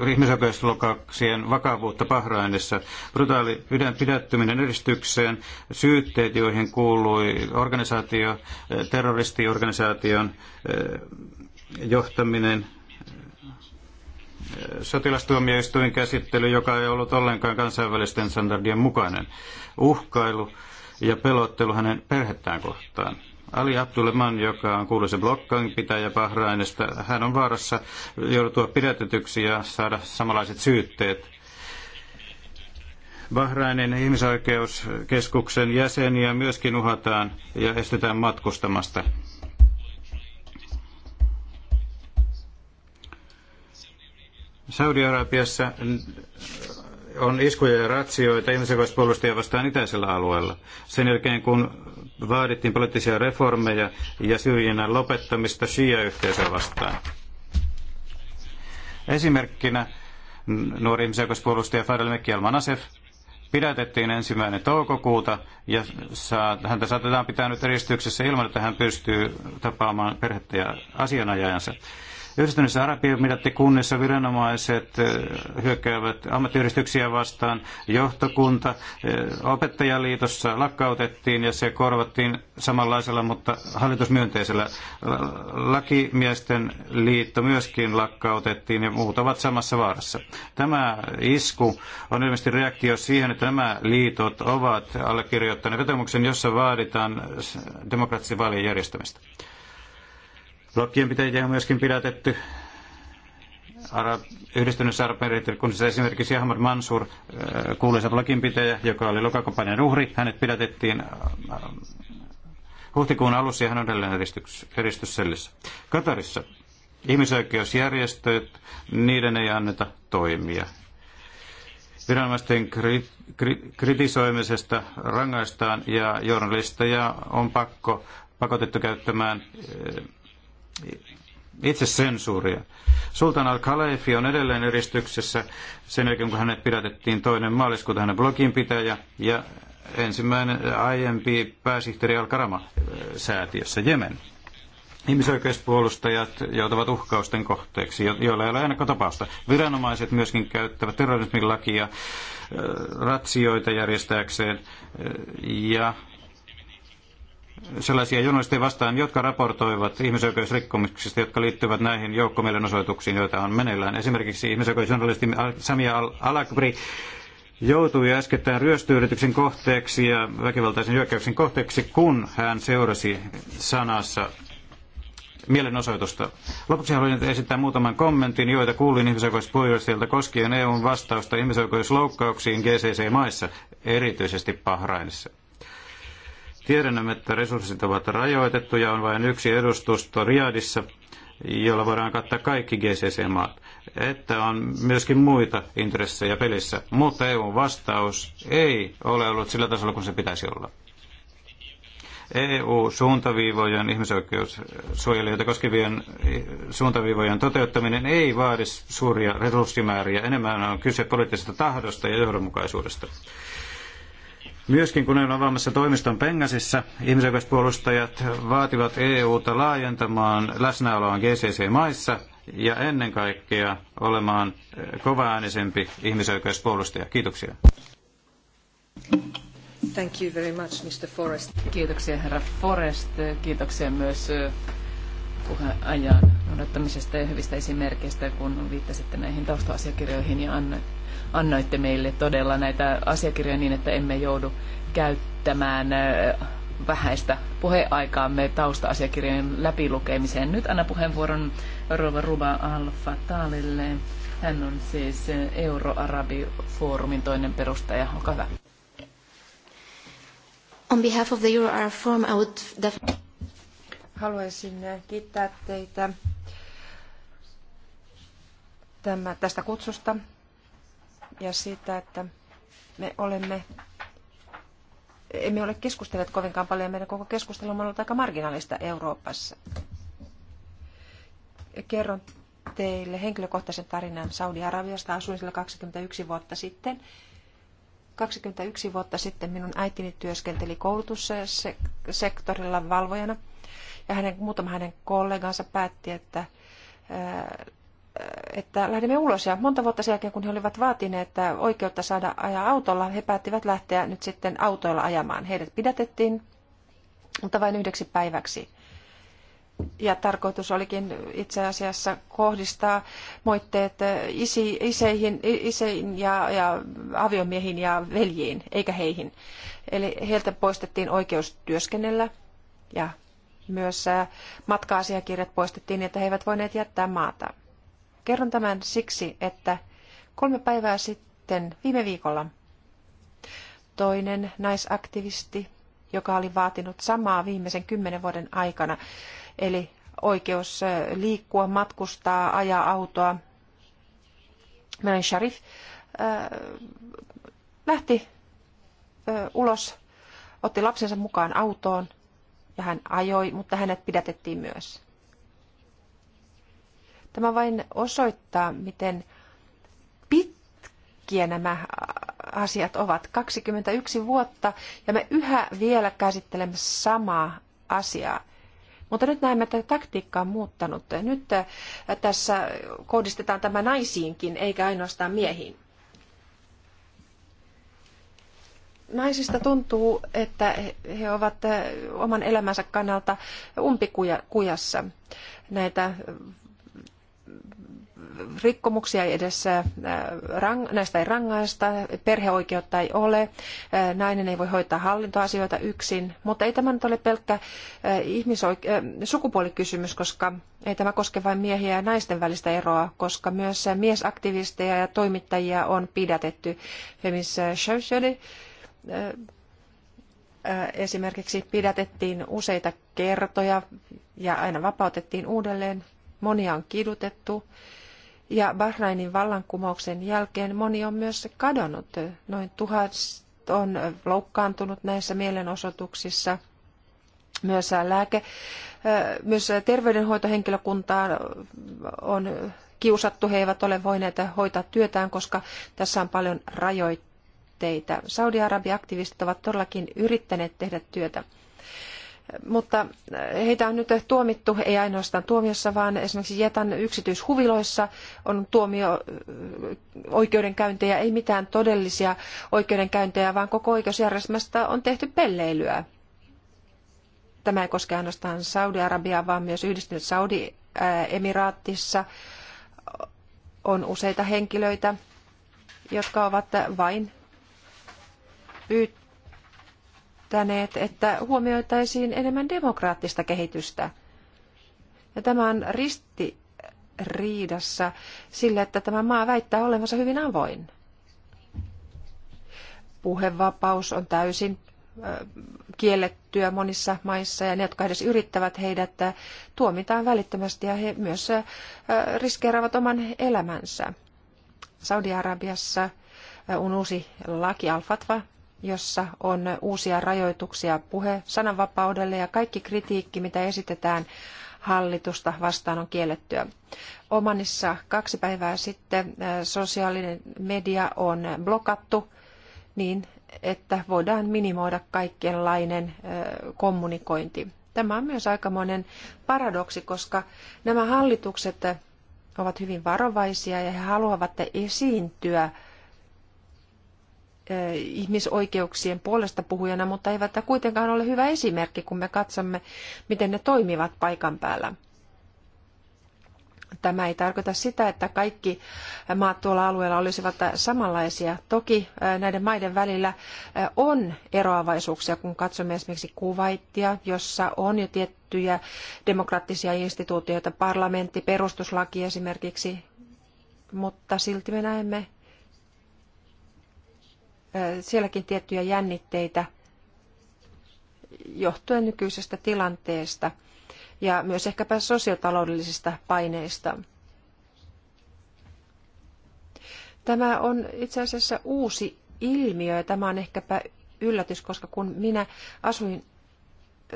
eh, ihmisoikeusloukkauksien vakavuutta Bahrainissa. Brutaali pidättyminen eristykseen, syytteet, joihin kuului organisaatio, eh, terroristiorganisaation eh, johtaminen, sotilastuomioistuin käsittely, joka ei ollut ollenkaan kansainvälisten standardien mukainen, uhkailu ja pelottelu hänen perhettään kohtaan Ali Abdulman, joka on kuuluisen blokkaan pitäjä Bahrainista, hän on vaarassa joutua pidätetyksi ja saada samanlaiset syytteet. Bahrainin ihmisoikeuskeskuksen jäseniä myöskin uhataan ja estetään matkustamasta. Saudi-Arabiassa on iskuja ja ratsioita ihmisoikeuspuolustajia vastaan itäisellä alueella. Sen jälkeen kun vaadittiin poliittisia reformeja ja syrjinnän lopettamista shia-yhteisöä vastaan. Esimerkkinä nuori ihmisoikeuspuolustaja Fadel Mekki Almanasef pidätettiin ensimmäinen toukokuuta ja häntä saatetaan pitää nyt eristyksessä ilman, että hän pystyy tapaamaan perhettä ja asianajajansa. Yhdistyneissä kunnissa viranomaiset eh, hyökkäävät ammattiyhdistyksiä vastaan. Johtokunta eh, opettajaliitossa lakkautettiin ja se korvattiin samanlaisella, mutta hallitusmyönteisellä. Lakimiesten liitto myöskin lakkautettiin ja muut ovat samassa vaarassa. Tämä isku on ilmeisesti reaktio siihen, että nämä liitot ovat allekirjoittaneet vetomuksen, jossa vaaditaan demokraattisen vaalien järjestämistä. Blokkien pitäjiä on myöskin pidätetty Arab, yhdistyneessä se esimerkiksi Ahmad Mansur, äh, kuuluisa bloginpitäjä, joka oli lokakampanjan uhri. Hänet pidätettiin äh, huhtikuun alussa ja hän on edelleen eristyssellissä. Katarissa ihmisoikeusjärjestöt, niiden ei anneta toimia. Viranomaisten kri, kri, kritisoimisesta rangaistaan ja journalisteja on pakko pakotettu käyttämään äh, itsesensuuria. Sultan al-Khalefi on edelleen eristyksessä sen jälkeen, kun hänet pidätettiin toinen maaliskuuta hänen bloginpitäjä ja ensimmäinen aiempi pääsihteeri Al-Karama-säätiössä äh, Jemen. Ihmisoikeuspuolustajat joutuvat uhkausten kohteeksi, joilla ei ole ennakkotapausta. Viranomaiset myöskin käyttävät terrorismin lakia äh, ratsioita järjestääkseen äh, ja sellaisia journalisteja vastaan, jotka raportoivat ihmisoikeusrikkomuksista, jotka liittyvät näihin joukkomielenosoituksiin, joita on meneillään. Esimerkiksi ihmisoikeusjournalisti Samia Al-Alakbri joutui äskettäin ryöstöyrityksen kohteeksi ja väkivaltaisen hyökkäyksen kohteeksi, kun hän seurasi sanassa mielenosoitusta. Lopuksi haluan esittää muutaman kommentin, joita kuulin ihmisoikeuspuolustajilta koskien EUn vastausta ihmisoikeusloukkauksiin GCC-maissa, erityisesti Bahrainissa. Tiedämme, että resurssit ovat rajoitettuja, on vain yksi edustusto Riadissa, jolla voidaan kattaa kaikki GCC-maat, että on myöskin muita intressejä pelissä, mutta EUn vastaus ei ole ollut sillä tasolla kuin se pitäisi olla. EU-suuntaviivojen ihmisoikeussuojelijoita koskevien eh, suuntaviivojen toteuttaminen ei vaadi suuria resurssimääriä. Enemmän on kyse poliittisesta tahdosta ja johdonmukaisuudesta. Myöskin kun olen avaamassa toimiston Pengasissa, ihmisoikeuspuolustajat vaativat EUta laajentamaan läsnäoloaan GCC-maissa ja ennen kaikkea olemaan eh, kovaäänisempi ihmisoikeuspuolustaja. Kiitoksia. Thank you very much, Mr. Forrest. Kiitoksia herra Forrest. Kiitoksia myös eh, puheajan noudattamisesta ja hyvistä esimerkkeistä, kun viittasitte näihin taustaasiakirjoihin ja annoitte meille todella näitä asiakirjoja niin, että emme joudu käyttämään vähäistä puheaikaamme tausta-asiakirjojen läpilukemiseen. Nyt anna puheenvuoron Rova Ruba Alfa Taalille. Hän on siis Euroarabi-foorumin toinen perustaja. Olkaa hyvä. On behalf of the Euro Arab Forum, I would definitely... Haluaisin kiittää teitä tästä kutsusta ja siitä, että me olemme emme ole keskustelleet kovinkaan paljon. Meidän koko keskustelu on ollut aika marginaalista Euroopassa. Kerron teille henkilökohtaisen tarinan Saudi-Arabiasta. Asuin siellä 21 vuotta sitten. 21 vuotta sitten minun äitini työskenteli koulutussektorilla valvojana – ja hänen, muutama hänen kollegansa päätti, että, äh, että lähdemme ulos. Ja monta vuotta sen jälkeen, kun he olivat vaatineet että oikeutta saada ajaa autolla, he päättivät lähteä nyt sitten autoilla ajamaan. Heidät pidätettiin, mutta vain yhdeksi päiväksi. Ja tarkoitus olikin itse asiassa kohdistaa moitteet isi, iseihin, isein ja, ja aviomiehiin ja veljiin, eikä heihin. Eli heiltä poistettiin oikeus työskennellä ja myös äh, matka-asiakirjat poistettiin, että he eivät voineet jättää maata. Kerron tämän siksi, että kolme päivää sitten viime viikolla toinen naisaktivisti, joka oli vaatinut samaa viimeisen kymmenen vuoden aikana, eli oikeus äh, liikkua, matkustaa, ajaa autoa, Merin Sharif, äh, lähti ulos, otti lapsensa mukaan autoon ja hän ajoi, mutta hänet pidätettiin myös. Tämä vain osoittaa, miten pitkiä nämä asiat ovat. 21 vuotta ja me yhä vielä käsittelemme samaa asiaa. Mutta nyt näemme, että taktiikka on muuttanut. Nyt tässä kohdistetaan tämä naisiinkin, eikä ainoastaan miehiin. naisista tuntuu, että he ovat oman elämänsä kannalta umpikujassa. Näitä rikkomuksia ei edes, näistä ei rangaista, perheoikeutta ei ole, nainen ei voi hoitaa hallintoasioita yksin, mutta ei tämä nyt ole pelkkä ihmisoik- sukupuolikysymys, koska ei tämä koske vain miehiä ja naisten välistä eroa, koska myös miesaktivisteja ja toimittajia on pidätetty. Femis Schöschödi, esimerkiksi pidätettiin useita kertoja ja aina vapautettiin uudelleen. Monia on kidutettu ja Bahrainin vallankumouksen jälkeen moni on myös kadonnut. Noin tuhat on loukkaantunut näissä mielenosoituksissa. Myös, lääke, myös terveydenhoitohenkilökuntaa on kiusattu, he eivät ole voineet hoitaa työtään, koska tässä on paljon rajoitteita aloitteita. Saudi-Arabia-aktivistit ovat todellakin yrittäneet tehdä työtä. Mutta eh, heitä on nyt tuomittu, ei ainoastaan tuomiossa, vaan esimerkiksi Jetan yksityishuviloissa on tuomio eh, oikeudenkäyntejä, ei mitään todellisia oikeudenkäyntejä, vaan koko oikeusjärjestelmästä on tehty pelleilyä. Tämä ei koske ainoastaan Saudi-Arabiaa, vaan myös yhdistynyt Saudi-emiraattissa on useita henkilöitä, jotka ovat vain pyytäneet, että huomioitaisiin enemmän demokraattista kehitystä. Ja tämä on ristiriidassa sille, että tämä maa väittää olevansa hyvin avoin. Puhevapaus on täysin kiellettyä monissa maissa ja ne, jotka edes yrittävät heidät, tuomitaan välittömästi ja he myös riskeeraavat oman elämänsä. Saudi-Arabiassa on uusi laki, Al-Fatwa, jossa on uusia rajoituksia puhe sananvapaudelle ja kaikki kritiikki, mitä esitetään hallitusta vastaan on kiellettyä. Omanissa kaksi päivää sitten äh, sosiaalinen media on blokattu niin, että voidaan minimoida kaikenlainen äh, kommunikointi. Tämä on myös aikamoinen paradoksi, koska nämä hallitukset äh, ovat hyvin varovaisia ja he haluavat esiintyä Eh, ihmisoikeuksien puolesta puhujana, mutta eivät kuitenkaan ole hyvä esimerkki, kun me katsomme, miten ne toimivat paikan päällä. Tämä ei tarkoita sitä, että kaikki maat tuolla alueella olisivat samanlaisia. Toki eh, näiden maiden välillä eh, on eroavaisuuksia, kun katsomme esimerkiksi Kuwaitia, jossa on jo tiettyjä demokraattisia instituutioita, parlamentti, perustuslaki esimerkiksi, mutta silti me näemme sielläkin tiettyjä jännitteitä johtuen nykyisestä tilanteesta ja myös ehkäpä sosiotaloudellisista paineista. Tämä on itse asiassa uusi ilmiö ja tämä on ehkäpä yllätys, koska kun minä asuin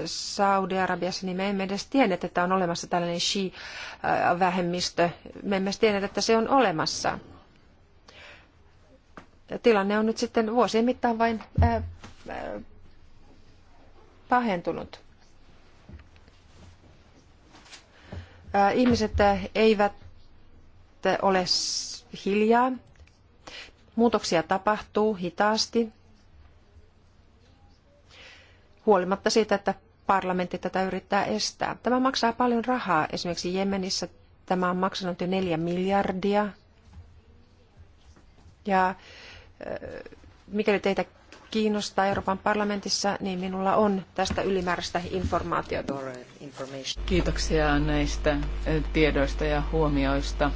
Saudi-Arabiassa, niin me emme edes tienneet, että on olemassa tällainen shi-vähemmistö. Me emme edes tienneet, että se on olemassa tilanne on nyt sitten vuosien mittaan vain ää, ää, pahentunut. Ää, ihmiset eivät ole hiljaa. Muutoksia tapahtuu hitaasti, huolimatta siitä, että parlamentti tätä yrittää estää. Tämä maksaa paljon rahaa. Esimerkiksi Jemenissä tämä on maksanut jo neljä miljardia. Ja mikäli teitä kiinnostaa Euroopan parlamentissa, niin minulla on tästä ylimääräistä informaatiota. Kiitoksia näistä tiedoista ja huomioista.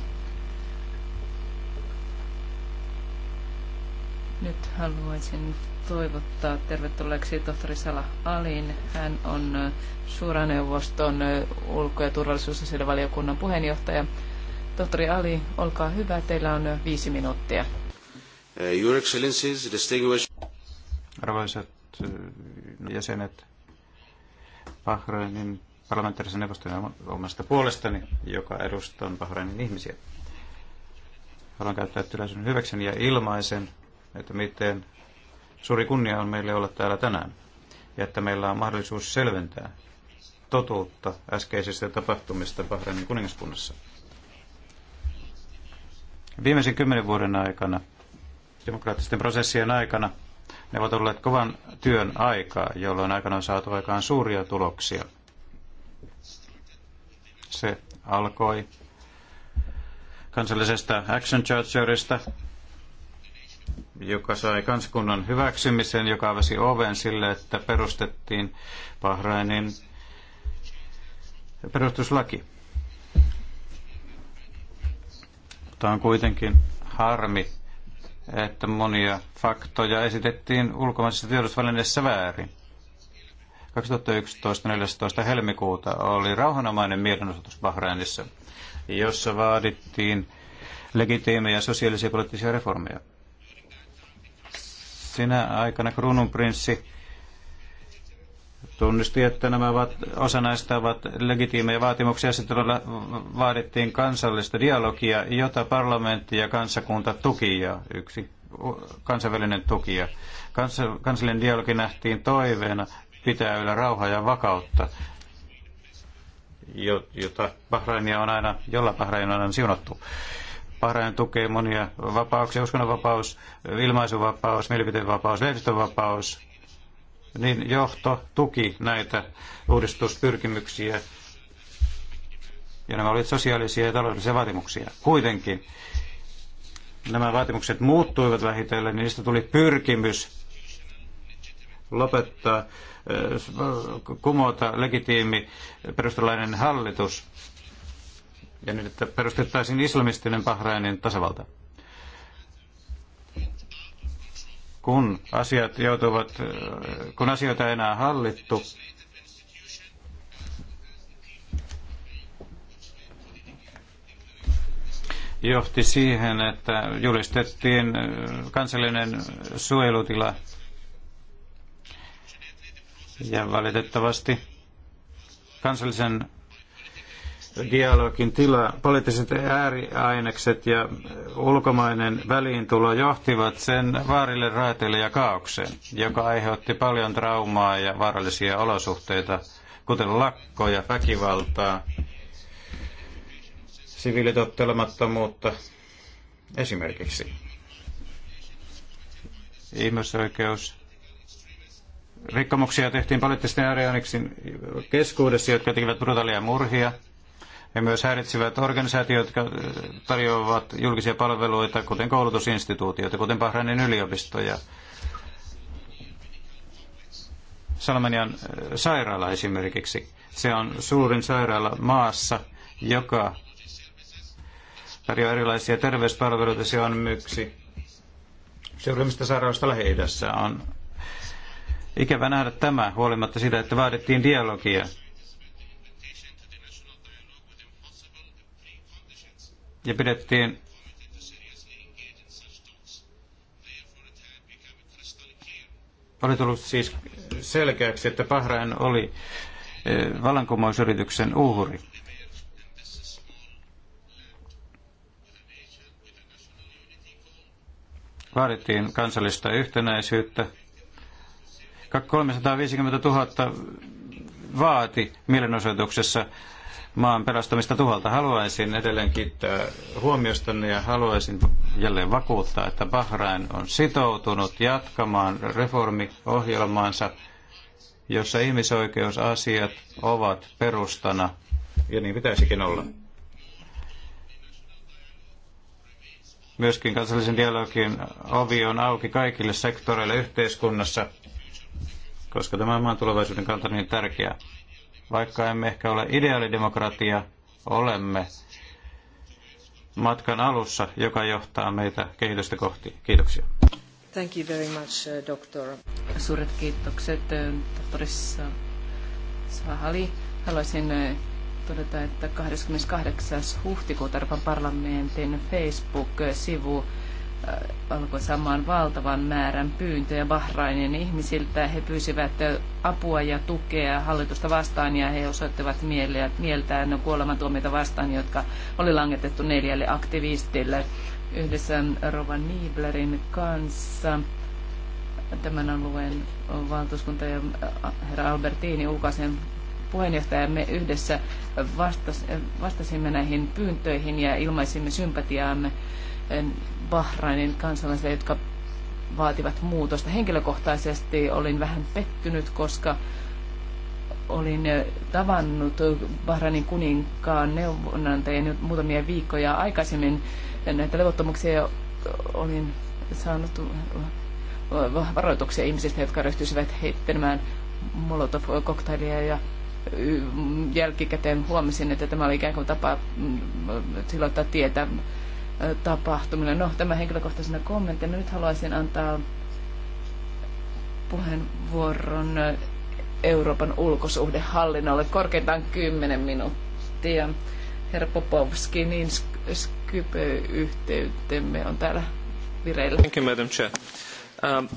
Nyt haluaisin toivottaa tervetulleeksi tohtori Sala Alin. Hän on suuraneuvoston ulko- ja turvallisuusasioiden valiokunnan puheenjohtaja. Tohtori Ali, olkaa hyvä, teillä on viisi minuuttia. Eh, Your Excellencies, distinguished... Arvoisat eh, jäsenet, Bahrainin parlamentaarisen neuvoston omasta puolestani, joka edustan Bahrainin ihmisiä. Haluan käyttää tilaisuuden hyväkseni ja ilmaisen, että miten suuri kunnia on meille olla täällä tänään ja että meillä on mahdollisuus selventää totuutta äskeisistä tapahtumista Bahrainin kuningaskunnassa. Viimeisen kymmenen vuoden aikana – demokraattisten prosessien aikana. Ne ovat olleet kovan työn aikaa, jolloin aikana on saatu aikaan suuria tuloksia. Se alkoi kansallisesta Action Chargerista, joka sai kansakunnan hyväksymisen, joka avasi oven sille, että perustettiin Bahrainin perustuslaki. Tämä on kuitenkin harmi, että monia faktoja esitettiin ulkomaisessa tiedotusvälineessä väärin. 2011 14. helmikuuta oli rauhanomainen mielenosoitus Bahrainissa, jossa vaadittiin legitiimejä sosiaalisia ja poliittisia reformeja. Sinä aikana kruununprinssi tunnisti, että nämä ovat, osa näistä ovat legitiimejä vaatimuksia. Sitten vaadittiin kansallista dialogia, jota parlamentti ja kansakunta tuki ja yksi kansainvälinen tuki. Ja kans, kansallinen dialogi nähtiin toiveena pitää yllä rauhaa ja vakautta, jota Bahrainia on aina, jolla Bahrain on aina siunattu. Bahrain tukee monia vapauksia, uskonnonvapaus, ilmaisuvapaus, mielipiteenvapaus, lehdistönvapaus, niin johto tuki näitä uudistuspyrkimyksiä. Ja nämä olivat sosiaalisia ja taloudellisia vaatimuksia. Kuitenkin nämä vaatimukset muuttuivat vähitellen, niin niistä tuli pyrkimys lopettaa, äh, kumota legitiimi perustalainen hallitus ja nyt, niin, että perustettaisiin islamistinen Bahrainin tasavalta. kun, asiat joutuvat, kun asioita ei enää hallittu, johti siihen, että julistettiin kansallinen suojelutila. Ja valitettavasti kansallisen dialogin tila, poliittiset ääriainekset ja ulkomainen väliintulo johtivat sen vaarille raiteille ja kaaukseen, joka aiheutti paljon traumaa ja vaarallisia olosuhteita, kuten lakkoja, väkivaltaa, siviilitottelemattomuutta esimerkiksi. Ihmisoikeus rikkomuksia tehtiin poliittisten ääriaineksin keskuudessa, jotka tekivät brutaalia murhia, he myös häiritsivät organisaatioita, jotka tarjoavat julkisia palveluita, kuten koulutusinstituutioita, kuten Bahrainin yliopisto ja Salmanian sairaala esimerkiksi. Se on suurin sairaala maassa, joka tarjoaa erilaisia terveyspalveluita. Se on yksi seuraavista sairaalasta lähi on ikävä nähdä tämä huolimatta siitä, että vaadittiin dialogia ja pidettiin oli tullut siis selkeäksi, että Bahrain oli e, vallankumousyrityksen uhri. Vaadittiin kansallista yhtenäisyyttä. 350 000 vaati mielenosoituksessa maan pelastamista tuholta. Haluaisin edelleen kiittää huomiostanne ja haluaisin jälleen vakuuttaa, että Bahrain on sitoutunut jatkamaan reformiohjelmaansa, jossa ihmisoikeusasiat ovat perustana, ja niin pitäisikin olla. Myöskin kansallisen dialogin ovi on auki kaikille sektoreille yhteiskunnassa, koska tämä on maan tulevaisuuden kannalta niin tärkeää. Vaikka emme ehkä ole ideaalidemokratia, olemme matkan alussa, joka johtaa meitä kehitystä kohti. Kiitoksia. Thank you very much, uh, doctor. Suuret kiitokset, uh, tohtori Sahali. Haluaisin uh, todeta, että 28. huhtikuuta Euroopan parlamentin Facebook-sivu alkoi saamaan valtavan määrän pyyntöjä Bahrainin ihmisiltä. He pyysivät apua ja tukea hallitusta vastaan ja he osoittivat mieltään kuolemantuomioita vastaan, jotka oli langetettu neljälle aktivistille yhdessä rovan Nieblerin kanssa tämän alueen valtuuskunta ja äh, herra Albertini ulkoisen puheenjohtaja, me yhdessä vastas, vastasimme näihin pyyntöihin ja ilmaisimme sympatiaamme Bahrainin kansalaisille, jotka vaativat muutosta. Henkilökohtaisesti olin vähän pettynyt, koska olin tavannut Bahrainin kuninkaan neuvonantajia muutamia viikkoja aikaisemmin. Näitä levottomuuksia olin saanut varoituksia ihmisistä, jotka ryhtyisivät heittämään molotov-koktailia ja jälkikäteen huomasin, että tämä oli ikään kuin tapa mm, silloin tietää tapahtumille. No, tämä henkilökohtaisena kommenttina. Nyt haluaisin antaa puheenvuoron Euroopan ulkosuhdehallinnolle korkeintaan 10 minuuttia. Herra Popovski, niin Skype-yhteytemme on täällä vireillä. Thank you, Madam Chair. Um,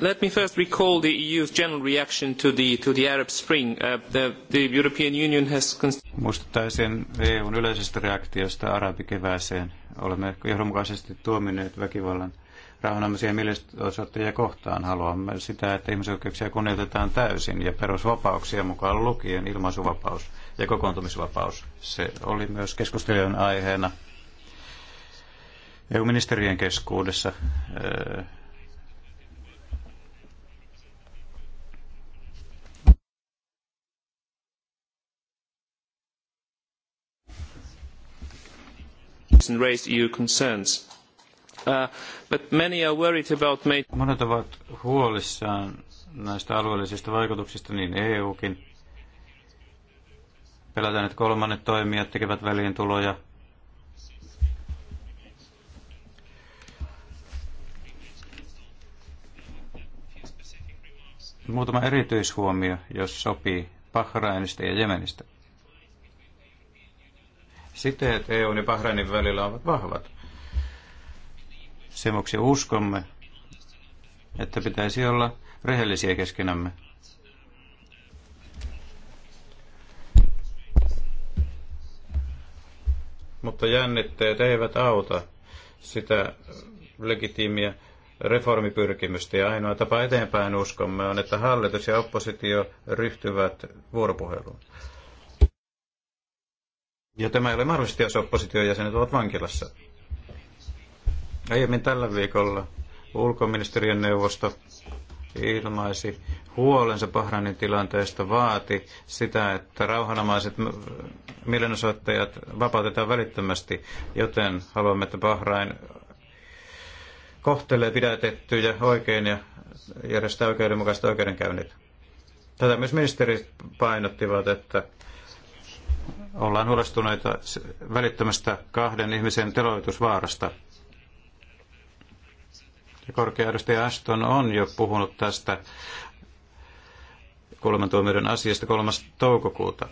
Let me first recall the EU's general reaction to the, to the Arab Spring. Uh, the, the European Union has... Muistuttaisin EUn yleisestä reaktiosta arabikevääseen. Olemme johdonmukaisesti tuomineet väkivallan rauhanomaisia mielenosoittajia kohtaan. Haluamme sitä, että ihmisoikeuksia kunnioitetaan täysin ja perusvapauksia mukaan lukien ilmaisuvapaus ja kokoontumisvapaus. Se oli myös keskustelujen aiheena EU-ministerien keskuudessa and raised EU concerns. Uh, but many are worried about made... Monet ovat huolissaan näistä alueellisista vaikutuksista, niin EUkin. Pelätään, että kolmannet toimijat tekevät väliintuloja. Muutama erityishuomio, jos sopii Bahrainista ja Jemenistä. Siteet EUn ja Bahrainin välillä ovat vahvat. Sen vuoksi uskomme, että pitäisi olla rehellisiä keskenämme. Mutta jännitteet eivät auta sitä legitiimiä reformipyrkimystä ja ainoa tapa eteenpäin uskomme on, että hallitus ja oppositio ryhtyvät vuoropuheluun. Ja tämä ei ole mahdollista, jos opposition jäsenet ovat vankilassa. Aiemmin tällä viikolla ulkoministeriön neuvosto ilmaisi huolensa Bahrainin tilanteesta, vaati sitä, että rauhanomaiset mielenosoittajat vapautetaan välittömästi, joten haluamme, että Bahrain kohtelee pidätettyjä oikein ja järjestää oikeudenmukaiset oikeudenkäynnit. Tätä myös ministerit painottivat, että ollaan huolestuneita välittömästä kahden ihmisen teloitusvaarasta. Ja korkea edustaja Aston on jo puhunut tästä kuolemantuomioiden asiasta 3. toukokuuta.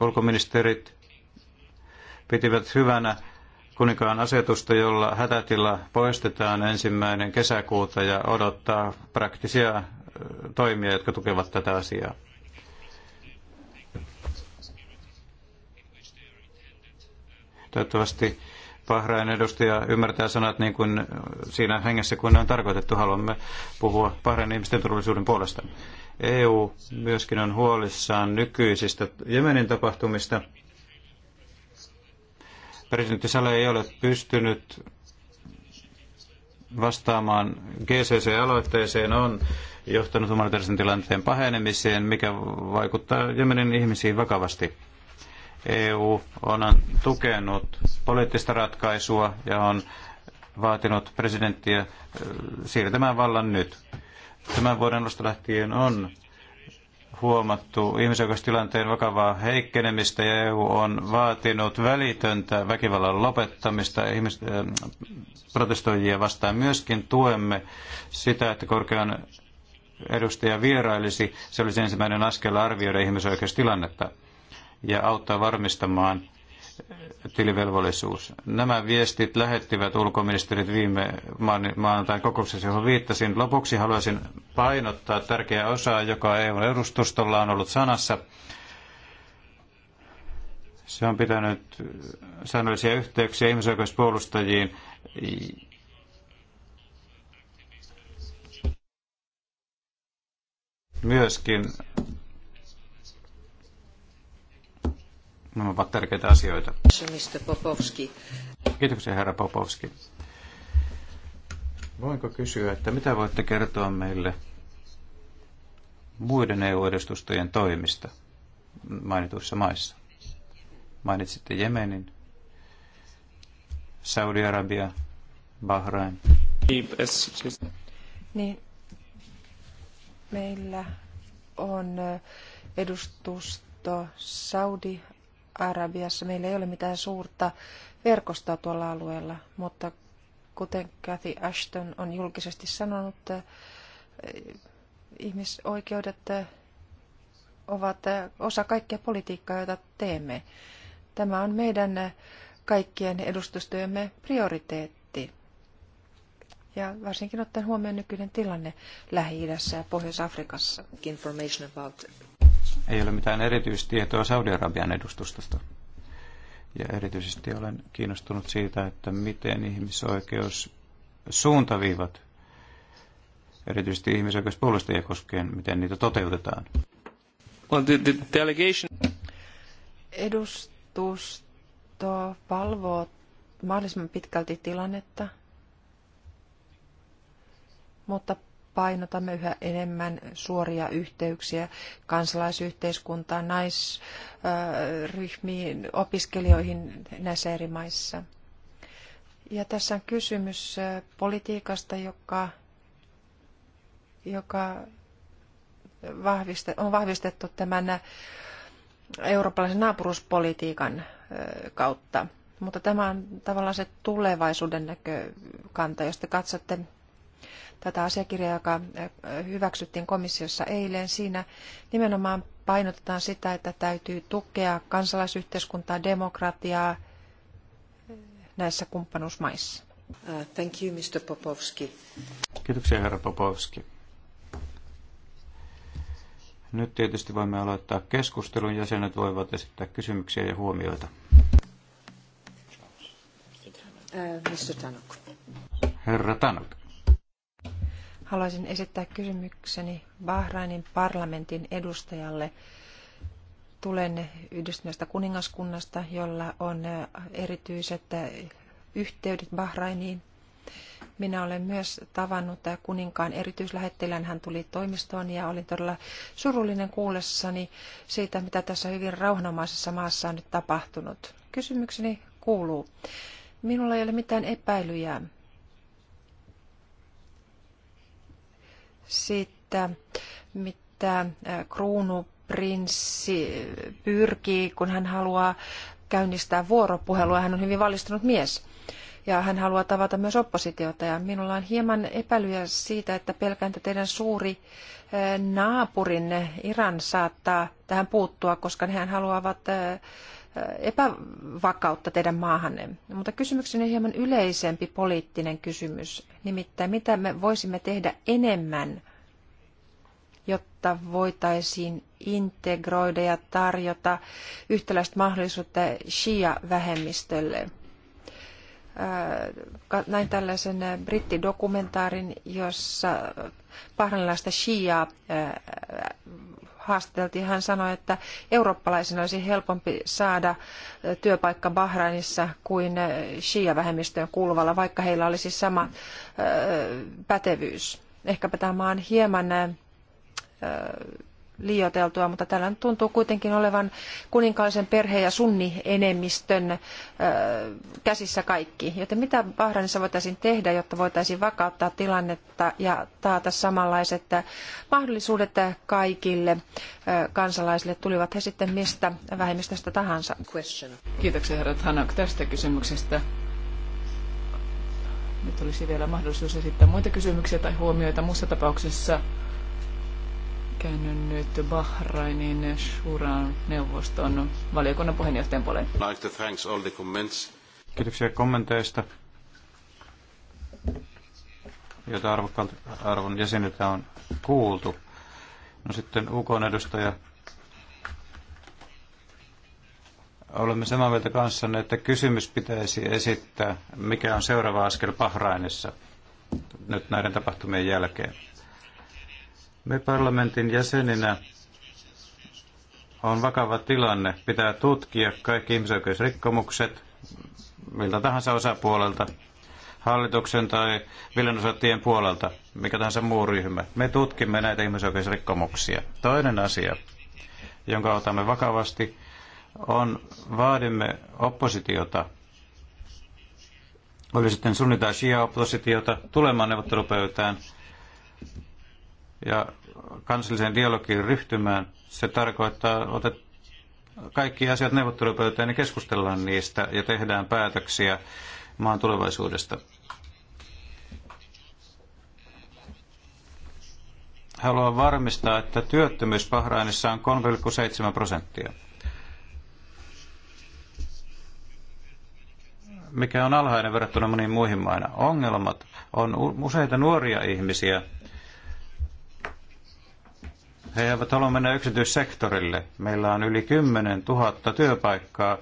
Ulkoministerit pitivät hyvänä kuninkaan asetusta, jolla hätätila poistetaan ensimmäinen kesäkuuta ja odottaa praktisia toimia, jotka tukevat tätä asiaa. Toivottavasti Bahrain edustaja ymmärtää sanat niin kuin siinä hengessä, kun ne on tarkoitettu. Haluamme puhua Bahrain ihmisten turvallisuuden puolesta. EU myöskin on huolissaan nykyisistä Jemenin tapahtumista. Presidentti Saleh ei ole pystynyt vastaamaan GCC-aloitteeseen on johtanut humanitaarisen tilanteen pahenemiseen, mikä vaikuttaa Jemenin ihmisiin vakavasti. EU on tukenut poliittista ratkaisua ja on vaatinut presidenttiä siirtämään vallan nyt. Tämän vuoden alusta lähtien on huomattu ihmisoikeustilanteen vakavaa heikkenemistä ja EU on vaatinut välitöntä väkivallan lopettamista ihmis- protestoijia vastaan. Myöskin tuemme sitä, että korkean edustaja vierailisi. Se olisi ensimmäinen askel arvioida ihmisoikeustilannetta ja auttaa varmistamaan tilivelvollisuus. Nämä viestit lähettivät ulkoministerit viime maanantain kokouksessa, johon viittasin. Lopuksi haluaisin painottaa tärkeää osaa, joka eu edustustolla on ollut sanassa. Se on pitänyt säännöllisiä yhteyksiä ihmisoikeuspuolustajiin myöskin Nämä ovat tärkeitä asioita. Kiitoksia, herra Popovski. Voinko kysyä, että mitä voitte kertoa meille muiden EU-edustustojen toimista mainituissa maissa? Mainitsitte Jemenin, Saudi-Arabia, Bahrain. Niin, meillä on edustusto Saudi Arabiassa meillä ei ole mitään suurta verkostoa tuolla alueella, mutta kuten Kathy Ashton on julkisesti sanonut, eh, ihmisoikeudet eh, ovat eh, osa kaikkea politiikkaa, jota teemme. Tämä on meidän kaikkien edustustojemme prioriteetti. Ja varsinkin ottaen huomioon nykyinen tilanne Lähi-idässä ja Pohjois-Afrikassa. Information about ei ole mitään erityistietoa Saudi-Arabian edustustosta. Ja erityisesti olen kiinnostunut siitä, että miten ihmisoikeus suuntaviivat, erityisesti ihmisoikeuspuolustajia koskien, miten niitä toteutetaan. Well, the, the delegation... Edustusto valvoo mahdollisimman pitkälti tilannetta, mutta painotamme yhä enemmän suoria yhteyksiä kansalaisyhteiskuntaan, naisryhmiin, opiskelijoihin näissä eri maissa. Ja tässä on kysymys politiikasta, joka, joka on vahvistettu tämän eurooppalaisen naapuruuspolitiikan kautta. Mutta tämä on tavallaan se tulevaisuuden näkökanta, jos te katsotte tätä asiakirjaa, joka äh, hyväksyttiin komissiossa eilen. Siinä nimenomaan painotetaan sitä, että täytyy tukea kansalaisyhteiskuntaa, demokratiaa äh, näissä kumppanuusmaissa. Uh, thank you, Mr. Popovski. Kiitoksia, herra Popovski. Nyt tietysti voimme aloittaa keskustelun. Jäsenet voivat esittää kysymyksiä ja huomioita. Uh, Mr. Tanuk. Herra Tanuk. Haluaisin esittää kysymykseni Bahrainin parlamentin edustajalle. Tulen yhdistyneestä kuningaskunnasta, jolla on erityiset yhteydet Bahrainiin. Minä olen myös tavannut kuninkaan erityislähettilän. Hän tuli toimistoon ja olin todella surullinen kuullessani siitä, mitä tässä hyvin rauhanomaisessa maassa on nyt tapahtunut. Kysymykseni kuuluu. Minulla ei ole mitään epäilyjä siitä, mitä kruunuprinssi pyrkii, kun hän haluaa käynnistää vuoropuhelua. Hän on hyvin valistunut mies ja hän haluaa tavata myös oppositiota. Ja minulla on hieman epäilyjä siitä, että pelkäntä teidän suuri naapurinne Iran saattaa tähän puuttua, koska hän haluavat epävakautta teidän maahanne. Mutta kysymykseni on hieman yleisempi poliittinen kysymys, nimittäin mitä me voisimme tehdä enemmän, jotta voitaisiin integroida ja tarjota yhtäläiset mahdollisuutta Shia-vähemmistölle. Näin tällaisen brittidokumentaarin, jossa bahranlaista Shiaa haastateltiin, hän sanoi, että eurooppalaisen olisi helpompi saada työpaikka Bahrainissa kuin Shia-vähemmistöön kuuluvalla, vaikka heillä olisi sama pätevyys. Ehkäpä tämä on hieman liioiteltua, mutta täällä nyt tuntuu kuitenkin olevan kuninkaallisen perheen ja sunnienemmistön käsissä kaikki. Joten mitä Bahrainissa voitaisiin tehdä, jotta voitaisiin vakauttaa tilannetta ja taata samanlaiset mahdollisuudet kaikille kansalaisille, tulivat he sitten mistä vähemmistöstä tahansa? Kiitoksia herra Hanak tästä kysymyksestä. Nyt olisi vielä mahdollisuus esittää muita kysymyksiä tai huomioita. Muussa tapauksessa käännyn nyt Bahrainin Shuran neuvoston valiokunnan puheenjohtajan puoleen. Like thanks all the comments. Kiitoksia kommenteista, joita arvon jäseniltä on kuultu. No sitten uk edustaja. Olemme samaa mieltä kanssanne, että kysymys pitäisi esittää, mikä on seuraava askel Bahrainissa nyt näiden tapahtumien jälkeen me parlamentin jäseninä on vakava tilanne. Pitää tutkia kaikki ihmisoikeusrikkomukset miltä tahansa osapuolelta, hallituksen tai viljanosatien puolelta, mikä tahansa muu ryhmä. Me tutkimme näitä ihmisoikeusrikkomuksia. Toinen asia, jonka otamme vakavasti, on vaadimme oppositiota, oli sitten sunni- tai shia-oppositiota, tulemaan neuvottelupöytään – ja kansalliseen dialogiin ryhtymään. Se tarkoittaa, että kaikki asiat neuvottelupöytään ja niin keskustellaan niistä ja tehdään päätöksiä maan tulevaisuudesta. Haluan varmistaa, että työttömyys Bahrainissa on 3,7 prosenttia. mikä on alhainen verrattuna moniin muihin maina. Ongelmat on useita nuoria ihmisiä, he eivät halua mennä yksityissektorille. Meillä on yli 10 000 työpaikkaa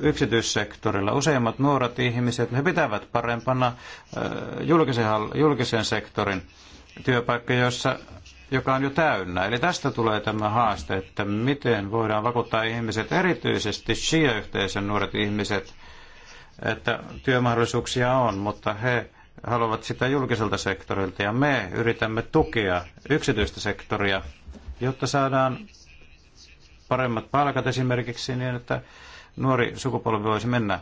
yksityissektorilla. Useimmat nuoret ihmiset, he pitävät parempana äh, julkisen, julkisen sektorin työpaikka, jossa, joka on jo täynnä. Eli tästä tulee tämä haaste, että miten voidaan vakuuttaa ihmiset, erityisesti shia-yhteisön nuoret ihmiset, että työmahdollisuuksia on, mutta he haluavat sitä julkiselta sektorilta ja me yritämme tukea yksityistä sektoria jotta saadaan paremmat palkat esimerkiksi niin, että nuori sukupolvi voisi mennä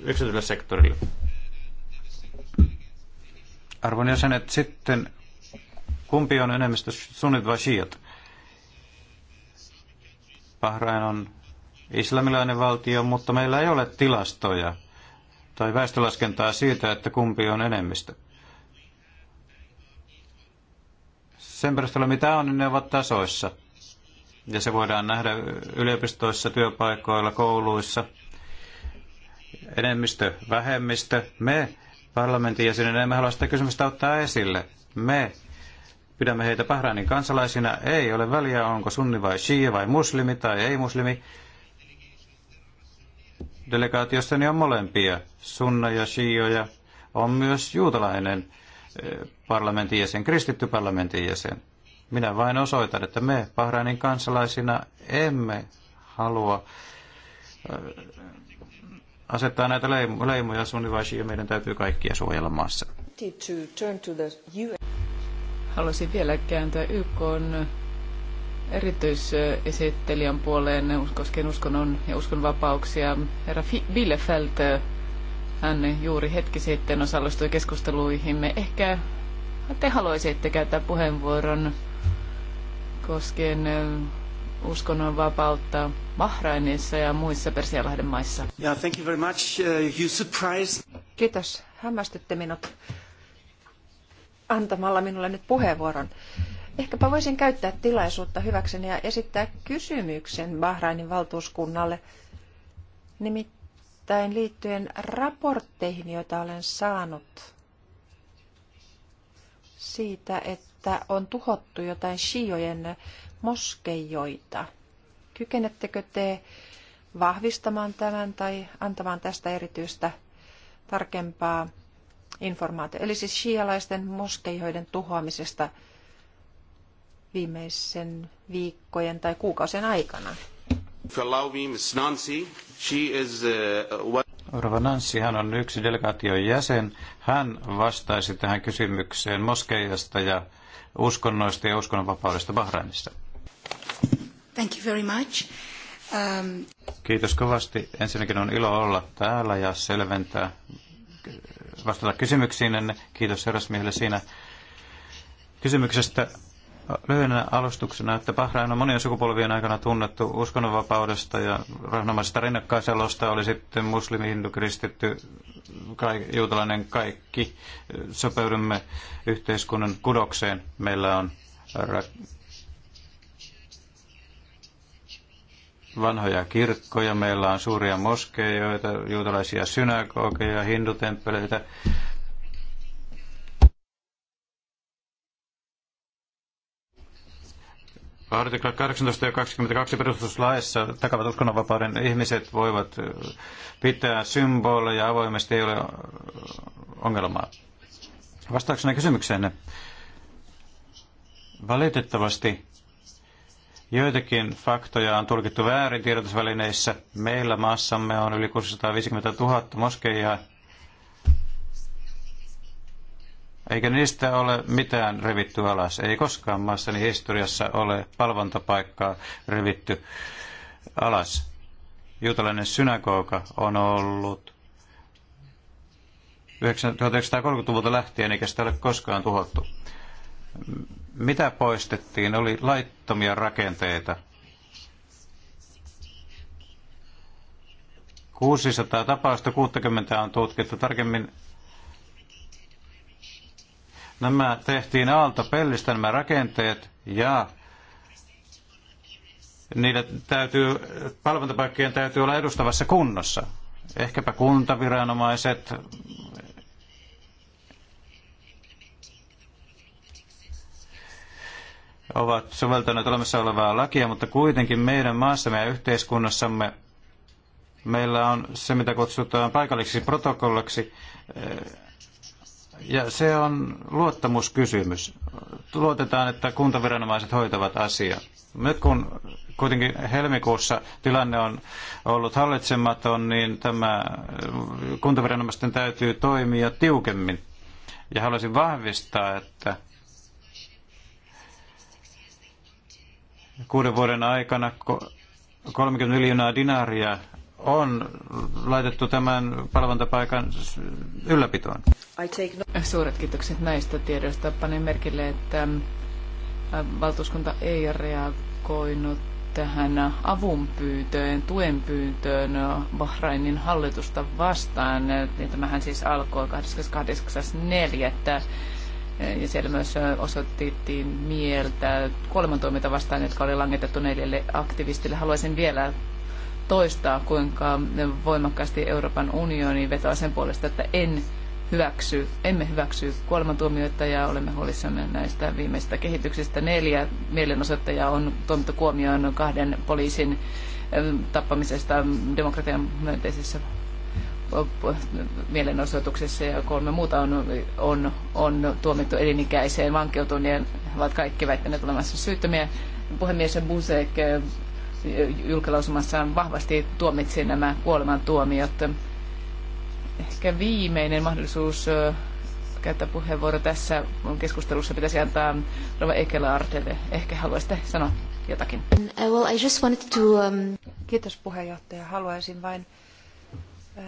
yksityiselle sektorille. Arvon jäsenet, sitten kumpi on enemmistö sunnit vai shiat? Bahrain on islamilainen valtio, mutta meillä ei ole tilastoja tai väestölaskentaa siitä, että kumpi on enemmistö. sen perusteella mitä on, niin ne ovat tasoissa. Ja se voidaan nähdä yliopistoissa, työpaikoilla, kouluissa. Enemmistö, vähemmistö. Me parlamentin jäsenen, emme halua sitä kysymystä ottaa esille. Me pidämme heitä Bahrainin kansalaisina. Ei ole väliä, onko sunni vai shia vai muslimi tai ei-muslimi. Delegaatiossani on molempia, sunna ja shioja. On myös juutalainen eh, parlamentin jäsen, kristitty parlamentin jäsen. Minä vain osoitan, että me Bahrainin kansalaisina emme halua äh, asettaa näitä leimuja sunnivaisiin ja meidän täytyy kaikkia suojella maassa. Haluaisin vielä kääntää YK erityisesittelijän puoleen koskien uskonnon ja uskonvapauksia. Herra Bielefeld, hän juuri hetki sitten osallistui keskusteluihimme. Ehkä te haluaisitte käyttää puheenvuoron koskien uskonnonvapautta Bahrainissa ja muissa Persialahden maissa. Yeah, thank you very much. Uh, you surprised. Kiitos. Hämmästytte minut antamalla minulle nyt puheenvuoron. Ehkäpä voisin käyttää tilaisuutta hyväkseni ja esittää kysymyksen Bahrainin valtuuskunnalle, nimittäin liittyen raportteihin, joita olen saanut siitä, että on tuhottu jotain shiojen moskeijoita. Kykenettekö te vahvistamaan tämän tai antamaan tästä erityistä tarkempaa informaatiota? Eli siis shialaisten moskeijoiden tuhoamisesta viimeisen viikkojen tai kuukausien aikana. Uh, Orva Nancy, hän on yksi delegaation jäsen. Hän vastaisi tähän kysymykseen moskeijasta ja uskonnoista ja uskonnonvapaudesta Bahrainissa. Thank you very much. Um... Kiitos kovasti. Ensinnäkin on ilo olla täällä ja selventää, vastata kysymyksiin. Kiitos herrasmiehelle siinä kysymyksestä lyhyenä alustuksena, että Bahrain on monien sukupolvien aikana tunnettu uskonnonvapaudesta ja rahnomaisesta rinnakkaiselosta oli sitten muslimi, hindu, kristitty, juutalainen kaikki. Sopeudumme yhteiskunnan kudokseen. Meillä on vanhoja kirkkoja, meillä on suuria moskeijoita, juutalaisia synagogeja, hindutemppeleitä, Artikla 18 ja 22 perustuslaissa takavat uskonnonvapauden ihmiset voivat pitää symboleja avoimesti, ei ole ongelmaa. Vastauksena kysymykseen Valitettavasti joitakin faktoja on tulkittu väärin tiedotusvälineissä. Meillä maassamme on yli 650 000 moskeijaa Eikä niistä ole mitään revitty alas. Ei koskaan maassani historiassa ole palvontapaikkaa revitty alas. Juutalainen synagoga on ollut 1930-luvulta lähtien, eikä sitä ole koskaan tuhottu. Mitä poistettiin? Oli laittomia rakenteita. 600 tapausta, 60 on tutkittu. Tarkemmin Nämä tehtiin alta pellistä nämä rakenteet ja niiden täytyy, palveluntapaikkojen täytyy olla edustavassa kunnossa. Ehkäpä kuntaviranomaiset, ovat soveltaneet olemassa olevaa lakia, mutta kuitenkin meidän maassamme ja yhteiskunnassamme meillä on se, mitä kutsutaan paikalliseksi protokollaksi, ja se on luottamuskysymys. Luotetaan, että kuntaviranomaiset hoitavat asiaa. Nyt kun kuitenkin helmikuussa tilanne on ollut hallitsematon, niin tämä kuntaviranomaisten täytyy toimia tiukemmin. Ja haluaisin vahvistaa, että kuuden vuoden aikana 30 miljoonaa dinaria on laitettu tämän palvontapaikan ylläpitoon. No- Suuret kiitokset näistä tiedoista. Panin merkille, että äh, valtuuskunta ei reagoinut tähän avunpyyntöön, tuenpyyntöön Bahrainin hallitusta vastaan. Niin tämähän siis alkoi 28.4. Ja siellä myös osoitettiin mieltä kuolemantuomita vastaan, jotka oli langetettu neljälle aktivistille. Haluaisin vielä toistaa, kuinka voimakkaasti Euroopan unioni vetoaa sen puolesta, että en hyväksy, emme hyväksy kuolemantuomioita ja olemme huolissamme näistä viimeistä kehityksistä. Neljä mielenosoittajaa on tuomittu kuomioon kahden poliisin eh, tappamisesta demokratian myönteisessä mielenosoituksessa ja kolme muuta on, on, on tuomittu elinikäiseen vankeutuun ja ovat kaikki väittäneet olemassa syyttömiä. Puhemies Buzek eh, julkilausumassaan vahvasti tuomitsee nämä kuolemantuomiot. Ehkä viimeinen mahdollisuus käyttää puheenvuoro tässä keskustelussa pitäisi antaa Rova Ekelaartelle. Ehkä haluaisitte sanoa jotakin. Um, uh, well, I just wanted to, um... Kiitos puheenjohtaja. Haluaisin vain äh,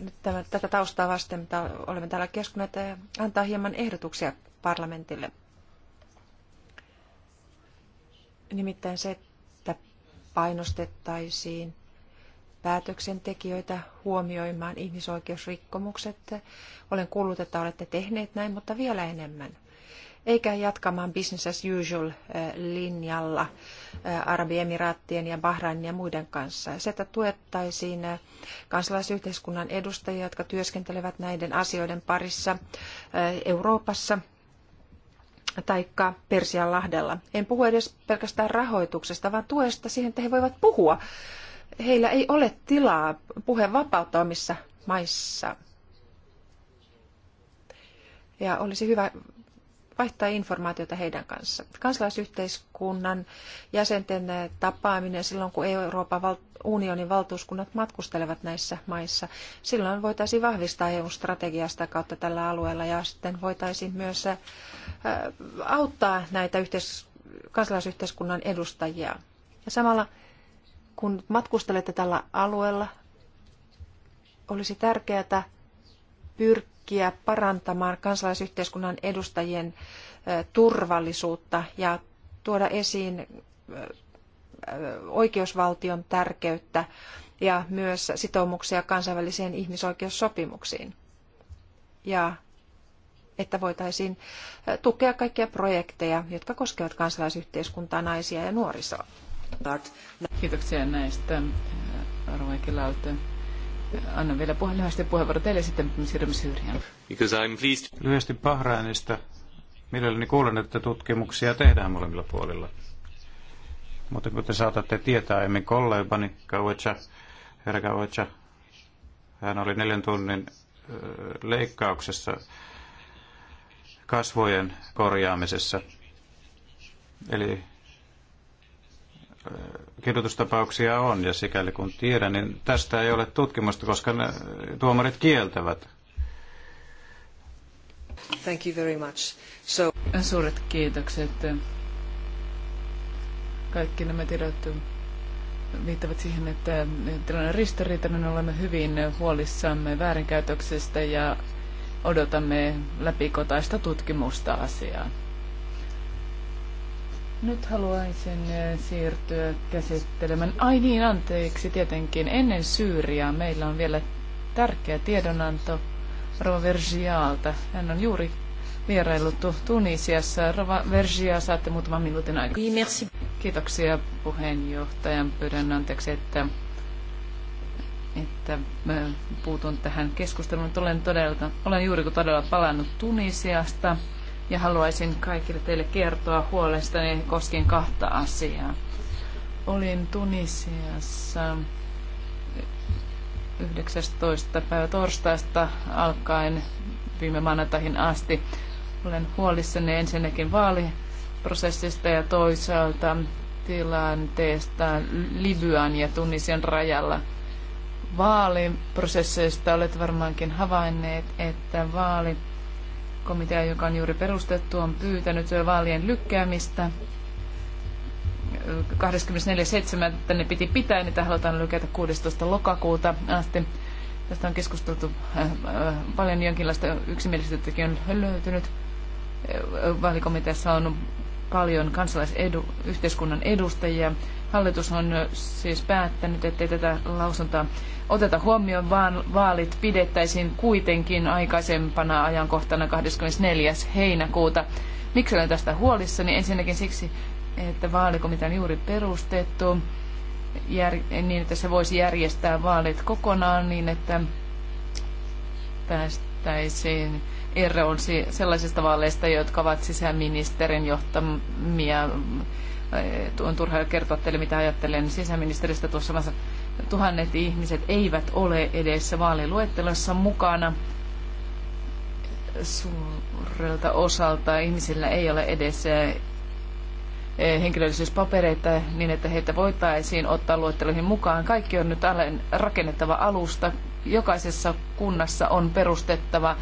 nyt tämän, tätä taustaa vasten, mitä olemme täällä keskustelleet, antaa hieman ehdotuksia parlamentille. Nimittäin se, että painostettaisiin päätöksentekijöitä huomioimaan ihmisoikeusrikkomukset. Olen kuullut, että olette tehneet näin, mutta vielä enemmän. Eikä jatkamaan business as usual eh, linjalla eh, Arabiemiraattien ja Bahrainin ja muiden kanssa. Se, että tuettaisiin eh, kansalaisyhteiskunnan edustajia, jotka työskentelevät näiden asioiden parissa Euroopassa – taikka Persianlahdella. En puhu edes pelkästään rahoituksesta, vaan tuesta siihen, että he voivat puhua. Heillä ei ole tilaa puhevapautta omissa maissa. Ja olisi hyvä vaihtaa informaatiota heidän kanssa. Kansalaisyhteiskunnan jäsenten tapaaminen silloin, kun Euroopan unionin valtuuskunnat matkustelevat näissä maissa, silloin voitaisiin vahvistaa EU-strategiasta kautta tällä alueella ja sitten voitaisiin myös auttaa näitä yhteis- kansalaisyhteiskunnan edustajia. Ja samalla kun matkustelette tällä alueella, olisi tärkeää pyrkiä parantamaan kansalaisyhteiskunnan edustajien turvallisuutta ja tuoda esiin oikeusvaltion tärkeyttä ja myös sitoumuksia kansainvälisiin ihmisoikeussopimuksiin. Ja että voitaisiin tukea kaikkia projekteja, jotka koskevat kansalaisyhteiskuntaa, naisia ja nuorisoa. Kiitoksia näistä, Roikilaute. Annan vielä puhe, lyhyesti puheenvuoro teille, sitten siirrymme Syyriaan. Lyhyesti Bahrainista. Mielelläni kuulen, että tutkimuksia tehdään molemmilla puolilla. Mutta kun te saatatte tietää, emme kollegani Kauetsa, herra Kauetsa, hän oli neljän tunnin leikkauksessa kasvojen korjaamisessa. Eli kidutustapauksia on, ja sikäli kun tiedän, niin tästä ei ole tutkimusta, koska ne tuomarit kieltävät. Thank you very much. So... Suuret kiitokset. Kaikki nämä tiedot viittavat siihen, että tilanne on ristiriitainen. Olemme hyvin huolissamme väärinkäytöksestä ja odotamme läpikotaista tutkimusta asiaan. Nyt haluaisin eh, siirtyä käsittelemään. Ai niin, anteeksi tietenkin. Ennen Syyriaa meillä on vielä tärkeä tiedonanto Rova Vergialta. Hän on juuri vierailuttu Tunisiassa. Rova Vergia, saatte muutaman minuutin aikaa. Niin, Kiitoksia puheenjohtajan. Pyydän anteeksi, että että puutun tähän keskusteluun. Olen, todella, olen juuri kun todella palannut Tunisiasta ja haluaisin kaikille teille kertoa huolestani koskien kahta asiaa. Olin Tunisiassa 19. päivä torstaista alkaen viime maanantaihin asti. Olen huolissani ensinnäkin vaaliprosessista ja toisaalta tilanteesta Libyan ja Tunisian rajalla – vaaliprosesseista olet varmaankin havainneet, että vaalikomitea, joka on juuri perustettu, on pyytänyt vaalien lykkäämistä. 24.7. ne piti pitää, niitä halutaan lykätä 16. lokakuuta asti. Tästä on keskusteltu äh, äh, paljon, jonkinlaista yksimielisyyttäkin on löytynyt. Äh, vaalikomiteassa on paljon kansalaisyhteiskunnan yhteiskunnan edustajia, Hallitus on siis päättänyt, ettei tätä lausuntaa oteta huomioon, vaan vaalit pidettäisiin kuitenkin aikaisempana ajankohtana 24. heinäkuuta. Miksi olen tästä huolissani? Ensinnäkin siksi, että vaalikomitea on juuri perustettu jär, niin, että se voisi järjestää vaalit kokonaan niin, että päästäisiin eroon sellaisista vaaleista, jotka ovat sisäministerin johtamia on turha kertoa teille, mitä ajattelen sisäministeristä tuossa maassa. Tuhannet ihmiset eivät ole edes vaaliluettelossa mukana. Suurelta osalta ihmisillä ei ole edes eh, eh, henkilöllisyyspapereita niin, että heitä voitaisiin ottaa luetteloihin mukaan. Kaikki on nyt rakennettava alusta. Jokaisessa kunnassa on perustettava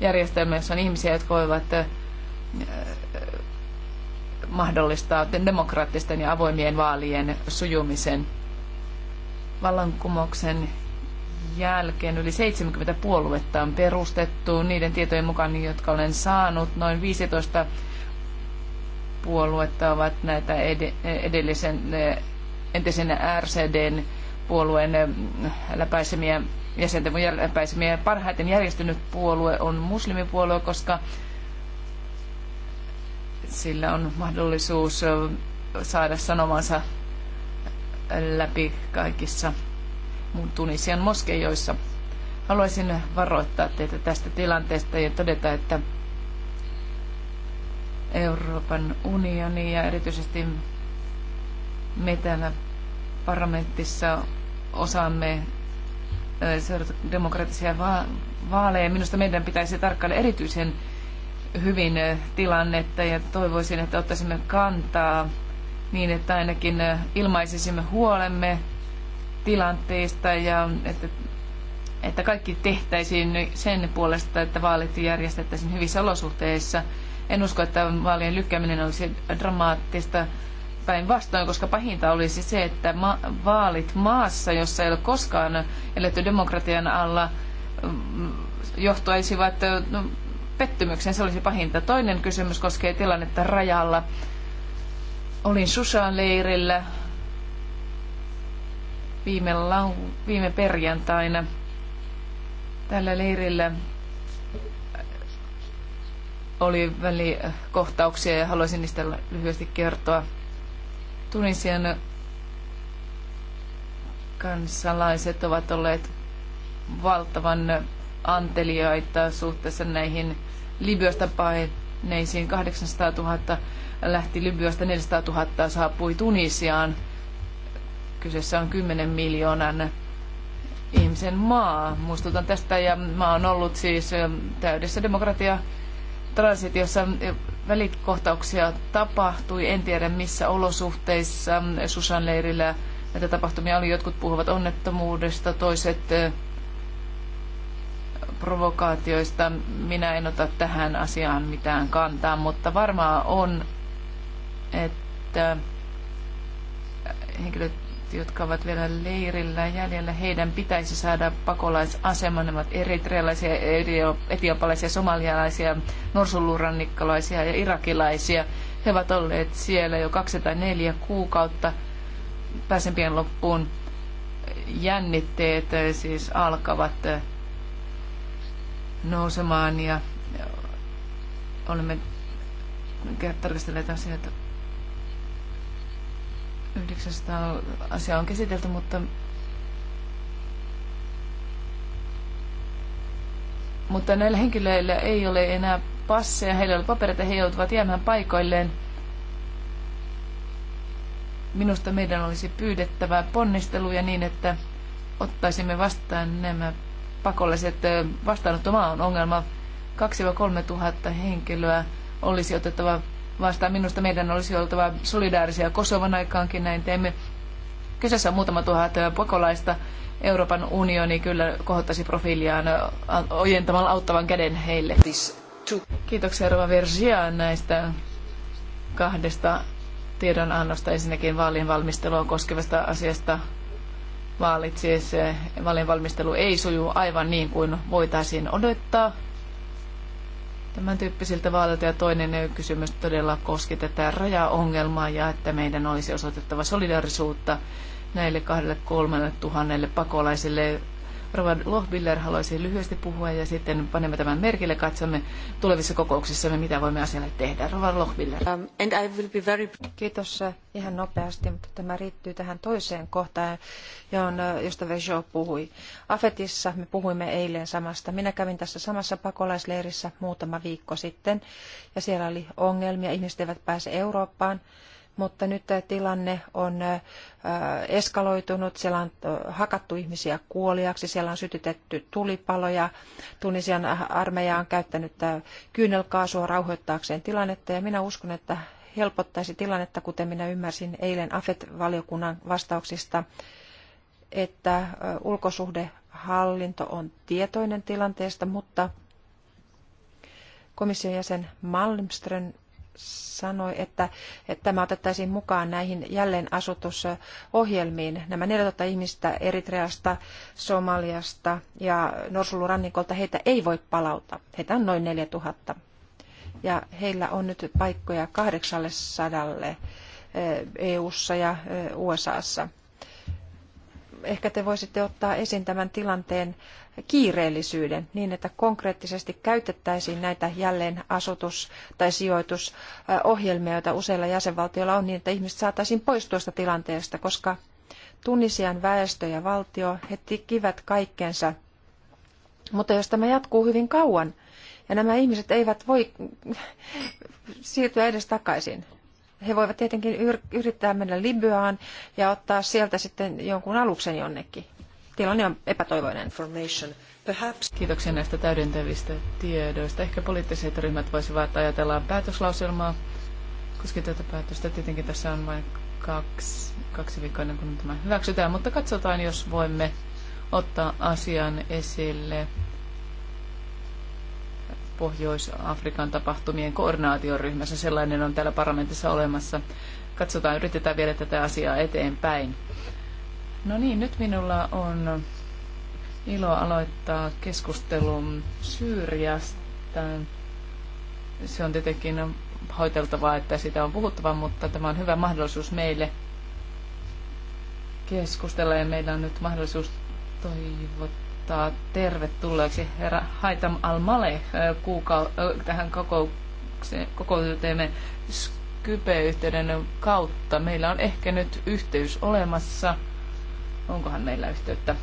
järjestelmä, jossa on ihmisiä, jotka voivat eh, mahdollistaa demokraattisten ja avoimien vaalien sujumisen. Vallankumouksen jälkeen yli 70 puoluetta on perustettu. Niiden tietojen mukaan, jotka olen saanut, noin 15 puoluetta ovat näitä edellisen entisen RCDn puolueen läpäisemiä jäsenten läpäisemiä. Parhaiten järjestynyt puolue on muslimipuolue, koska sillä on mahdollisuus saada sanomansa läpi kaikissa Tunisian moskeijoissa. Haluaisin varoittaa teitä tästä tilanteesta ja todeta, että Euroopan unioni ja erityisesti me täällä parlamentissa osaamme seurata demokraattisia vaaleja. Minusta meidän pitäisi tarkkailla erityisen hyvin eh, tilannetta ja toivoisin, että ottaisimme kantaa niin, että ainakin eh, ilmaisisimme huolemme tilanteesta ja että, että kaikki tehtäisiin sen puolesta, että vaalit järjestettäisiin hyvissä olosuhteissa. En usko, että vaalien lykkääminen olisi dramaattista päinvastoin, koska pahinta olisi se, että ma- vaalit maassa, jossa ei ole koskaan eletty demokratian alla, mm, johtaisivat eh, no, pettymyksen. Se olisi pahinta. Toinen kysymys koskee tilannetta rajalla. Olin Susan leirillä viime, lau- viime perjantaina. Tällä leirillä oli välikohtauksia ja haluaisin niistä lyhyesti kertoa. Tunisian kansalaiset ovat olleet valtavan antelijoita suhteessa näihin Libyasta paineisiin. 800 000 lähti Libyasta, 400 000 saapui Tunisiaan. Kyseessä on 10 miljoonan ihmisen maa. Muistutan tästä ja maa on ollut siis täydessä demokratia transitiossa välikohtauksia tapahtui. En tiedä missä olosuhteissa Susan leirillä näitä tapahtumia oli. Jotkut puhuvat onnettomuudesta, toiset provokaatioista. Minä en ota tähän asiaan mitään kantaa, mutta varmaa on, että henkilöt, jotka ovat vielä leirillä jäljellä, heidän pitäisi saada pakolaisasema. Ne ovat eritrealaisia, etiopalaisia, somalialaisia, norsunluurannikkalaisia ja irakilaisia. He ovat olleet siellä jo 204 kuukautta pääsempien loppuun jännitteet eh, siis alkavat eh, nousemaan ja olemme tarkastelleet asioita. 900 asiaa on käsitelty, mutta mutta näillä henkilöillä ei ole enää passeja, heillä on papereita, he joutuvat jäämään paikoilleen. Minusta meidän olisi pyydettävä ponnisteluja niin, että ottaisimme vastaan nämä pakolliset on ongelma. 2-3 tuhatta henkilöä olisi otettava vastaan. Minusta meidän olisi oltava solidaarisia Kosovan aikaankin näin teemme. Kyseessä on muutama tuhat pakolaista. Euroopan unioni kyllä kohottaisi profiiliaan ojentamalla auttavan käden heille. Kiitoksia Rova Vergia näistä kahdesta tiedonannosta ensinnäkin vaalien valmistelua koskevasta asiasta vaalit, siis vaalien valmistelu ei suju aivan niin kuin voitaisiin odottaa tämän tyyppisiltä vaaleilta. Ja toinen kysymys todella koski tätä rajaongelmaa ja että meidän olisi osoitettava solidaarisuutta näille kahdelle kolmelle tuhannelle pakolaisille Rovan Lohbiller haluaisi lyhyesti puhua ja sitten panemme tämän merkille, katsomme tulevissa kokouksissa, mitä voimme asialle tehdä. Rovan Lohbiller. Um, and I will be very... Kiitos äh, ihan nopeasti, mutta tämä riittyy tähän toiseen kohtaan, johon, äh, josta Vejo puhui. Afetissa me puhuimme eilen samasta. Minä kävin tässä samassa pakolaisleirissä muutama viikko sitten ja siellä oli ongelmia. Ihmiset eivät pääse Eurooppaan mutta nyt tilanne on eskaloitunut, siellä on hakattu ihmisiä kuoliaksi, siellä on sytytetty tulipaloja, Tunisian armeija on käyttänyt kyynelkaasua rauhoittaakseen tilannetta ja minä uskon, että helpottaisi tilannetta, kuten minä ymmärsin eilen AFET-valiokunnan vastauksista, että ulkosuhdehallinto on tietoinen tilanteesta, mutta komission jäsen Malmström sanoi, että, että tämä otettaisiin mukaan näihin jälleenasutusohjelmiin. Nämä 14 ihmistä Eritreasta, Somaliasta ja Norsulurannikolta, heitä ei voi palauttaa, Heitä on noin 4000. Ja heillä on nyt paikkoja 800 EU-ssa ja USAssa. Ehkä te voisitte ottaa esiin tämän tilanteen kiireellisyyden niin, että konkreettisesti käytettäisiin näitä jälleen tai sijoitusohjelmia, joita useilla jäsenvaltioilla on, niin että ihmiset saataisiin pois tuosta tilanteesta, koska Tunisian väestö ja valtio, he tekivät kaikkensa. Mutta jos tämä jatkuu hyvin kauan, ja nämä ihmiset eivät voi siirtyä edes takaisin. He voivat tietenkin yrittää mennä Libyaan ja ottaa sieltä sitten jonkun aluksen jonnekin tilanne on epätoivoinen. Kiitoksia näistä täydentävistä tiedoista. Ehkä poliittiset ryhmät voisivat ajatella päätöslauselmaa, koska tätä päätöstä tietenkin tässä on vain kaksi, kaksi viikkoa ennen kuin tämä hyväksytään, mutta katsotaan, jos voimme ottaa asian esille Pohjois-Afrikan tapahtumien koordinaatioryhmässä. Sellainen on täällä parlamentissa olemassa. Katsotaan, yritetään viedä tätä asiaa eteenpäin. No niin, nyt minulla on ilo aloittaa keskustelun Syyriasta. Se on tietenkin hoiteltavaa, että sitä on puhuttava, mutta tämä on hyvä mahdollisuus meille keskustella ja meillä on nyt mahdollisuus toivottaa tervetulleeksi herra Haitam al male kuuka- tähän koko Skype-yhteyden kautta. Meillä on ehkä nyt yhteys olemassa – Onkohan meillä yhteyttä?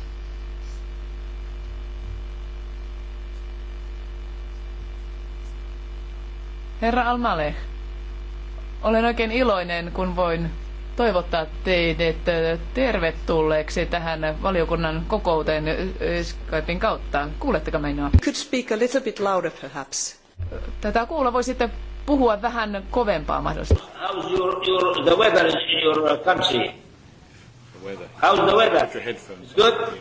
Herra Almale, olen oikein iloinen, kun voin toivottaa teidät tervetulleeksi tähän valiokunnan kokouteen Skypein kautta. Kuuletteko minua? Could speak a little bit louder perhaps. Tätä kuulla voi sitten puhua vähän kovempaa mahdollisesti. How's your, your, the weather in your country? the weather? How's the weather? Put your headphones Good.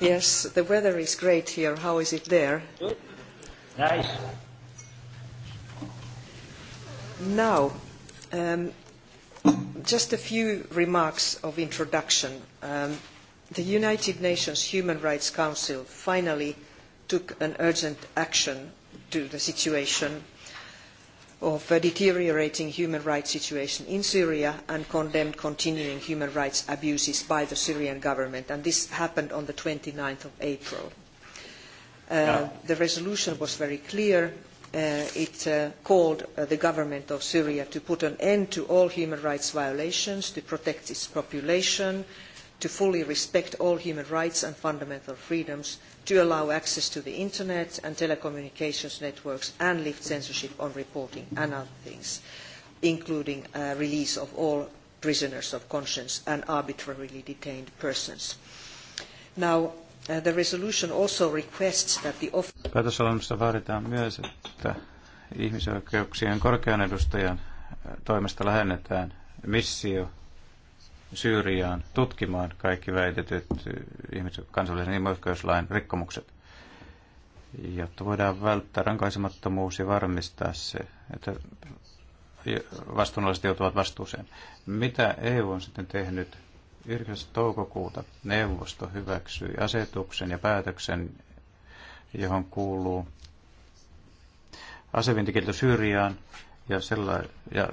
Yes, the weather is great here. How is it there? Good. Nice. Now, um, just a few remarks of introduction. Um, the United Nations Human Rights Council finally took an urgent action to the situation of a deteriorating human rights situation in Syria and condemned continuing human rights abuses by the Syrian government. And this happened on the 29th of April. Uh, The resolution was very clear. Uh, it uh, called uh, the government of Syria to put an end to all human rights violations, to protect its population, to fully respect all human rights and fundamental freedoms, to allow access to the internet and telecommunications networks and lift censorship on reporting and other things, including uh, release of all prisoners of conscience and arbitrarily detained persons. Now, uh, the resolution also requests that the off- Päätösolemassa vaaditaan myös, että ihmisoikeuksien korkean edustajan äh, toimesta lähennetään missio Syyriaan tutkimaan kaikki väitetyt eh, kansallisen ihmisoikeuslain rikkomukset, jotta voidaan välttää rankaisemattomuus ja varmistaa se, että vastuunalaiset joutuvat vastuuseen. Mitä EU on sitten tehnyt? 9. toukokuuta neuvosto hyväksyi asetuksen ja päätöksen, johon kuuluu asevintikielto Syyriaan ja, sella- ja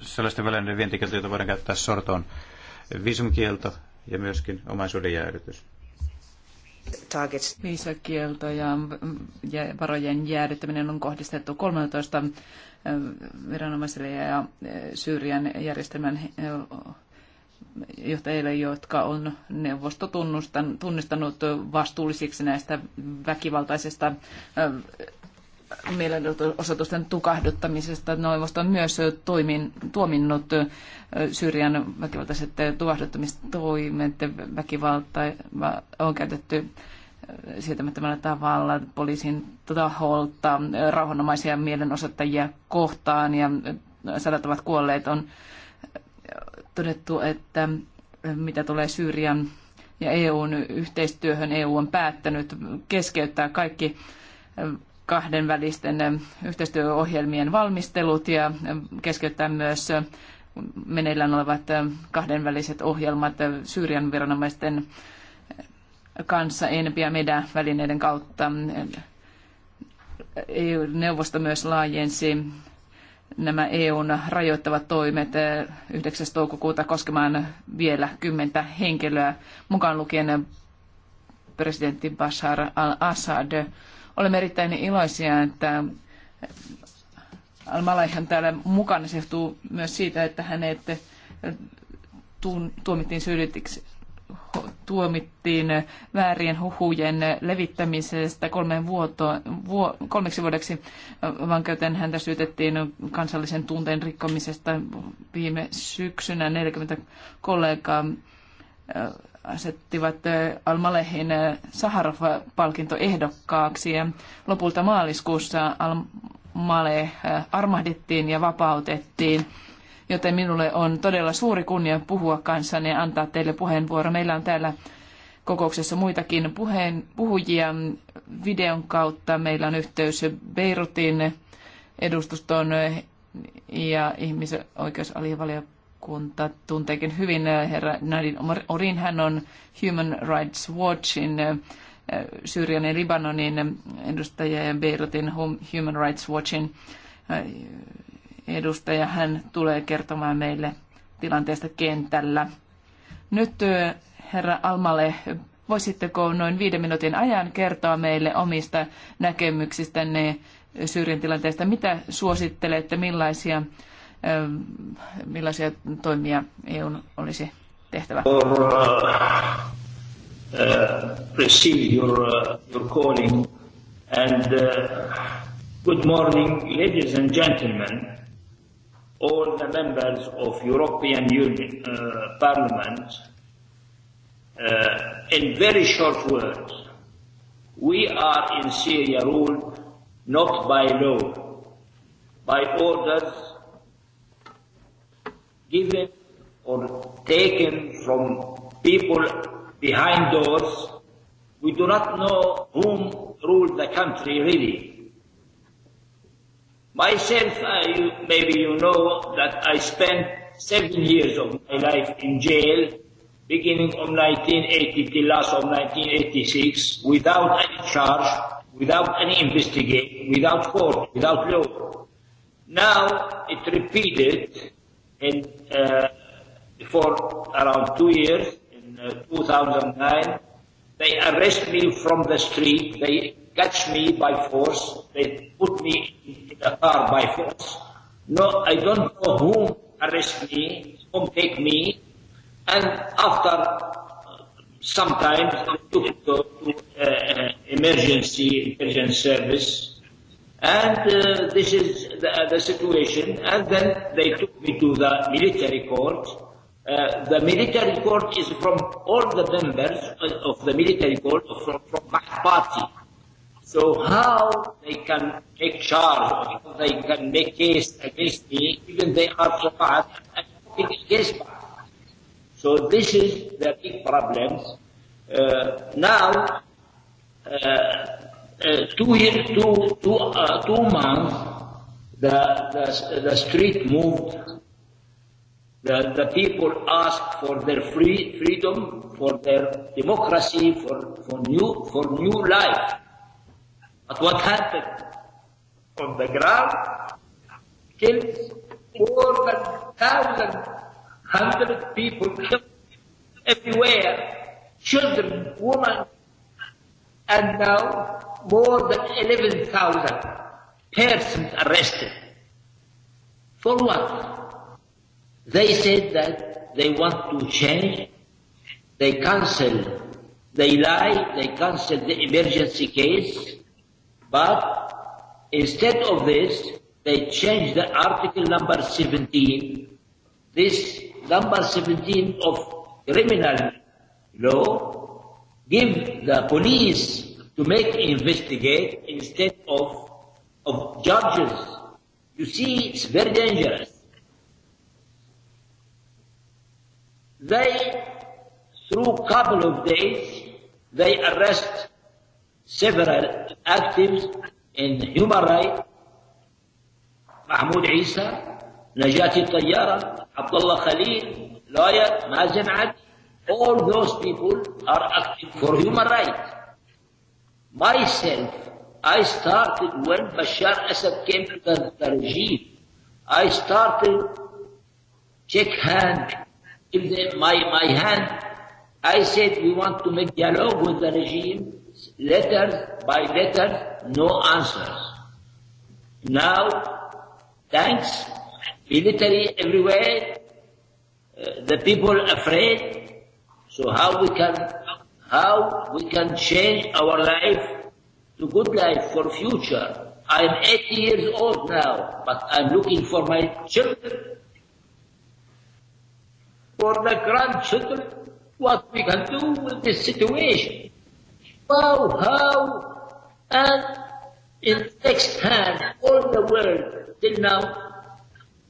sellaisten välineiden vientikielto, jota voidaan käyttää sortoon, viisumikielto ja myöskin omaisuuden jäädytys. Viisakielto ja, ja varojen jäädyttäminen on kohdistettu 13 viranomaisille ja Syyrian järjestelmän johtajille, jotka on neuvosto tunnistanut vastuullisiksi näistä väkivaltaisista mielenosoitusten tukahduttamisesta. Neuvosto on myös toimin, tuominnut Syyrian väkivaltaiset tukahduttamistoimet, väkivalta on käytetty sietämättömällä tavalla poliisin taholta rauhanomaisia mielenosoittajia kohtaan ja sadat ovat kuolleet. On todettu, että mitä tulee Syyrian ja EUn yhteistyöhön, EU on päättänyt keskeyttää kaikki kahdenvälisten eh, yhteistyöohjelmien valmistelut ja eh, keskeyttää myös eh, meneillään olevat kahdenväliset ohjelmat Syyrian viranomaisten kanssa ENPI ja MEDA välineiden kautta. EU-neuvosto e myös laajensi nämä EUn rajoittavat toimet 9. toukokuuta koskemaan vielä kymmentä henkilöä, mukaan lukien presidentti Bashar al-Assad. Olemme erittäin iloisia, että Almalaihan täällä mukana. Se johtuu myös siitä, että hänet tuomittiin syyllityksi tuomittiin väärien huhujen levittämisestä kolmeen vuoto, vuo, kolmeksi vuodeksi vankeuteen. Häntä syytettiin kansallisen tunteen rikkomisesta viime syksynä 40 kollegaa asettivat Almalehin Saharov-palkintoehdokkaaksi. Ja lopulta maaliskuussa Almaleh armahdettiin ja vapautettiin, joten minulle on todella suuri kunnia puhua kanssanne ja antaa teille puheenvuoro. Meillä on täällä kokouksessa muitakin puheen, puhujia videon kautta. Meillä on yhteys Beirutin edustuston ja ihmisoikeusalivaliokunnan valiokunta tunteekin hyvin äh, herra Nadin Orin. Hän on Human Rights Watchin äh, Syyrian ja Libanonin edustaja ja Beirutin Human Rights Watchin äh, edustaja. Hän tulee kertomaan meille tilanteesta kentällä. Nyt herra Almale, voisitteko noin viiden minuutin ajan kertoa meille omista näkemyksistänne Syyrian tilanteesta? Mitä suosittelette, millaisia millaisia toimia EUn olisi tehtävä. Or, uh, uh, receive your, uh, your calling and uh, good morning ladies and gentlemen all the members of European Union uh, Parliament uh, in very short words we are in Syria ruled not by law by orders given or taken from people behind doors. We do not know whom ruled the country really. Myself, I, maybe you know that I spent seven years of my life in jail, beginning of 1980 till last of 1986, without any charge, without any investigation, without court, without law. Now it repeated Uh, for around two years, in uh, 2009, they arrest me from the street, they catch me by force, they put me in the car by force. No, I don't know who arrest me, who take me, and after uh, sometimes they took to, to uh, emergency emergency service And uh, this is the, uh, the situation. And then they took me to the military court. Uh, the military court is from all the members of the military court from, from my party. So how they can take charge, how they can make case against me, even they are so bad, and case me. So this is the big problem. Uh, now, uh, Eh, two years, two, two, uh, two months, the, the, the street moved. The, the people asked for their free freedom, for their democracy, for, for new, for new life. But what happened on the ground killed more than thousand, hundred people killed everywhere, children, women, and now more than 11,000 persons arrested. For what? They said that they want to change. They cancel. They lie. They cancel the emergency case. But instead of this, they changed the article number 17. This number 17 of criminal law give the police to make investigate instead of, of judges. You see, it's very dangerous. They, through couple of days, they arrest several actives in human rights, Mahmoud Isa, Najati Tayyara, Abdullah Khalil, lawyer, Mazen Adi all those people are active for human rights. Myself, I started when Bashar Assad came to the, the regime. I started check hand, give them my, my hand. I said we want to make dialogue with the regime, letter by letter, no answers. Now, thanks, military everywhere, uh, the people afraid, So how we can, how we can change our life to good life for future. I'm 80 years old now, but I'm looking for my children, for the grandchildren, what we can do with this situation. How, how, and in next hand, all the world till now,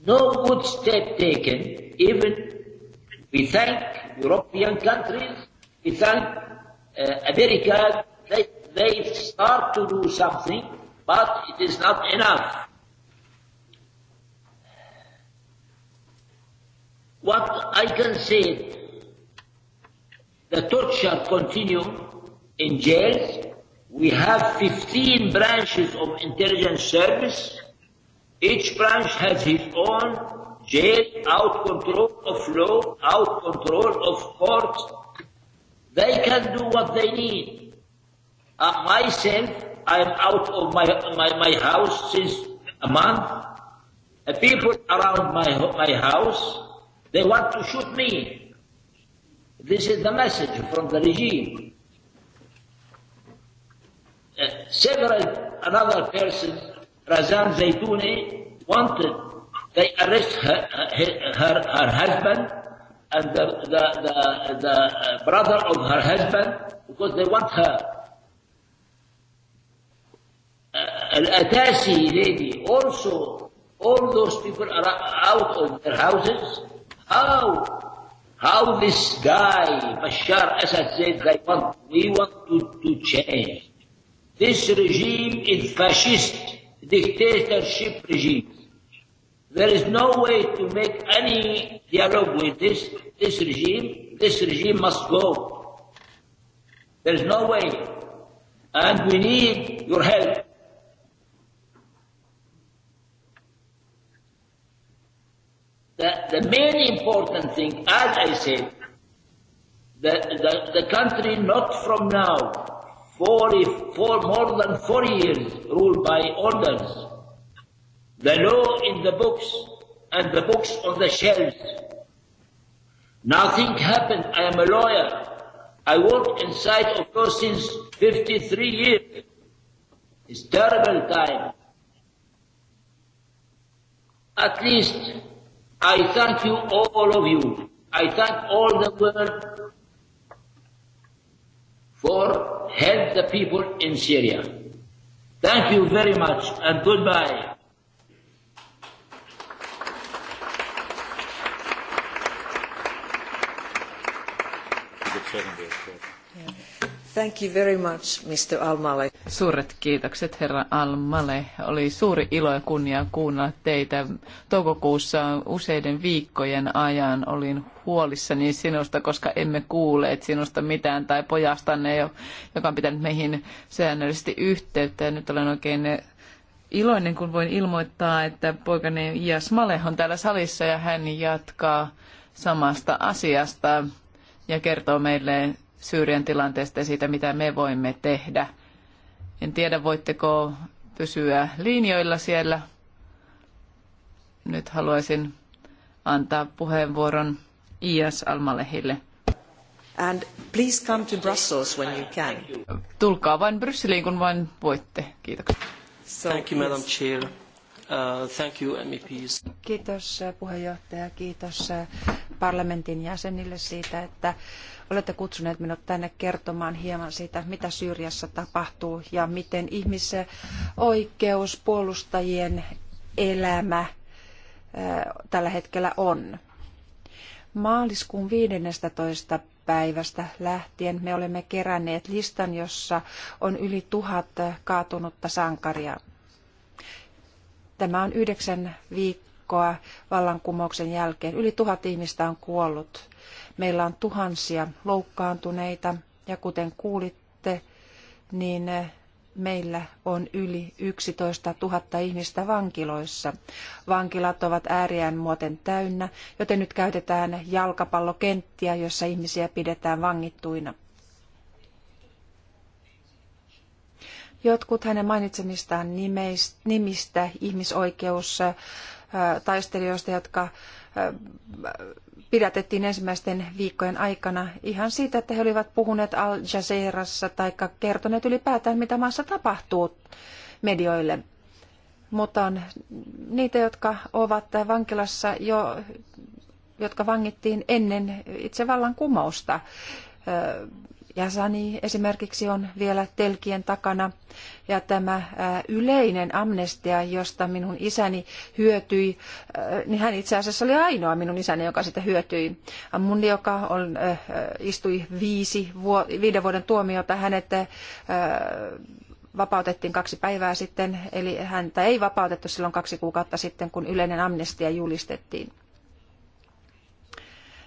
no good step taken, even we thank European countries, in fact, uh, America, they, they start to do something, but it is not enough. What I can say, the torture continue in jails. We have 15 branches of intelligence service. Each branch has his own jail, out control of law, out control of court. They can do what they need. Uh, myself, I'm out of my, my, my house since a month. The people around my, my house, they want to shoot me. This is the message from the regime. Uh, several, another person, Razan Zaytouni, wanted They arrest her, her, her husband and the, the, the, the uh, brother of her husband because they want her. Uh, Al-Atasi lady also, all those people are out of their houses. How? How this guy, Bashar Assad said, they want, we want to, to change. This regime is fascist, dictatorship regime. There is no way to make any dialogue with this, this regime. This regime must go. There is no way. And we need your help. The, the main important thing, as I said, the, the, the country not from now, for for more than four years ruled by orders, the law in the books and the books on the shelves. Nothing happened. I am a lawyer. I worked inside of law since 53 years. It's terrible time. At least I thank you, all of you. I thank all the world for help the people in Syria. Thank you very much and goodbye. Thank you very much, Mr. Almale. Suuret kiitokset, herra Almale. Oli suuri ilo ja kunnia kuunnella teitä. Toukokuussa useiden viikkojen ajan olin huolissani sinusta, koska emme kuulleet sinusta mitään tai pojastanne, joka on pitänyt meihin säännöllisesti yhteyttä. Ja nyt olen oikein iloinen, kun voin ilmoittaa, että poikani Ias Male on täällä salissa ja hän jatkaa samasta asiasta ja kertoo meille Syyrian tilanteesta ja siitä, mitä me voimme tehdä. En tiedä, voitteko pysyä linjoilla siellä. Nyt haluaisin antaa puheenvuoron Ias Almalehille. And please come to Brussels when you can. Tulkaa vain Brysseliin, kun vain voitte. Kiitoksia. So, thank you, Madam Chair. Uh, thank you, MEPs. Kiitos äh, puheenjohtaja, kiitos äh, parlamentin jäsenille siitä, että olette kutsuneet minut tänne kertomaan hieman siitä, mitä Syyriassa tapahtuu ja miten ihmisoikeus, puolustajien elämä tällä hetkellä on. Maaliskuun 15. päivästä lähtien me olemme keränneet listan, jossa on yli tuhat kaatunutta sankaria. Tämä on yhdeksän viikkoa viikkoa vallankumouksen jälkeen. Yli tuhat ihmistä on kuollut. Meillä on tuhansia loukkaantuneita ja kuten kuulitte, niin eh, meillä on yli 11 000 ihmistä vankiloissa. Vankilat ovat ääriään muoten täynnä, joten nyt käytetään jalkapallokenttiä, jossa ihmisiä pidetään vangittuina. Jotkut hänen mainitsemistaan nimistä, ihmisoikeus taistelijoista, jotka pidätettiin ensimmäisten viikkojen aikana ihan siitä, että he olivat puhuneet Al Jazeerassa tai kertoneet ylipäätään, mitä maassa tapahtuu medioille. Mutta on niitä, jotka ovat vankilassa jo, jotka vangittiin ennen itse vallankumousta Jasani esimerkiksi on vielä telkien takana. Ja tämä yleinen amnestia, josta minun isäni hyötyi, niin hän itse asiassa oli ainoa minun isäni, joka sitä hyötyi. Mun, joka on, istui viisi, viiden vuoden tuomiota, hänet vapautettiin kaksi päivää sitten, eli häntä ei vapautettu silloin kaksi kuukautta sitten, kun yleinen amnestia julistettiin.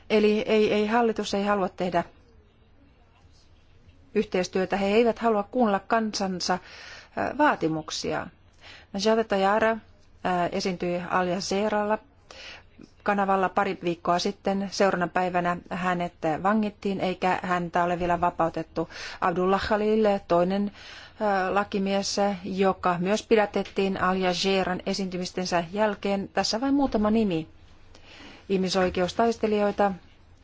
Eli ei, ei hallitus ei halua tehdä yhteistyötä. He eivät halua kuunnella kansansa vaatimuksia. Najata Tajara esiintyi Al Jazeeralla kanavalla pari viikkoa sitten. Seurana päivänä hänet vangittiin, eikä häntä ole vielä vapautettu. Abdullah Khalil, toinen lakimies, joka myös pidätettiin Al Jazeeran esiintymistensä jälkeen. Tässä vain muutama nimi ihmisoikeustaistelijoita,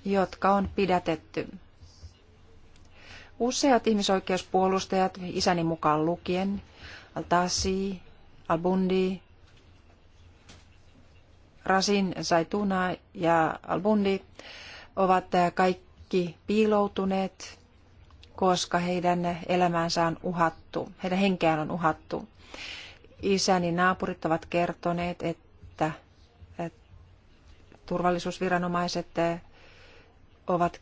jotka on pidätetty. Useat ihmisoikeuspuolustajat, isäni mukaan lukien, Altasi, Albundi, Rasin, Zaituna ja Albundi, ovat äh, kaikki piiloutuneet, koska heidän elämäänsä on uhattu, heidän henkeään on uhattu. Isäni naapurit ovat kertoneet, että äh, turvallisuusviranomaiset äh, ovat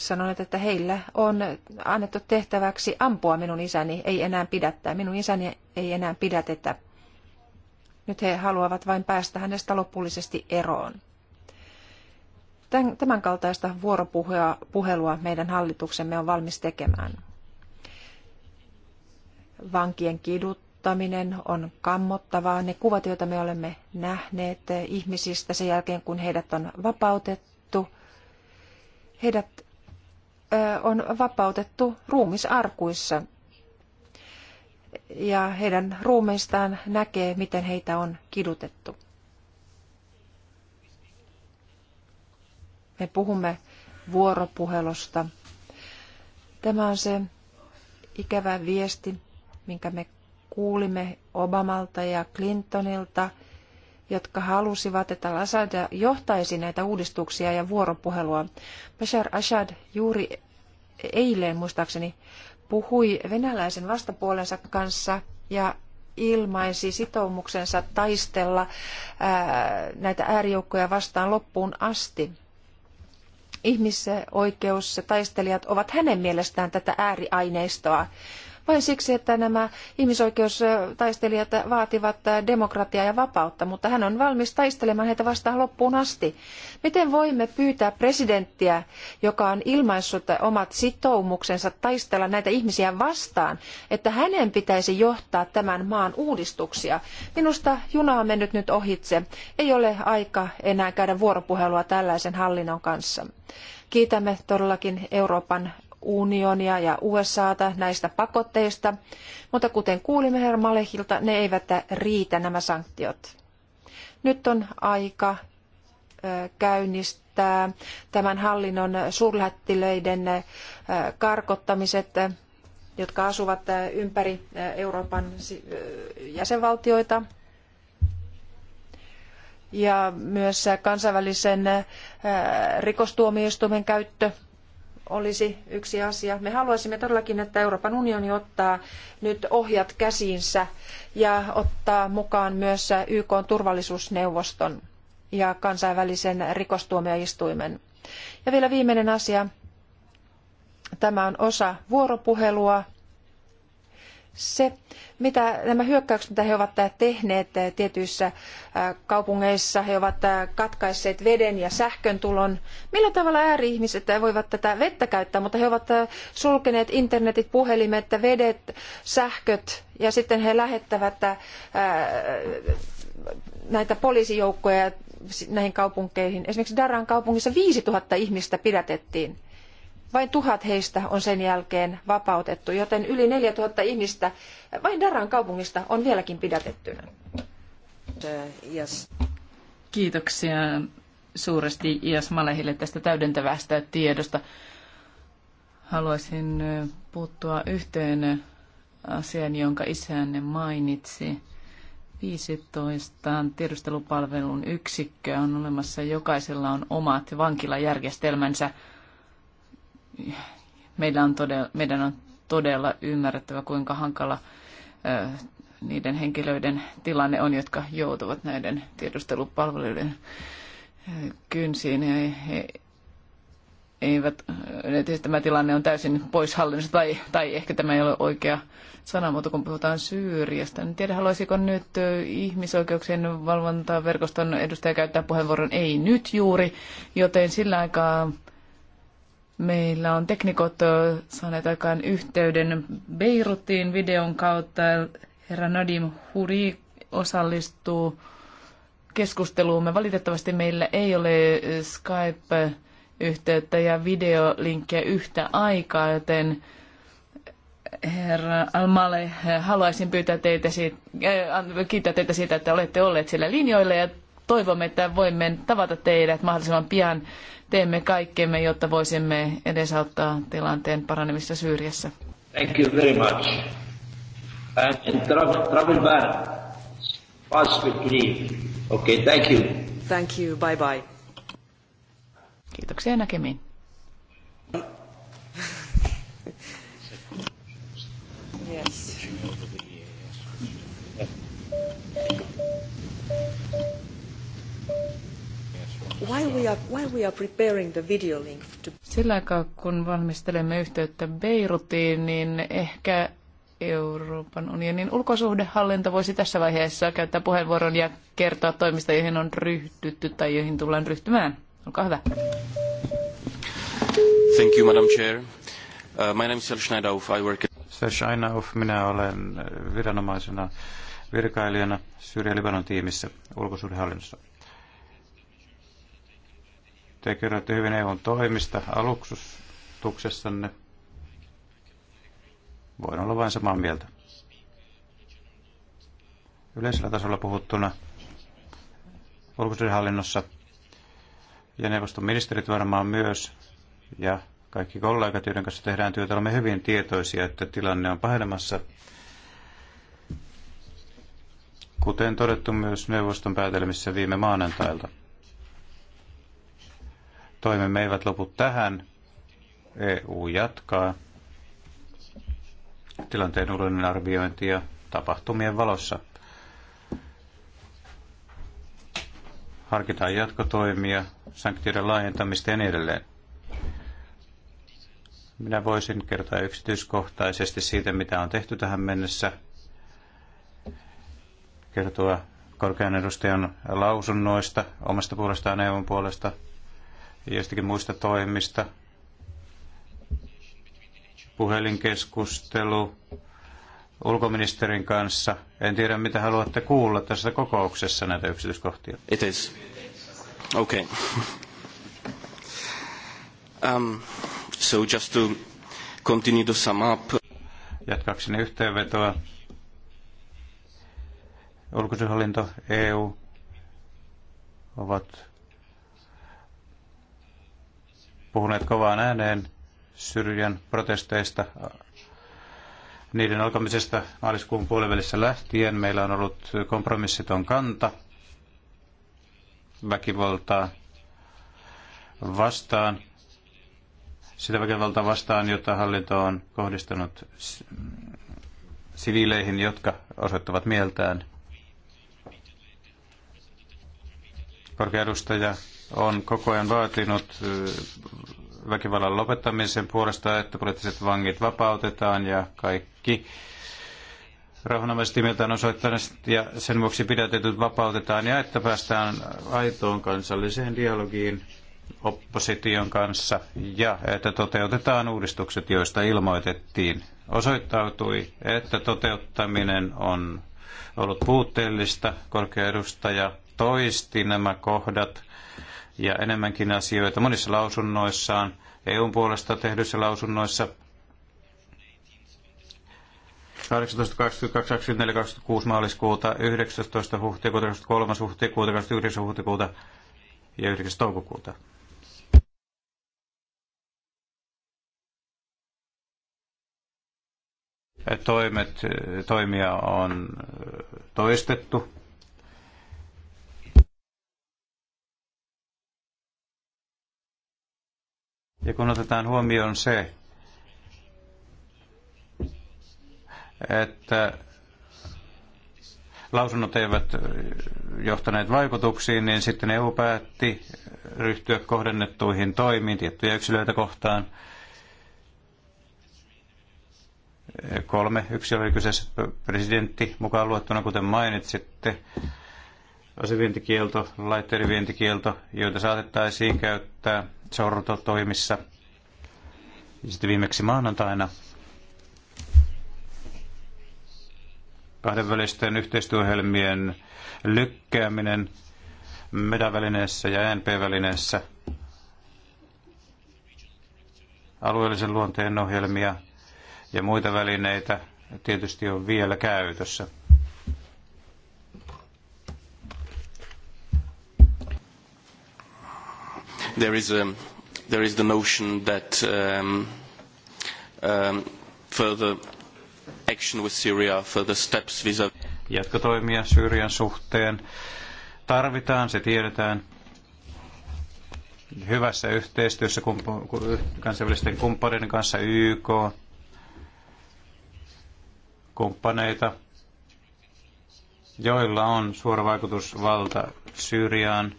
sanoneet, että heillä on annettu tehtäväksi ampua minun isäni, ei enää pidättää. Minun isäni ei enää pidätetä. Nyt he haluavat vain päästä hänestä lopullisesti eroon. Tämän kaltaista vuoropuhelua meidän hallituksemme on valmis tekemään. Vankien kiduttaminen on kammottavaa. Ne kuvat, joita me olemme nähneet ihmisistä sen jälkeen, kun heidät on vapautettu, heidät on vapautettu ruumisarkuissa. Ja heidän ruumeistaan näkee, miten heitä on kidutettu. Me puhumme vuoropuhelusta. Tämä on se ikävä viesti, minkä me kuulimme Obamalta ja Clintonilta – jotka halusivat, että Assad johtaisi näitä uudistuksia ja vuoropuhelua. Bashar Assad juuri eilen muistaakseni puhui venäläisen vastapuolensa kanssa ja ilmaisi sitoumuksensa taistella ää, näitä äärijoukkoja vastaan loppuun asti. Ihmisoikeustaistelijat ovat hänen mielestään tätä ääriaineistoa, vain siksi, että nämä ihmisoikeustaistelijat vaativat demokratiaa ja vapautta, mutta hän on valmis taistelemaan heitä vastaan loppuun asti. Miten voimme pyytää presidenttiä, joka on ilmaissut omat sitoumuksensa taistella näitä ihmisiä vastaan, että hänen pitäisi johtaa tämän maan uudistuksia? Minusta juna on mennyt nyt ohitse. Ei ole aika enää käydä vuoropuhelua tällaisen hallinnon kanssa. Kiitämme todellakin Euroopan unionia ja USAta näistä pakotteista, mutta kuten kuulimme herra Malehilta, ne eivät riitä nämä sanktiot. Nyt on aika käynnistää tämän hallinnon suurlähettiläiden karkottamiset, jotka asuvat ympäri Euroopan jäsenvaltioita ja myös kansainvälisen rikostuomioistuimen käyttö olisi yksi asia. Me haluaisimme todellakin, että Euroopan unioni ottaa nyt ohjat käsiinsä ja ottaa mukaan myös YK turvallisuusneuvoston ja kansainvälisen rikostuomioistuimen. Ja vielä viimeinen asia. Tämä on osa vuoropuhelua se, mitä nämä hyökkäykset, mitä he ovat tehneet eh, tietyissä eh, kaupungeissa, he ovat eh, katkaisseet veden ja sähkön tulon. Millä tavalla ääri-ihmiset voivat tätä vettä käyttää, mutta he ovat sulkeneet internetit, puhelimet, vedet, sähköt ja sitten he lähettävät näitä poliisijoukkoja näihin kaupunkeihin. Esimerkiksi Daran kaupungissa 5000 ihmistä pidätettiin vain tuhat heistä on sen jälkeen vapautettu, joten yli 4000 ihmistä vain Daran kaupungista on vieläkin pidätettynä. Kiitoksia suuresti Ias Malehille tästä täydentävästä tiedosta. Haluaisin puuttua yhteen asiaan, jonka isänne mainitsi. 15 tiedustelupalvelun yksikköä on olemassa. Jokaisella on omat vankilajärjestelmänsä meillä on todella, meidän on todella ymmärrettävä, kuinka hankala niiden henkilöiden tilanne on, jotka joutuvat näiden tiedustelupalveluiden kynsiin. He, he eivät, tietysti tämä tilanne on täysin pois hallinnasta, tai, tai ehkä tämä ei ole oikea sana, mutta kun puhutaan Syyriasta, niin tiedä haluaisiko nyt ihmisoikeuksien valvontaverkoston edustaja käyttää puheenvuoron, ei nyt juuri, joten sillä aikaa Meillä on teknikot saaneet aikaan yhteyden Beirutiin videon kautta. Herra Nadim Huri osallistuu keskusteluun. Me Valitettavasti meillä ei ole Skype-yhteyttä ja videolinkkejä yhtä aikaa, joten herra Almale, haluaisin pyytää teitä siitä, äh, kiittää teitä siitä, että olette olleet siellä linjoilla ja toivomme, että voimme tavata teidät mahdollisimman pian. Teemme kaikkemme, jotta voisimme edesauttaa tilanteen paranemista Syyriassa. Thank you very much. And travel, travel back. Pass Okay, thank you. Thank you. Bye bye. Kiitoksia näkemiin. Sillä aikaa, kun valmistelemme yhteyttä Beirutiin, niin ehkä Euroopan unionin ulkosuhdehallinto voisi tässä vaiheessa käyttää puheenvuoron ja kertoa toimista, joihin on ryhtytty tai joihin tullaan ryhtymään. Olkaa hyvä. Thank you, Madam Chair. Uh, my name is Schneidauf. I work at... minä olen viranomaisena virkailijana Syyrian Libanon tiimissä ulkosuhdehallinnossa. Te kerroitte hyvin EUn toimista aluksustuksessanne. Voin olla vain samaa mieltä. Yleisellä tasolla puhuttuna ulkosuudenhallinnossa ja neuvoston ministerit varmaan myös ja kaikki kollegat, joiden kanssa tehdään työtä, olemme hyvin tietoisia, että tilanne on pahenemassa. Kuten todettu myös neuvoston päätelmissä viime maanantailta – toimemme eivät lopu tähän. EU jatkaa tilanteen uudelleen arviointia tapahtumien valossa. Harkitaan jatkotoimia, sanktioiden laajentamista ja niin edelleen. Minä voisin kertoa yksityiskohtaisesti siitä, mitä on tehty tähän mennessä, kertoa korkean edustajan lausunnoista omasta puolestaan EUn puolesta – joistakin muista toimista, puhelinkeskustelu ulkoministerin kanssa. En tiedä, mitä haluatte kuulla tässä kokouksessa näitä yksityiskohtia. It is. Okay. Um, so just to continue to sum up. Jatkaakseni yhteenvetoa. Ulkoisuhallinto, EU ovat puhuneet kovaan ääneen Syrjän protesteista niiden alkamisesta maaliskuun puolivälissä lähtien. Meillä on ollut kompromissiton kanta väkivaltaa vastaan, sitä väkivaltaa vastaan, jota hallinto on kohdistanut siviileihin, jotka osoittavat mieltään korkea edustaja on koko ajan vaatinut väkivallan lopettamisen puolesta, että poliittiset vangit vapautetaan ja kaikki rauhanomaiset mieltä on osoittaneet ja sen vuoksi pidätetyt vapautetaan ja että päästään aitoon kansalliseen dialogiin opposition kanssa ja että toteutetaan uudistukset, joista ilmoitettiin. Osoittautui, että toteuttaminen on ollut puutteellista. Korkea edustaja toisti nämä kohdat ja enemmänkin asioita monissa lausunnoissaan, EUn puolesta tehdyissä lausunnoissa. 18, 22, 24, 26 maaliskuuta, 19. huhtikuuta, 23. huhtikuuta, 29. huhtikuuta ja 9. toukokuuta. Toimet, toimia on toistettu Ja kun otetaan huomioon se, että lausunnot eivät johtaneet vaikutuksiin, niin sitten EU päätti ryhtyä kohdennettuihin toimiin tiettyjä yksilöitä kohtaan. Kolme yksilöä kyseessä presidentti mukaan luettuna, kuten mainitsitte. Asevientikielto, laitteiden vientikielto, joita saatettaisiin käyttää – toimissa. Ja sitten viimeksi maanantaina kahdenvälisten yhteistyöhelmien lykkääminen MEDA-välineessä ja ENP-välineessä alueellisen luonteen ohjelmia ja muita välineitä tietysti on vielä käytössä. there is, a, um, there is the notion that um, um, further action with Syria, further steps vis Jatkotoimia Syyrian suhteen tarvitaan, se tiedetään hyvässä yhteistyössä kansainvälisten kumppaneiden kanssa, YK, kumppaneita, joilla on suora vaikutusvalta Syyriaan,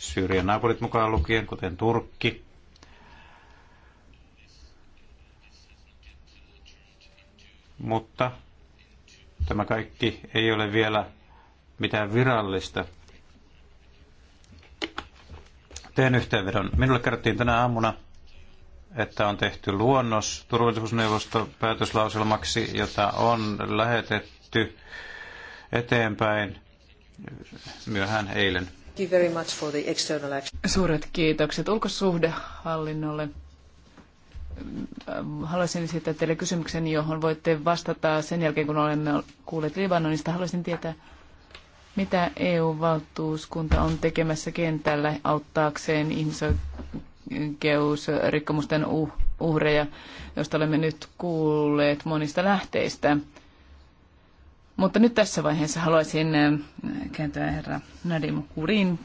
Syyrian naapurit mukaan lukien, kuten Turkki. Mutta tämä kaikki ei ole vielä mitään virallista. Teen yhteenvedon. Minulle kerrottiin tänä aamuna, että on tehty luonnos turvallisuusneuvoston päätöslauselmaksi, jota on lähetetty eteenpäin myöhään eilen you very much for the external action. Suuret kiitokset ulkosuhdehallinnolle. Ähm, haluaisin esittää teille kysymyksen, johon voitte vastata sen jälkeen, kun olemme kuulleet Libanonista. Haluaisin tietää, mitä EU-valtuuskunta on tekemässä kentällä auttaakseen ihmisoikeusrikkomusten uh-, uhreja, joista olemme nyt kuulleet monista lähteistä. Mutta nyt tässä vaiheessa haluaisin äh, kääntyä herra Nadim Kurin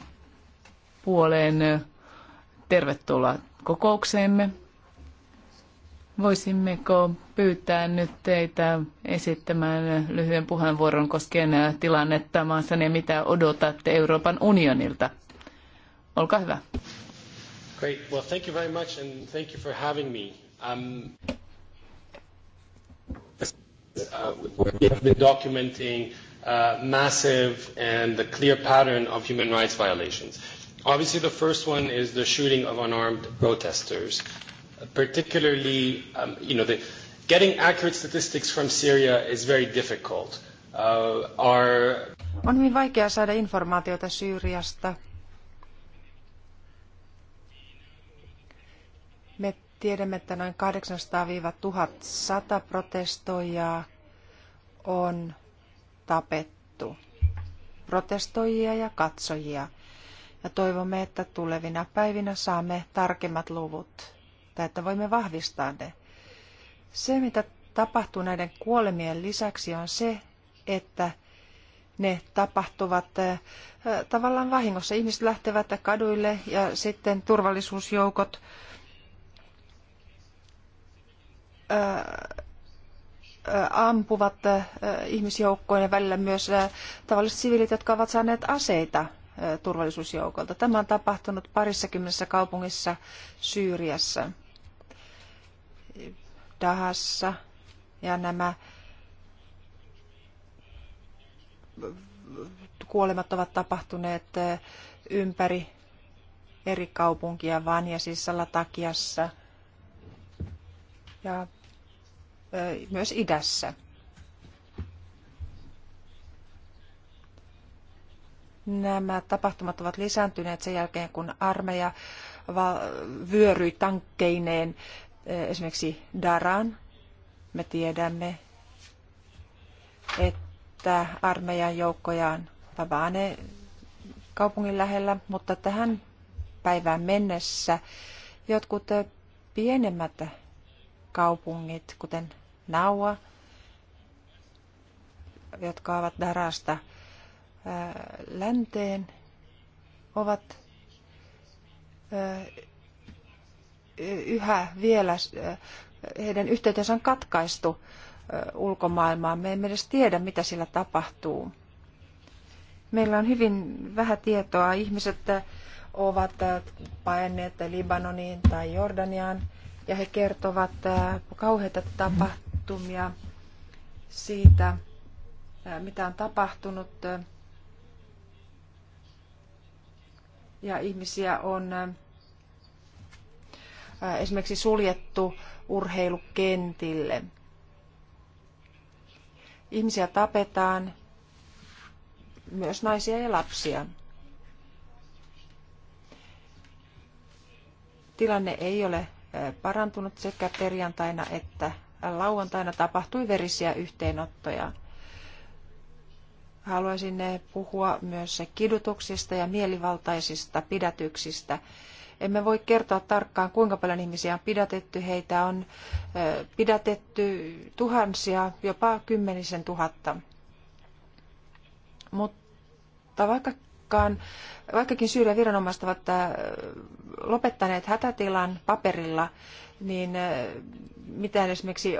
puoleen. Tervetuloa kokoukseemme. Voisimmeko pyytää nyt teitä esittämään lyhyen puheenvuoron koskien äh, tilannetta maassa ja mitä odotatte Euroopan unionilta? Olkaa hyvä. Great. Well, thank you very much and thank you for having me. Um uh, we have been documenting uh, massive and the clear pattern of human rights violations. Obviously, the first one is the shooting of unarmed protesters, particularly, um, you know, the, getting accurate statistics from Syria is very difficult. Uh, our... On hyvin vaikea saada informaatiota Syyriasta. Me Tiedämme, että noin 800-1100 protestoijaa on tapettu. Protestoijia ja katsojia. Ja toivomme, että tulevina päivinä saamme tarkemmat luvut, tai että voimme vahvistaa ne. Se, mitä tapahtuu näiden kuolemien lisäksi, on se, että ne tapahtuvat eh, tavallaan vahingossa. Ihmiset lähtevät kaduille ja sitten turvallisuusjoukot ampuvat ihmisjoukkojen ja välillä myös tavalliset siviilit, jotka ovat saaneet aseita turvallisuusjoukolta. Tämä on tapahtunut parissakymmenessä kaupungissa Syyriassa, Dahassa ja nämä kuolemat ovat tapahtuneet ympäri eri kaupunkia, Vanjasissa, Latakiassa ja myös idässä. Nämä tapahtumat ovat lisääntyneet sen jälkeen, kun armeija vyöryi tankkeineen esimerkiksi Daran. Me tiedämme, että armeijan joukkoja on Pavane kaupungin lähellä, mutta tähän päivään mennessä jotkut pienemmät kaupungit, kuten Naua, jotka ovat Darasta länteen, ovat yhä vielä, heidän yhteytensä on katkaistu ulkomaailmaan. Me emme edes tiedä, mitä sillä tapahtuu. Meillä on hyvin vähän tietoa. Ihmiset ovat paenneet Libanoniin tai Jordaniaan ja he kertovat kauheita tapahtumia siitä, mitä on tapahtunut. Ja ihmisiä on esimerkiksi suljettu urheilukentille. Ihmisiä tapetaan, myös naisia ja lapsia. Tilanne ei ole parantunut sekä perjantaina että lauantaina tapahtui verisiä yhteenottoja. Haluaisin puhua myös kidutuksista ja mielivaltaisista pidätyksistä. Emme voi kertoa tarkkaan, kuinka paljon ihmisiä on pidätetty. Heitä on pidätetty tuhansia, jopa kymmenisen tuhatta. Mutta vaikkakaan, vaikkakin syyden viranomaiset ovat lopettaneet hätätilan paperilla, niin äh, mitään esimerkiksi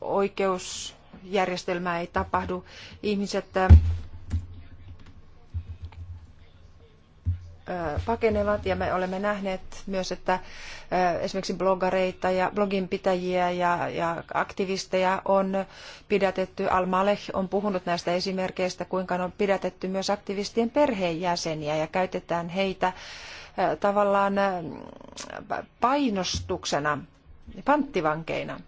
oikeusjärjestelmää ei tapahdu. Ihmiset äh, äh, pakenevat ja me olemme nähneet myös, että esimerkiksi bloggareita ja bloginpitäjiä ja, ja aktivisteja on pidätetty. Al-Maleh on puhunut näistä esimerkkeistä, kuinka on pidätetty myös aktivistien perheenjäseniä ja käytetään heitä tavallaan painostuksena panttivankeina.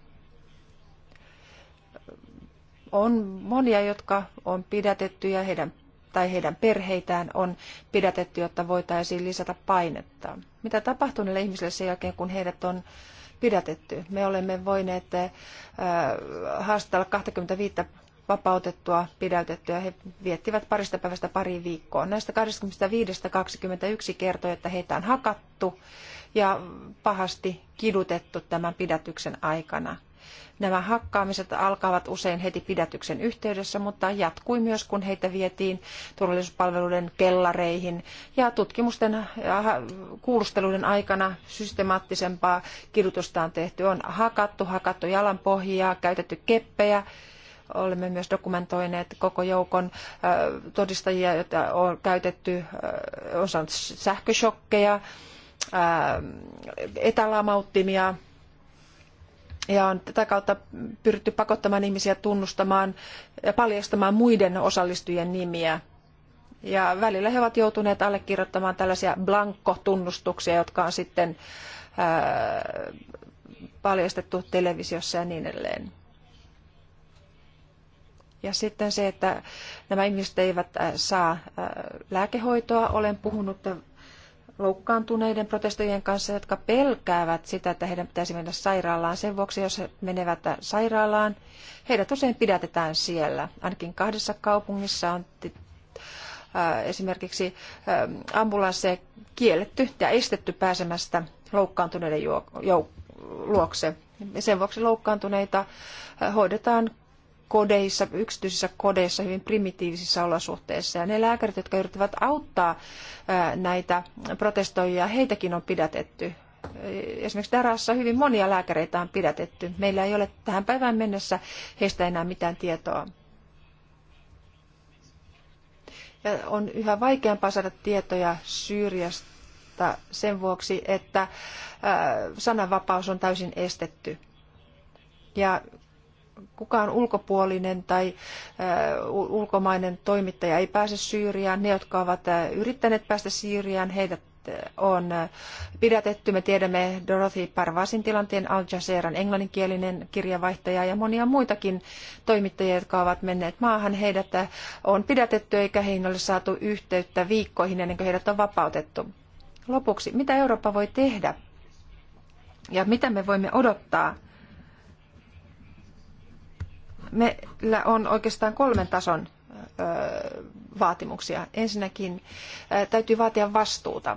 On monia, jotka on pidätetty ja heidän, tai heidän perheitään on pidätetty, jotta voitaisiin lisätä painetta. Mitä tapahtuu niille ihmisille sen jälkeen, kun heidät on pidätetty? Me olemme voineet äh, haastella 25 vapautettua, pidätettyä. He viettivät parista päivästä pari viikkoa. Näistä 25-21 kertoi, että heitä on hakattu ja pahasti kidutettu tämän pidätyksen aikana. Nämä hakkaamiset alkavat usein heti pidätyksen yhteydessä, mutta jatkui myös, kun heitä vietiin turvallisuuspalveluiden kellareihin ja tutkimusten ja äh, kuulusteluiden aikana systemaattisempaa kidutusta on tehty. On hakattu, hakattu jalanpohjia, käytetty keppejä. Olemme myös dokumentoineet koko joukon äh, todistajia, joita on käytetty, äh, on saanut sähköshokkeja etälamauttimia ja on tätä kautta pyritty pakottamaan ihmisiä tunnustamaan ja paljastamaan muiden osallistujien nimiä. Ja välillä he ovat joutuneet allekirjoittamaan tällaisia blankkotunnustuksia, jotka on sitten paljastettu televisiossa ja niin edelleen. Ja sitten se, että nämä ihmiset eivät saa lääkehoitoa. Olen puhunut loukkaantuneiden protestoijien kanssa, jotka pelkäävät sitä, että heidän pitäisi mennä sairaalaan. Sen vuoksi, jos he menevät sairaalaan, heidät usein pidätetään siellä. Ainakin kahdessa kaupungissa on äh, esimerkiksi äh, ambulansseja kielletty ja estetty pääsemästä loukkaantuneiden luokse. Sen vuoksi loukkaantuneita äh, hoidetaan kodeissa, yksityisissä kodeissa hyvin primitiivisissä olosuhteissa. Ja ne lääkärit, jotka yrittävät auttaa näitä protestoijia, heitäkin on pidätetty. Esimerkiksi Darassa hyvin monia lääkäreitä on pidätetty. Meillä ei ole tähän päivään mennessä heistä enää mitään tietoa. Ja on yhä vaikeampaa saada tietoja Syyriasta sen vuoksi, että sananvapaus on täysin estetty. Ja kukaan ulkopuolinen tai ulkomainen toimittaja ei pääse Syyriaan. Ne, jotka ovat yrittäneet päästä Syyriaan, heidät on pidätetty. Me tiedämme Dorothy Parvasin tilanteen, Al Jazeeran englanninkielinen kirjavaihtaja ja monia muitakin toimittajia, jotka ovat menneet maahan. Heidät on pidätetty eikä heihin ole saatu yhteyttä viikkoihin ennen kuin heidät on vapautettu. Lopuksi, mitä Eurooppa voi tehdä ja mitä me voimme odottaa Meillä on oikeastaan kolmen tason vaatimuksia. Ensinnäkin täytyy vaatia vastuuta.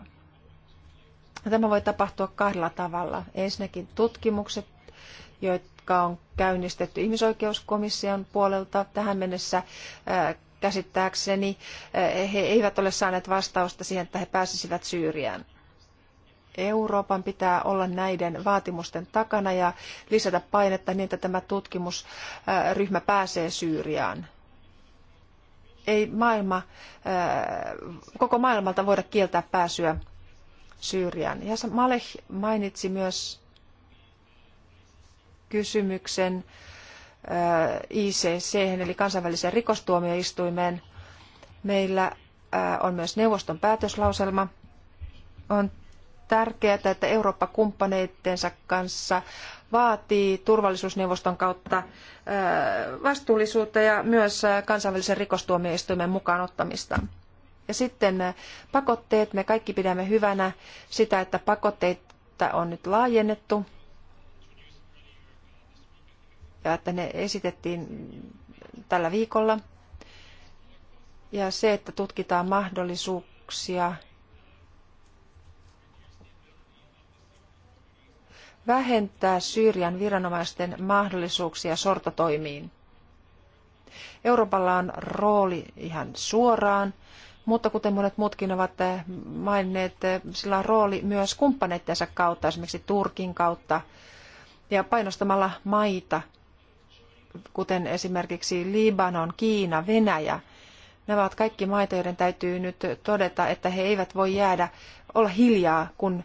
Tämä voi tapahtua kahdella tavalla. Ensinnäkin tutkimukset, jotka on käynnistetty ihmisoikeuskomission puolelta tähän mennessä käsittääkseni. He eivät ole saaneet vastausta siihen, että he pääsisivät Syyriään. Euroopan pitää olla näiden vaatimusten takana ja lisätä painetta niin, että tämä tutkimusryhmä pääsee Syyriaan. Ei maailma, äh, koko maailmalta voida kieltää pääsyä Syyriaan. Ja Malech mainitsi myös kysymyksen äh, ICC, eli kansainväliseen rikostuomioistuimeen. Meillä äh, on myös neuvoston päätöslauselma. On tärkeää, että Eurooppa kumppaneittensa kanssa vaatii turvallisuusneuvoston kautta vastuullisuutta ja myös kansainvälisen rikostuomioistuimen mukaan ottamista. Ja sitten pakotteet. Me kaikki pidämme hyvänä sitä, että pakotteita on nyt laajennettu ja että ne esitettiin tällä viikolla. Ja se, että tutkitaan mahdollisuuksia vähentää Syyrian viranomaisten mahdollisuuksia sortotoimiin. Euroopalla on rooli ihan suoraan, mutta kuten monet muutkin ovat eh, maininneet, eh, sillä on rooli myös kumppaneittensa kautta, esimerkiksi Turkin kautta, ja painostamalla maita, kuten esimerkiksi Libanon, Kiina, Venäjä. Nämä ovat kaikki maita, joiden täytyy nyt todeta, että he eivät voi jäädä olla hiljaa, kun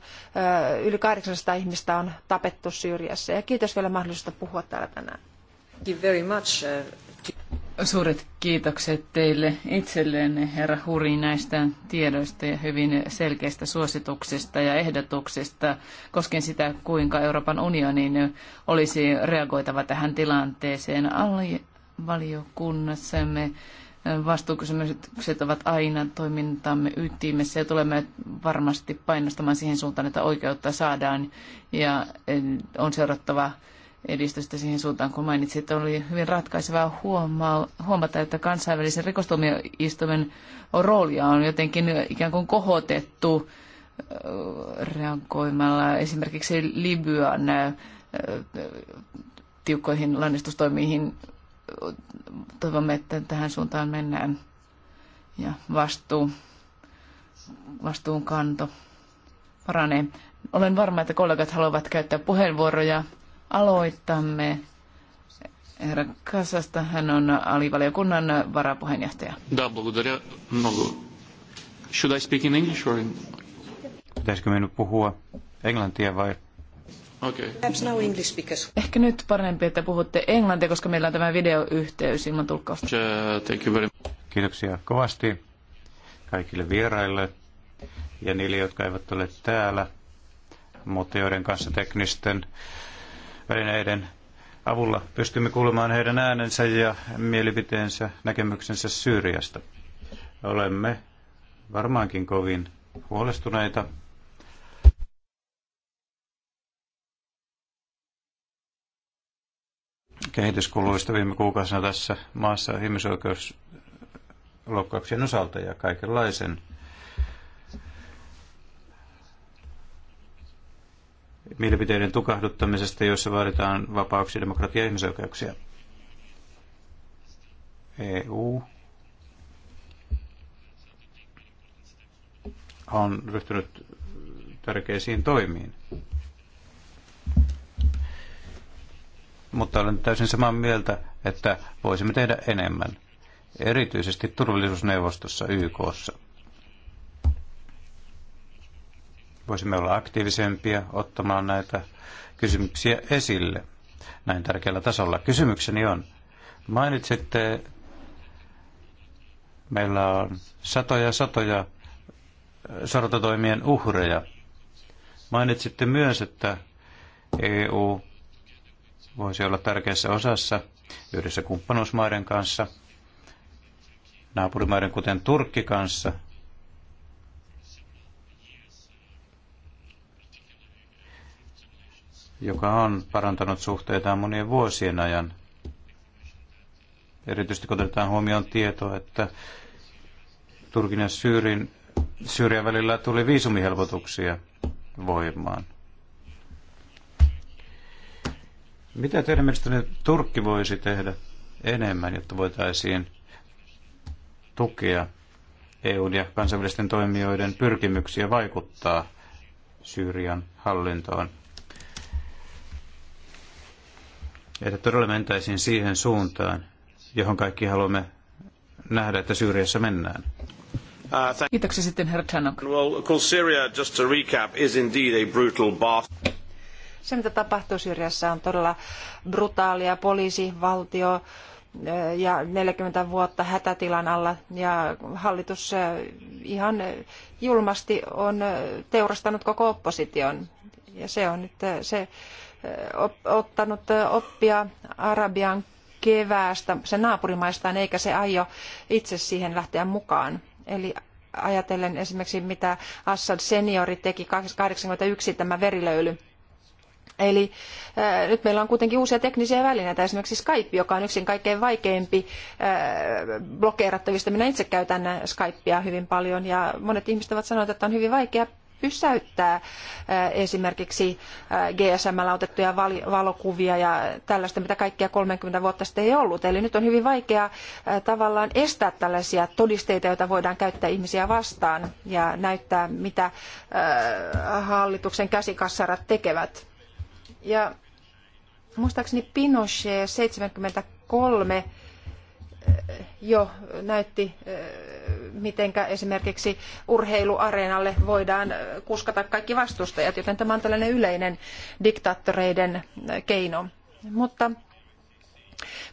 yli 800 ihmistä on tapettu Syyriassa. Ja kiitos vielä mahdollisuudesta puhua täällä tänään. Uh, Suuret kiitokset teille itselleen, herra Huri, näistä tiedoista ja hyvin selkeistä suosituksista ja ehdotuksista koskien sitä, kuinka Euroopan unionin olisi reagoitava tähän tilanteeseen. Valiokunnassamme vastuukysymykset ovat aina toimintamme ytimessä ja tulemme varmasti painostamaan siihen suuntaan, että oikeutta saadaan ja eh, on seurattava edistystä siihen suuntaan, kun mainitsit. Oli hyvin ratkaisevaa huomata, että kansainvälisen rikostuomioistuimen roolia on jotenkin ikään kuin kohotettu eh, reagoimalla esimerkiksi Libyan eh, tiukkoihin lannistustoimiin toivomme, että tähän suuntaan mennään. Ja vastuu, vastuunkanto paranee. Olen varma, että kollegat haluavat käyttää puheenvuoroja. Aloitamme herra Kasasta. Hän on alivaliokunnan varapuheenjohtaja. Da, Should I speak in English Pitäisikö minun puhua englantia vai Okay. Ehkä nyt parempi, että puhutte englantia, koska meillä on tämä videoyhteys ilman tulkkausta. thank you very Kiitoksia kovasti kaikille vieraille ja niille, jotka eivät ole täällä, mutta joiden kanssa teknisten välineiden avulla pystymme kuulemaan heidän äänensä ja mielipiteensä, näkemyksensä Syyriasta. Olemme varmaankin kovin huolestuneita kehityskuluista viime kuukausina tässä maassa ihmisoikeusloukkauksien osalta ja kaikenlaisen mielipiteiden tukahduttamisesta, joissa vaaditaan vapauksia, demokratia ja ihmisoikeuksia. EU on ryhtynyt tärkeisiin toimiin. mutta olen täysin samaa mieltä, että voisimme tehdä enemmän, erityisesti turvallisuusneuvostossa YKssa. Voisimme olla aktiivisempia ottamaan näitä kysymyksiä esille näin tärkeällä tasolla. Kysymykseni on, mainitsitte, meillä on satoja satoja äh, sortotoimien uhreja. Mainitsitte myös, että EU voisi olla tärkeässä osassa yhdessä kumppanuusmaiden kanssa, naapurimaiden kuten Turkki kanssa. joka on parantanut suhteitaan monien vuosien ajan. Erityisesti kun otetaan huomioon tietoa, että Turkin ja Syyrin, Syyrian välillä tuli viisumihelpotuksia voimaan – Mitä teidän mielestänne Turkki voisi tehdä enemmän, jotta voitaisiin tukea EUn ja kansainvälisten toimijoiden pyrkimyksiä vaikuttaa Syyrian hallintoon? Että todella mentäisiin siihen suuntaan, johon kaikki haluamme nähdä, että Syyriassa mennään. Uh, Kiitoksia sitten, herra Well, Syria, just to recap, is indeed a brutal bath. Se, mitä tapahtuu Syyriassa, on todella brutaalia. Poliisi, valtio eh, ja 40 vuotta hätätilan alla ja hallitus eh, ihan julmasti on eh, teurastanut koko opposition. Ja se on nyt se ottanut oppia Arabian keväästä sen naapurimaistaan, eikä se aio itse siihen lähteä mukaan. Eli ajatellen esimerkiksi mitä Assad seniori teki 81 tämä verilöyly Eli ää, äh, nyt meillä on kuitenkin uusia teknisiä välineitä, esimerkiksi Skype, joka on yksin kaikkein vaikeimpi ää, äh, blokeerattavista. Minä itse käytän Skypea hyvin paljon ja monet ihmiset ovat sanoneet, että on hyvin vaikea pysäyttää äh, esimerkiksi gsm otettuja valokuvia ja tällaista, mitä kaikkia 30 vuotta sitten ei ollut. Eli nyt on hyvin vaikea tavallaan estää tällaisia todisteita, joita voidaan käyttää ihmisiä vastaan ja näyttää, mitä hallituksen käsikassarat tekevät. Ja muistaakseni Pinochet 73 eh, jo näytti, eh, miten esimerkiksi urheiluareenalle voidaan eh, kuskata kaikki vastustajat, joten tämä on tällainen yleinen diktaattoreiden keino. Mutta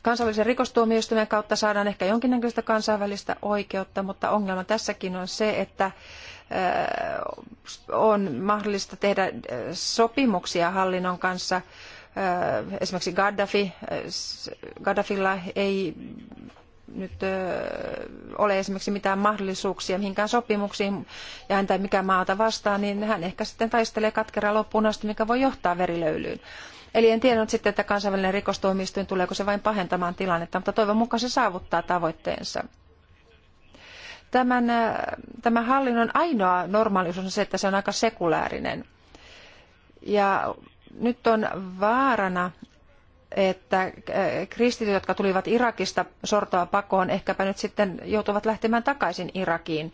Kansainvälisen rikostuomioistuimen kautta saadaan ehkä jonkinnäköistä kansainvälistä oikeutta, mutta ongelma tässäkin on se, että on mahdollista tehdä sopimuksia hallinnon kanssa. Esimerkiksi Gaddafi, Gaddafilla ei nyt ole esimerkiksi mitään mahdollisuuksia mihinkään sopimuksiin ja häntä ei mikään maata vastaan, niin hän ehkä sitten taistelee katkeraa loppuun asti, mikä voi johtaa verilöylyyn. Eli en tiedä nyt sitten, että kansainvälinen rikostuomioistuin tuleeko se vain pahentamaan tilannetta, mutta toivon mukaan se saavuttaa tavoitteensa tämän, äh, tämän hallinnon ainoa normaalius on se, että se on aika sekulaarinen. Ja nyt on vaarana, että äh, kristityt, jotka tulivat Irakista sortoa pakoon, ehkäpä nyt sitten joutuvat lähtemään takaisin Irakiin.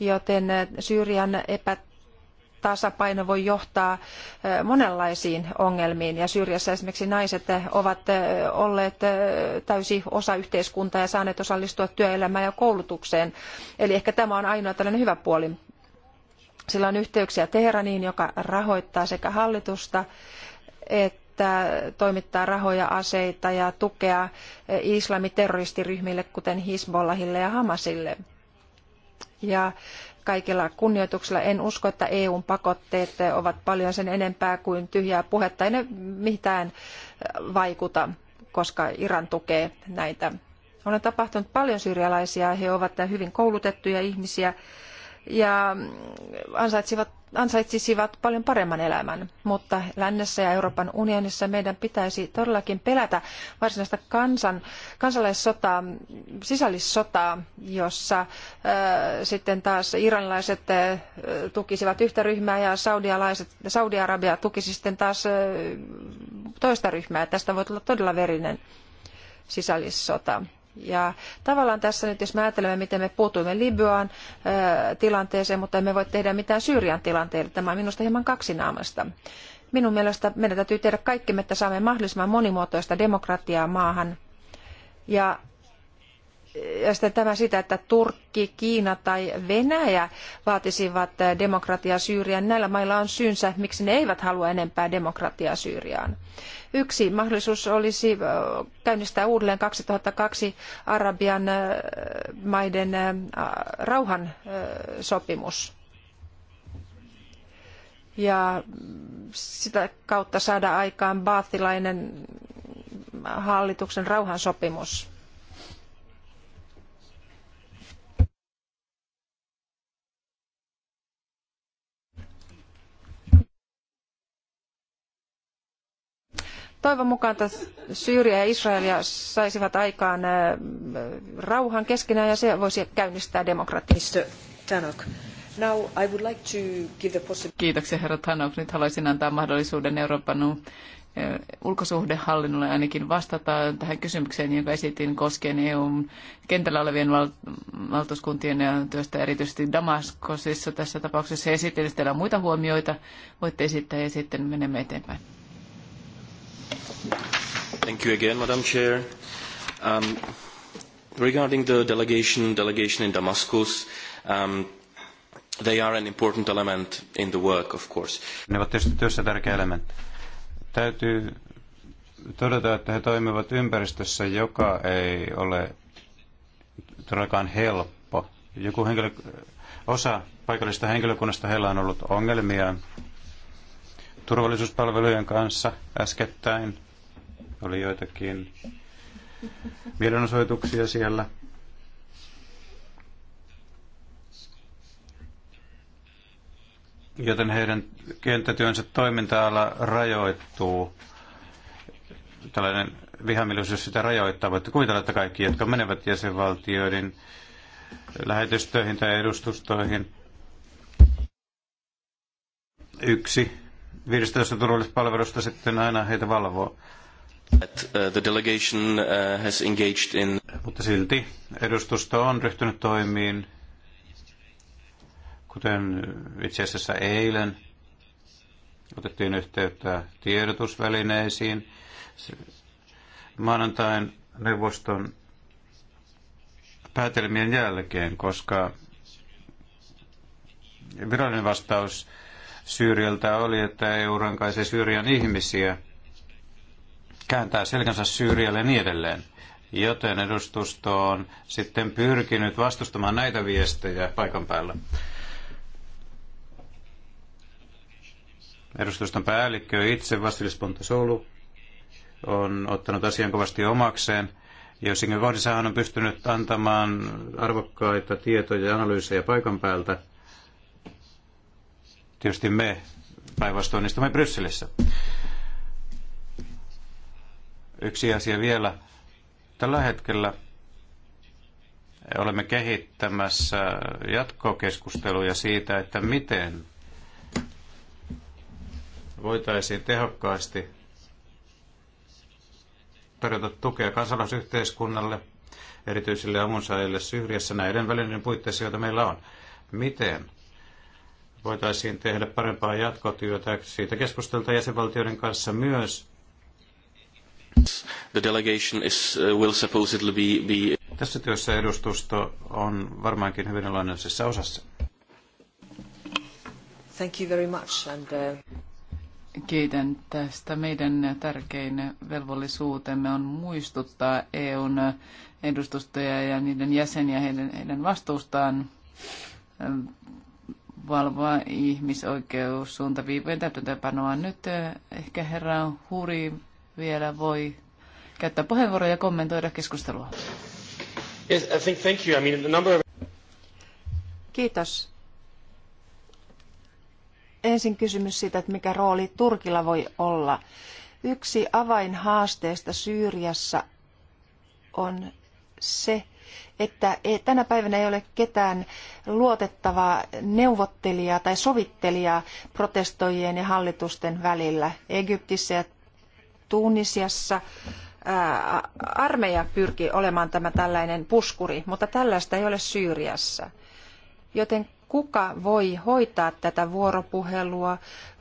Joten äh, Syyrian epät epätasapaino voi johtaa eh, monenlaisiin ongelmiin ja Syyriassa esimerkiksi naiset eh, ovat eh, olleet täysi osa yhteiskuntaa ja saaneet osallistua työelämään ja koulutukseen. Eli ehkä tämä on ainoa tällainen hyvä puoli. Sillä on yhteyksiä Teheraniin, joka rahoittaa sekä hallitusta että että toimittaa rahoja, aseita ja tukea islamiterroristiryhmille, kuten Hisbollahille ja Hamasille. Ja Kaikella kunnioituksella. En usko, että EUn pakotteet ovat paljon sen enempää kuin tyhjää puhetta. Ei ne mitään vaikuta, koska Iran tukee näitä. On tapahtunut paljon syyrialaisia. He ovat hyvin koulutettuja ihmisiä ja ansaitsivat, ansaitsisivat paljon paremman elämän. Mutta lännessä ja Euroopan unionissa meidän pitäisi todellakin pelätä varsinaista kansan, kansalaissotaa, sisällissotaa, jossa ää, sitten taas iranilaiset ää, tukisivat yhtä ryhmää ja Saudi-Arabia tukisi sitten taas ää, toista ryhmää. Tästä voi tulla todella verinen sisällissota. Ja tavallaan tässä nyt, jos me ajattelemme, miten me puutuimme Libyaan tilanteeseen, mutta emme voi tehdä mitään Syyrian tilanteelle, tämä on minusta hieman kaksinaamasta. Minun mielestä meidän täytyy tehdä kaikkemme, että saamme mahdollisimman monimuotoista demokratiaa maahan. Ja ja sitten tämä sitä, että Turkki, Kiina tai Venäjä vaatisivat demokratiaa Syyriaan. Näillä mailla on syynsä, miksi ne eivät halua enempää demokratiaa Syyriaan. Yksi mahdollisuus olisi käynnistää uudelleen 2002 Arabian maiden rauhansopimus. Ja sitä kautta saada aikaan baathilainen hallituksen rauhansopimus Toivon mukaan Syyria ja Israelia saisivat aikaan äh, rauhan keskenään ja se voisi käynnistää demokratian. Now I would like to give the Kiitoksia herra Tanok. Nyt haluaisin antaa mahdollisuuden Euroopan äh, ulkosuhdehallinnolle ainakin vastata tähän kysymykseen, jonka esitin koskien EUn kentällä olevien val- valtuuskuntien ja työstä erityisesti Damaskosissa tässä tapauksessa. Esitin, jos teillä on muita huomioita, voitte esittää ja sitten menemme eteenpäin. Thank you again, Madam Chair. Um, regarding the delegation, delegation in Damascus, um, they are an important element in the work, of course. Ne ovat tietysti työssä tärkeä elementti. Täytyy todeta, että he toimivat ympäristössä, joka ei ole todellakaan helppo. Joku henkilö, osa paikallista henkilökunnasta heillä on ollut ongelmia turvallisuuspalvelujen kanssa äskettäin. Oli joitakin mielenosoituksia siellä. Joten heidän kenttätyönsä toiminta-ala rajoittuu. Tällainen vihamielisyys sitä rajoittaa. Voitte kuvitella, että kaikki, jotka menevät jäsenvaltioiden lähetystöihin tai edustustoihin, yksi 15 turvallisuuspalvelusta sitten aina heitä valvoo. Uh, uh, Mutta silti edustusto on ryhtynyt toimiin, kuten itse asiassa eilen otettiin yhteyttä tiedotusvälineisiin. Maanantain neuvoston päätelmien jälkeen, koska virallinen vastaus Syyrialta oli, että EU rankaisee Syyrian ihmisiä – kääntää selkänsä Syyrialle ja niin edelleen. Joten edustusto on sitten pyrkinyt vastustamaan näitä viestejä paikan päällä. Edustuston päällikkö itse, Vassilis Pontasolu, on ottanut asian kovasti omakseen. Joissakin kohdissa hän on pystynyt antamaan arvokkaita tietoja ja analyysejä paikan päältä. Tietysti me päinvastoin istumme Brysselissä. Yksi asia vielä. Tällä hetkellä olemme kehittämässä jatkokeskusteluja siitä, että miten voitaisiin tehokkaasti tarjota tukea kansalaisyhteiskunnalle, erityisille avunsaajille Syyriassa näiden välineiden puitteissa, joita meillä on. Miten voitaisiin tehdä parempaa jatkotyötä? Siitä keskustelta jäsenvaltioiden kanssa myös the delegation is, uh, will supposedly be, be... Tässä työssä edustusto on varmaankin hyvin olennaisessa osassa. Thank you very much and, uh... Kiitän tästä. Meidän tärkein velvollisuutemme on muistuttaa EUn edustustoja ja niiden jäseniä heidän, heidän vastuustaan äh, valvoa ihmisoikeussuuntaviivojen täytäntöönpanoa. Nyt äh, ehkä herra Huri vielä voi käyttää puheenvuoroja ja kommentoida keskustelua. Yes, I think, thank you. I mean, the number of... Kiitos. Ensin kysymys siitä, että mikä rooli Turkilla voi olla. Yksi avainhaasteesta Syyriassa on se, että e, tänä päivänä ei ole ketään luotettavaa neuvottelijaa tai sovittelijaa protestoijien ja hallitusten välillä. Egyptissä ja Tunisiassa armeija pyrki olemaan tämä tällainen puskuri, mutta tällaista ei ole Syyriassa. Joten kuka voi hoitaa tätä vuoropuhelua,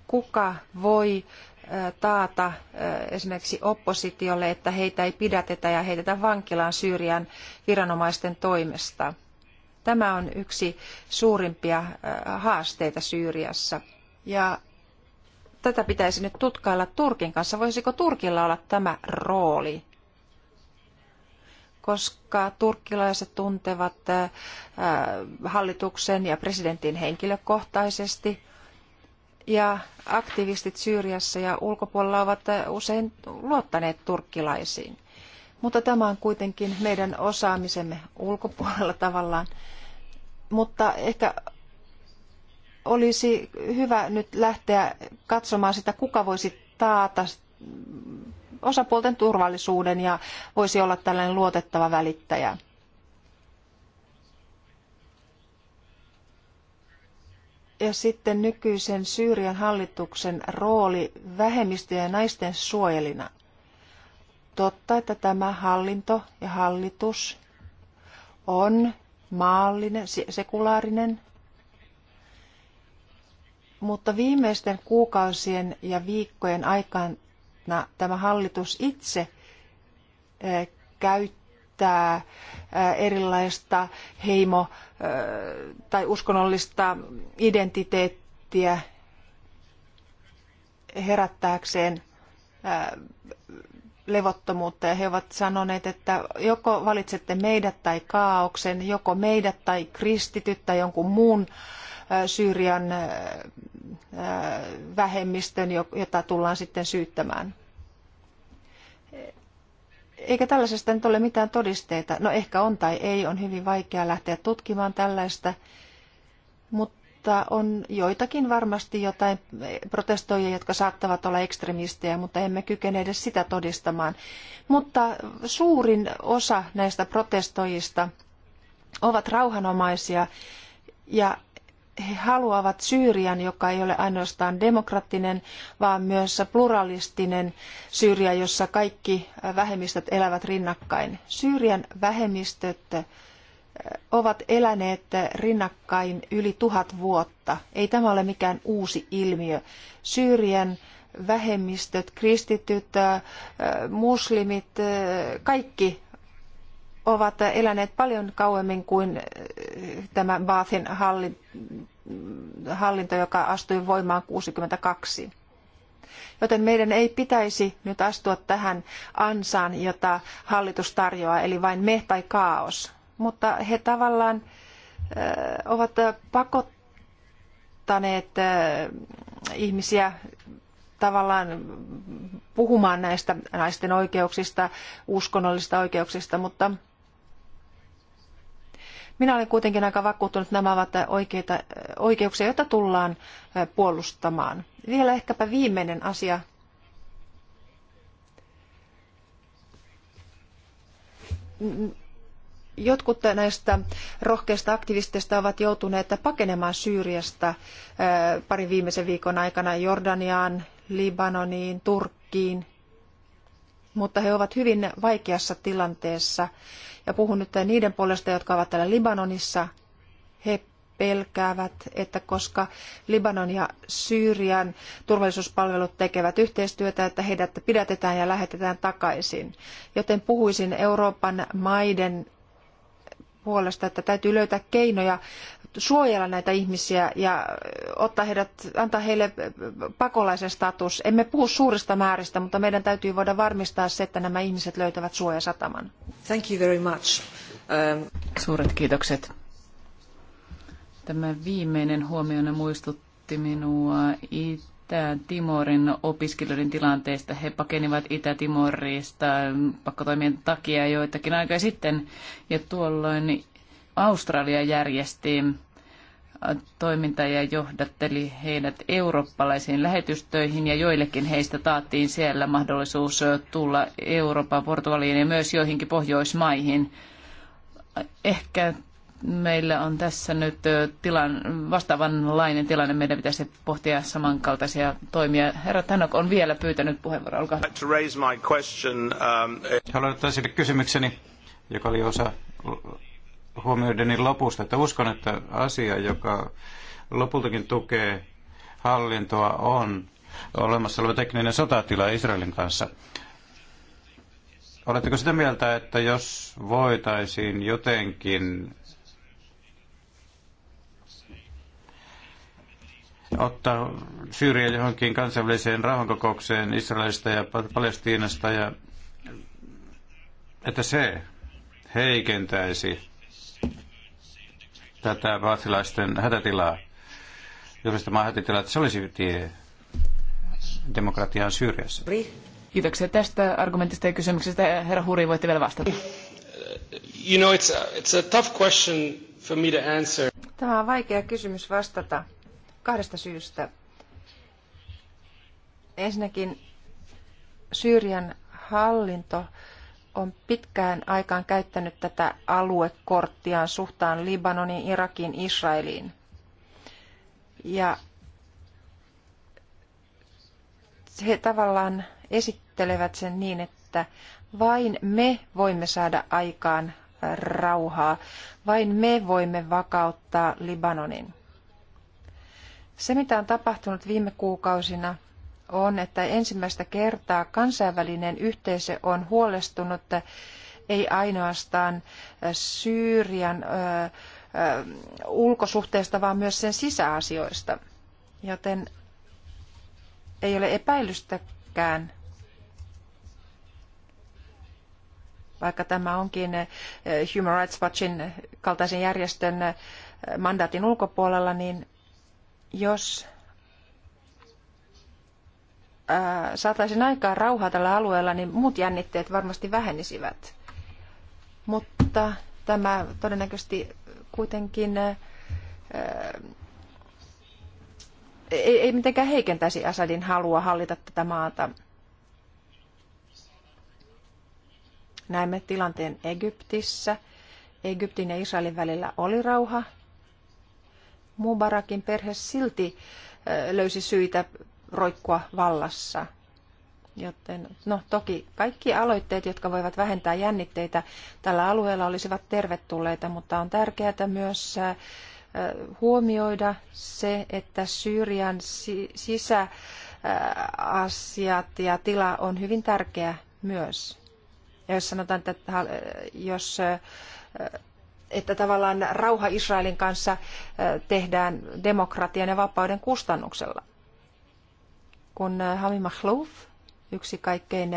kuka voi taata esimerkiksi oppositiolle, että heitä ei pidätetä ja heitetä vankilaan Syyrian viranomaisten toimesta. Tämä on yksi suurimpia haasteita Syyriassa. Ja tätä pitäisi nyt tutkailla Turkin kanssa. Voisiko Turkilla olla tämä rooli? Koska turkkilaiset tuntevat äh, hallituksen ja presidentin henkilökohtaisesti ja aktivistit Syyriassa ja ulkopuolella ovat äh, usein luottaneet turkkilaisiin. Mutta tämä on kuitenkin meidän osaamisemme ulkopuolella tavallaan. Mutta ehkä olisi hyvä nyt lähteä katsomaan sitä, kuka voisi taata osapuolten turvallisuuden ja voisi olla tällainen luotettava välittäjä. Ja sitten nykyisen Syyrian hallituksen rooli vähemmistöjen ja naisten suojelina. Totta, että tämä hallinto ja hallitus on maallinen, sekulaarinen mutta viimeisten kuukausien ja viikkojen aikana tämä hallitus itse eh, käyttää eh, erilaista heimo- eh, tai uskonnollista identiteettiä herättääkseen levottomuutta ja he ovat sanoneet, että joko valitsette meidät tai kaauksen, joko meidät tai kristityt tai jonkun muun äh, Syyrian vähemmistön, jota tullaan sitten syyttämään. Eikä tällaisesta nyt ole mitään todisteita. No ehkä on tai ei, on hyvin vaikea lähteä tutkimaan tällaista, mutta on joitakin varmasti jotain protestoijia, jotka saattavat olla ekstremistejä, mutta emme kykene edes sitä todistamaan. Mutta suurin osa näistä protestoijista ovat rauhanomaisia ja he haluavat Syyrian, joka ei ole ainoastaan demokraattinen, vaan myös pluralistinen Syyria, jossa kaikki vähemmistöt elävät rinnakkain. Syyrian vähemmistöt eh, ovat eläneet rinnakkain yli tuhat vuotta. Ei tämä ole mikään uusi ilmiö. Syyrian vähemmistöt, kristityt, eh, muslimit, eh, kaikki ovat eläneet paljon kauemmin kuin eh, tämä Baathin hallinto, joka astui voimaan 62. Joten meidän ei pitäisi nyt astua tähän ansaan, jota hallitus tarjoaa, eli vain me tai kaos. Mutta he tavallaan eh, ovat pakottaneet eh, ihmisiä tavallaan puhumaan näistä naisten oikeuksista, uskonnollisista oikeuksista, mutta minä olen kuitenkin aika vakuuttunut, että nämä ovat oikeita oikeuksia, joita tullaan puolustamaan. Vielä ehkäpä viimeinen asia. Jotkut näistä rohkeista aktivisteista ovat joutuneet pakenemaan Syyriasta parin viimeisen viikon aikana Jordaniaan, Libanoniin, Turkkiin, mutta he ovat hyvin vaikeassa tilanteessa. Ja puhun nyt niiden puolesta, jotka ovat täällä Libanonissa. He pelkäävät, että koska Libanon ja Syyrian turvallisuuspalvelut tekevät yhteistyötä, että heidät pidätetään ja lähetetään takaisin. Joten puhuisin Euroopan maiden puolesta, että täytyy löytää keinoja suojella näitä ihmisiä ja ottaa heidät, antaa heille pakolaisen status. Emme puhu suurista määristä, mutta meidän täytyy voida varmistaa se, että nämä ihmiset löytävät suojasataman. Thank you very much. Um... Suuret kiitokset. Tämä viimeinen huomiona muistutti minua itse Timorin opiskelijoiden tilanteesta. He pakenivat Itä-Timorista pakkotoimien takia joitakin aikaa sitten, ja tuolloin Australia järjesti toimintaa ja johdatteli heidät eurooppalaisiin lähetystöihin ja joillekin heistä taattiin siellä mahdollisuus tulla Euroopan, Portugaliin ja myös joihinkin Pohjoismaihin. Ehkä meillä on tässä nyt tilan, vastaavanlainen tilanne. Meidän pitäisi pohtia samankaltaisia toimia. Herra Tanok on vielä pyytänyt puheenvuoroa. Olkaa. Um, Haluan ottaa esille kysymykseni, joka oli osa huomioideni lopusta, että uskon, että asia, joka lopultakin tukee hallintoa, on olemassa oleva tekninen sotatila Israelin kanssa. Oletteko sitä mieltä, että jos voitaisiin jotenkin ottaa Syyria johonkin kansainväliseen rauhankokoukseen Israelista ja Palestiinasta ja että se heikentäisi tätä vaatilaisten hätätilaa, maan hätätilaa, että se olisi tie demokratiaan Syyriassa. Kiitoksia tästä argumentista ja kysymyksestä. Herra Huri, voitte vielä vastata. You know, it's a, it's a tough question for me to answer. Tämä on vaikea kysymys vastata kahdesta syystä. Ensinnäkin Syyrian hallinto on pitkään aikaan käyttänyt tätä aluekorttiaan suhtaan Libanoniin, Irakiin, Israeliin. Ja he tavallaan esittelevät sen niin, että vain me voimme saada aikaan rauhaa, vain me voimme vakauttaa Libanonin. Se, mitä on tapahtunut viime kuukausina, on, että ensimmäistä kertaa kansainvälinen yhteisö on huolestunut eh, ei ainoastaan eh, Syyrian eh, ulkosuhteista, vaan myös sen sisäasioista. Joten ei ole epäilystäkään, vaikka tämä onkin Human Rights Watchin kaltaisen järjestön mandaatin ulkopuolella, niin jos saataisiin aikaan rauhaa tällä alueella, niin muut jännitteet varmasti vähenisivät. Mutta tämä todennäköisesti kuitenkin ää, ei, ei mitenkään heikentäisi Asadin halua hallita tätä maata. Näemme tilanteen Egyptissä. Egyptin ja Israelin välillä oli rauha Mubarakin perhe silti löysi syitä roikkua vallassa. Joten, no toki kaikki aloitteet, jotka voivat vähentää jännitteitä tällä alueella, olisivat tervetulleita, mutta on tärkeää myös huomioida se, että Syyrian sisäasiat ja tila on hyvin tärkeä myös. Ja jos sanotaan, että jos että tavallaan rauha Israelin kanssa tehdään demokratian ja vapauden kustannuksella. Kun Hami Mahlouf, yksi kaikkein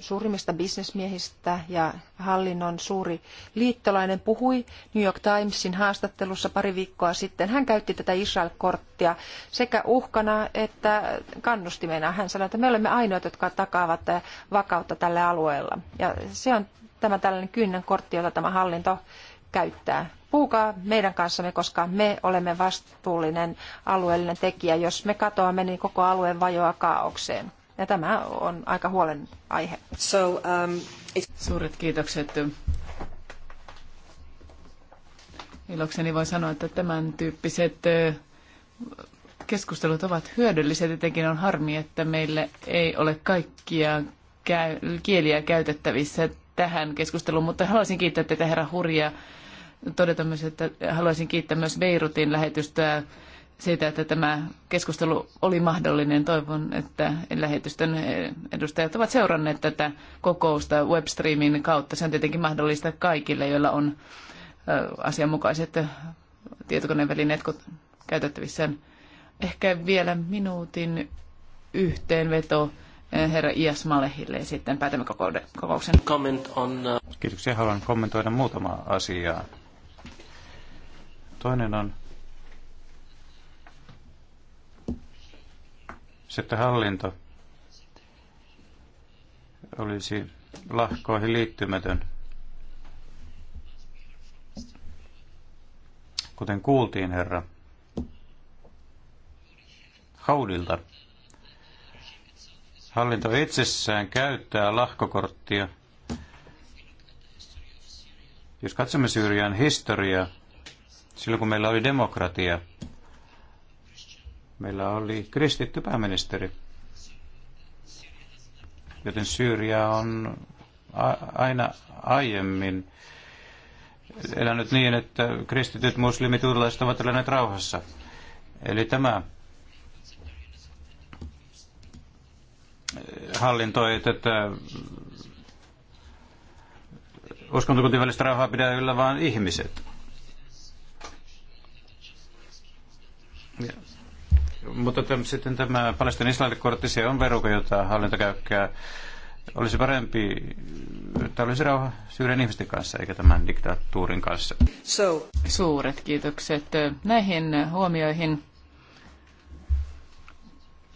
suurimmista bisnesmiehistä ja hallinnon suuri liittolainen puhui New York Timesin haastattelussa pari viikkoa sitten. Hän käytti tätä Israel-korttia sekä uhkana että kannustimena. Hän sanoi, että me olemme ainoat, jotka takaavat vakautta tällä alueella. Ja se on tämä tällainen kynnen kortti, jota tämä hallinto käyttää. Puhukaa meidän kanssamme, koska me olemme vastuullinen alueellinen tekijä. Jos me katoamme, niin koko alue vajoaa kaaukseen. Ja tämä on aika huolen aihe. So, um, Suuret kiitokset. Ilokseni voi sanoa, että tämän tyyppiset keskustelut ovat hyödylliset. Tietenkin on harmi, että meille ei ole kaikkia kieliä käytettävissä tähän keskusteluun, mutta haluaisin kiittää teitä herra Hurja. Todeta myös, että haluaisin kiittää myös Beirutin lähetystöä siitä, että tämä keskustelu oli mahdollinen. Toivon, että lähetystön edustajat ovat seuranneet tätä kokousta webstreamin kautta. Se on tietenkin mahdollista kaikille, joilla on asianmukaiset tietokonevälineet käytettävissään. Ehkä vielä minuutin yhteenveto Eh, herra Ias Malehille ja sitten päätämme kokouksen. on, uh... Kiitoksia. Haluan kommentoida muutamaa asiaa. Toinen on se, että hallinto olisi lahkoihin liittymätön. Kuten kuultiin, herra, haudilta Hallinto itsessään käyttää lahkokorttia. Jos katsomme Syyrian historiaa, silloin kun meillä oli demokratia, meillä oli kristitty pääministeri. Joten Syyria on aina aiemmin elänyt niin, että kristityt muslimit uudelaiset ovat eläneet rauhassa. Eli tämä hallintoi tätä uskontokuntien välistä rauhaa pidä yllä vaan ihmiset. Ja. Mutta tämän, sitten tämä palestin islantikortti, se on veruka, jota hallinto käykkää. Olisi parempi, että olisi rauha syyden ihmisten kanssa, eikä tämän diktatuurin kanssa. So. Suuret kiitokset näihin huomioihin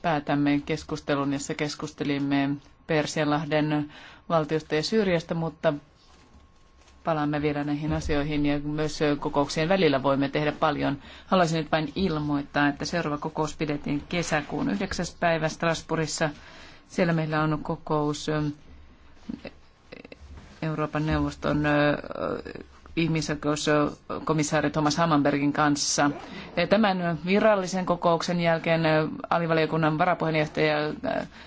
päätämme keskustelun, jossa keskustelimme Persianlahden valtiosta ja Syyriasta, mutta palaamme vielä näihin asioihin ja myös kokouksien välillä voimme tehdä paljon. Haluaisin nyt vain ilmoittaa, että seuraava kokous pidettiin kesäkuun 9. päivä Strasbourgissa. Siellä meillä on kokous Euroopan neuvoston ihmisoikeuskomissaari Thomas Hammanbergin kanssa. Tämän virallisen kokouksen jälkeen alivaliokunnan varapuheenjohtaja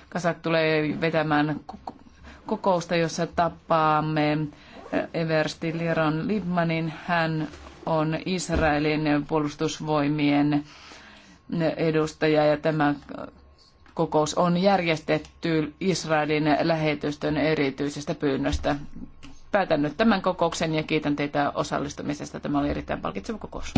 Kasak tulee vetämään kokousta, jossa tapaamme Eversti Liron Libmanin. Hän on Israelin puolustusvoimien edustaja ja tämä kokous on järjestetty Israelin lähetystön erityisestä pyynnöstä päätän nyt tämän kokouksen ja kiitän teitä osallistumisesta. Tämä oli erittäin palkitseva kokous.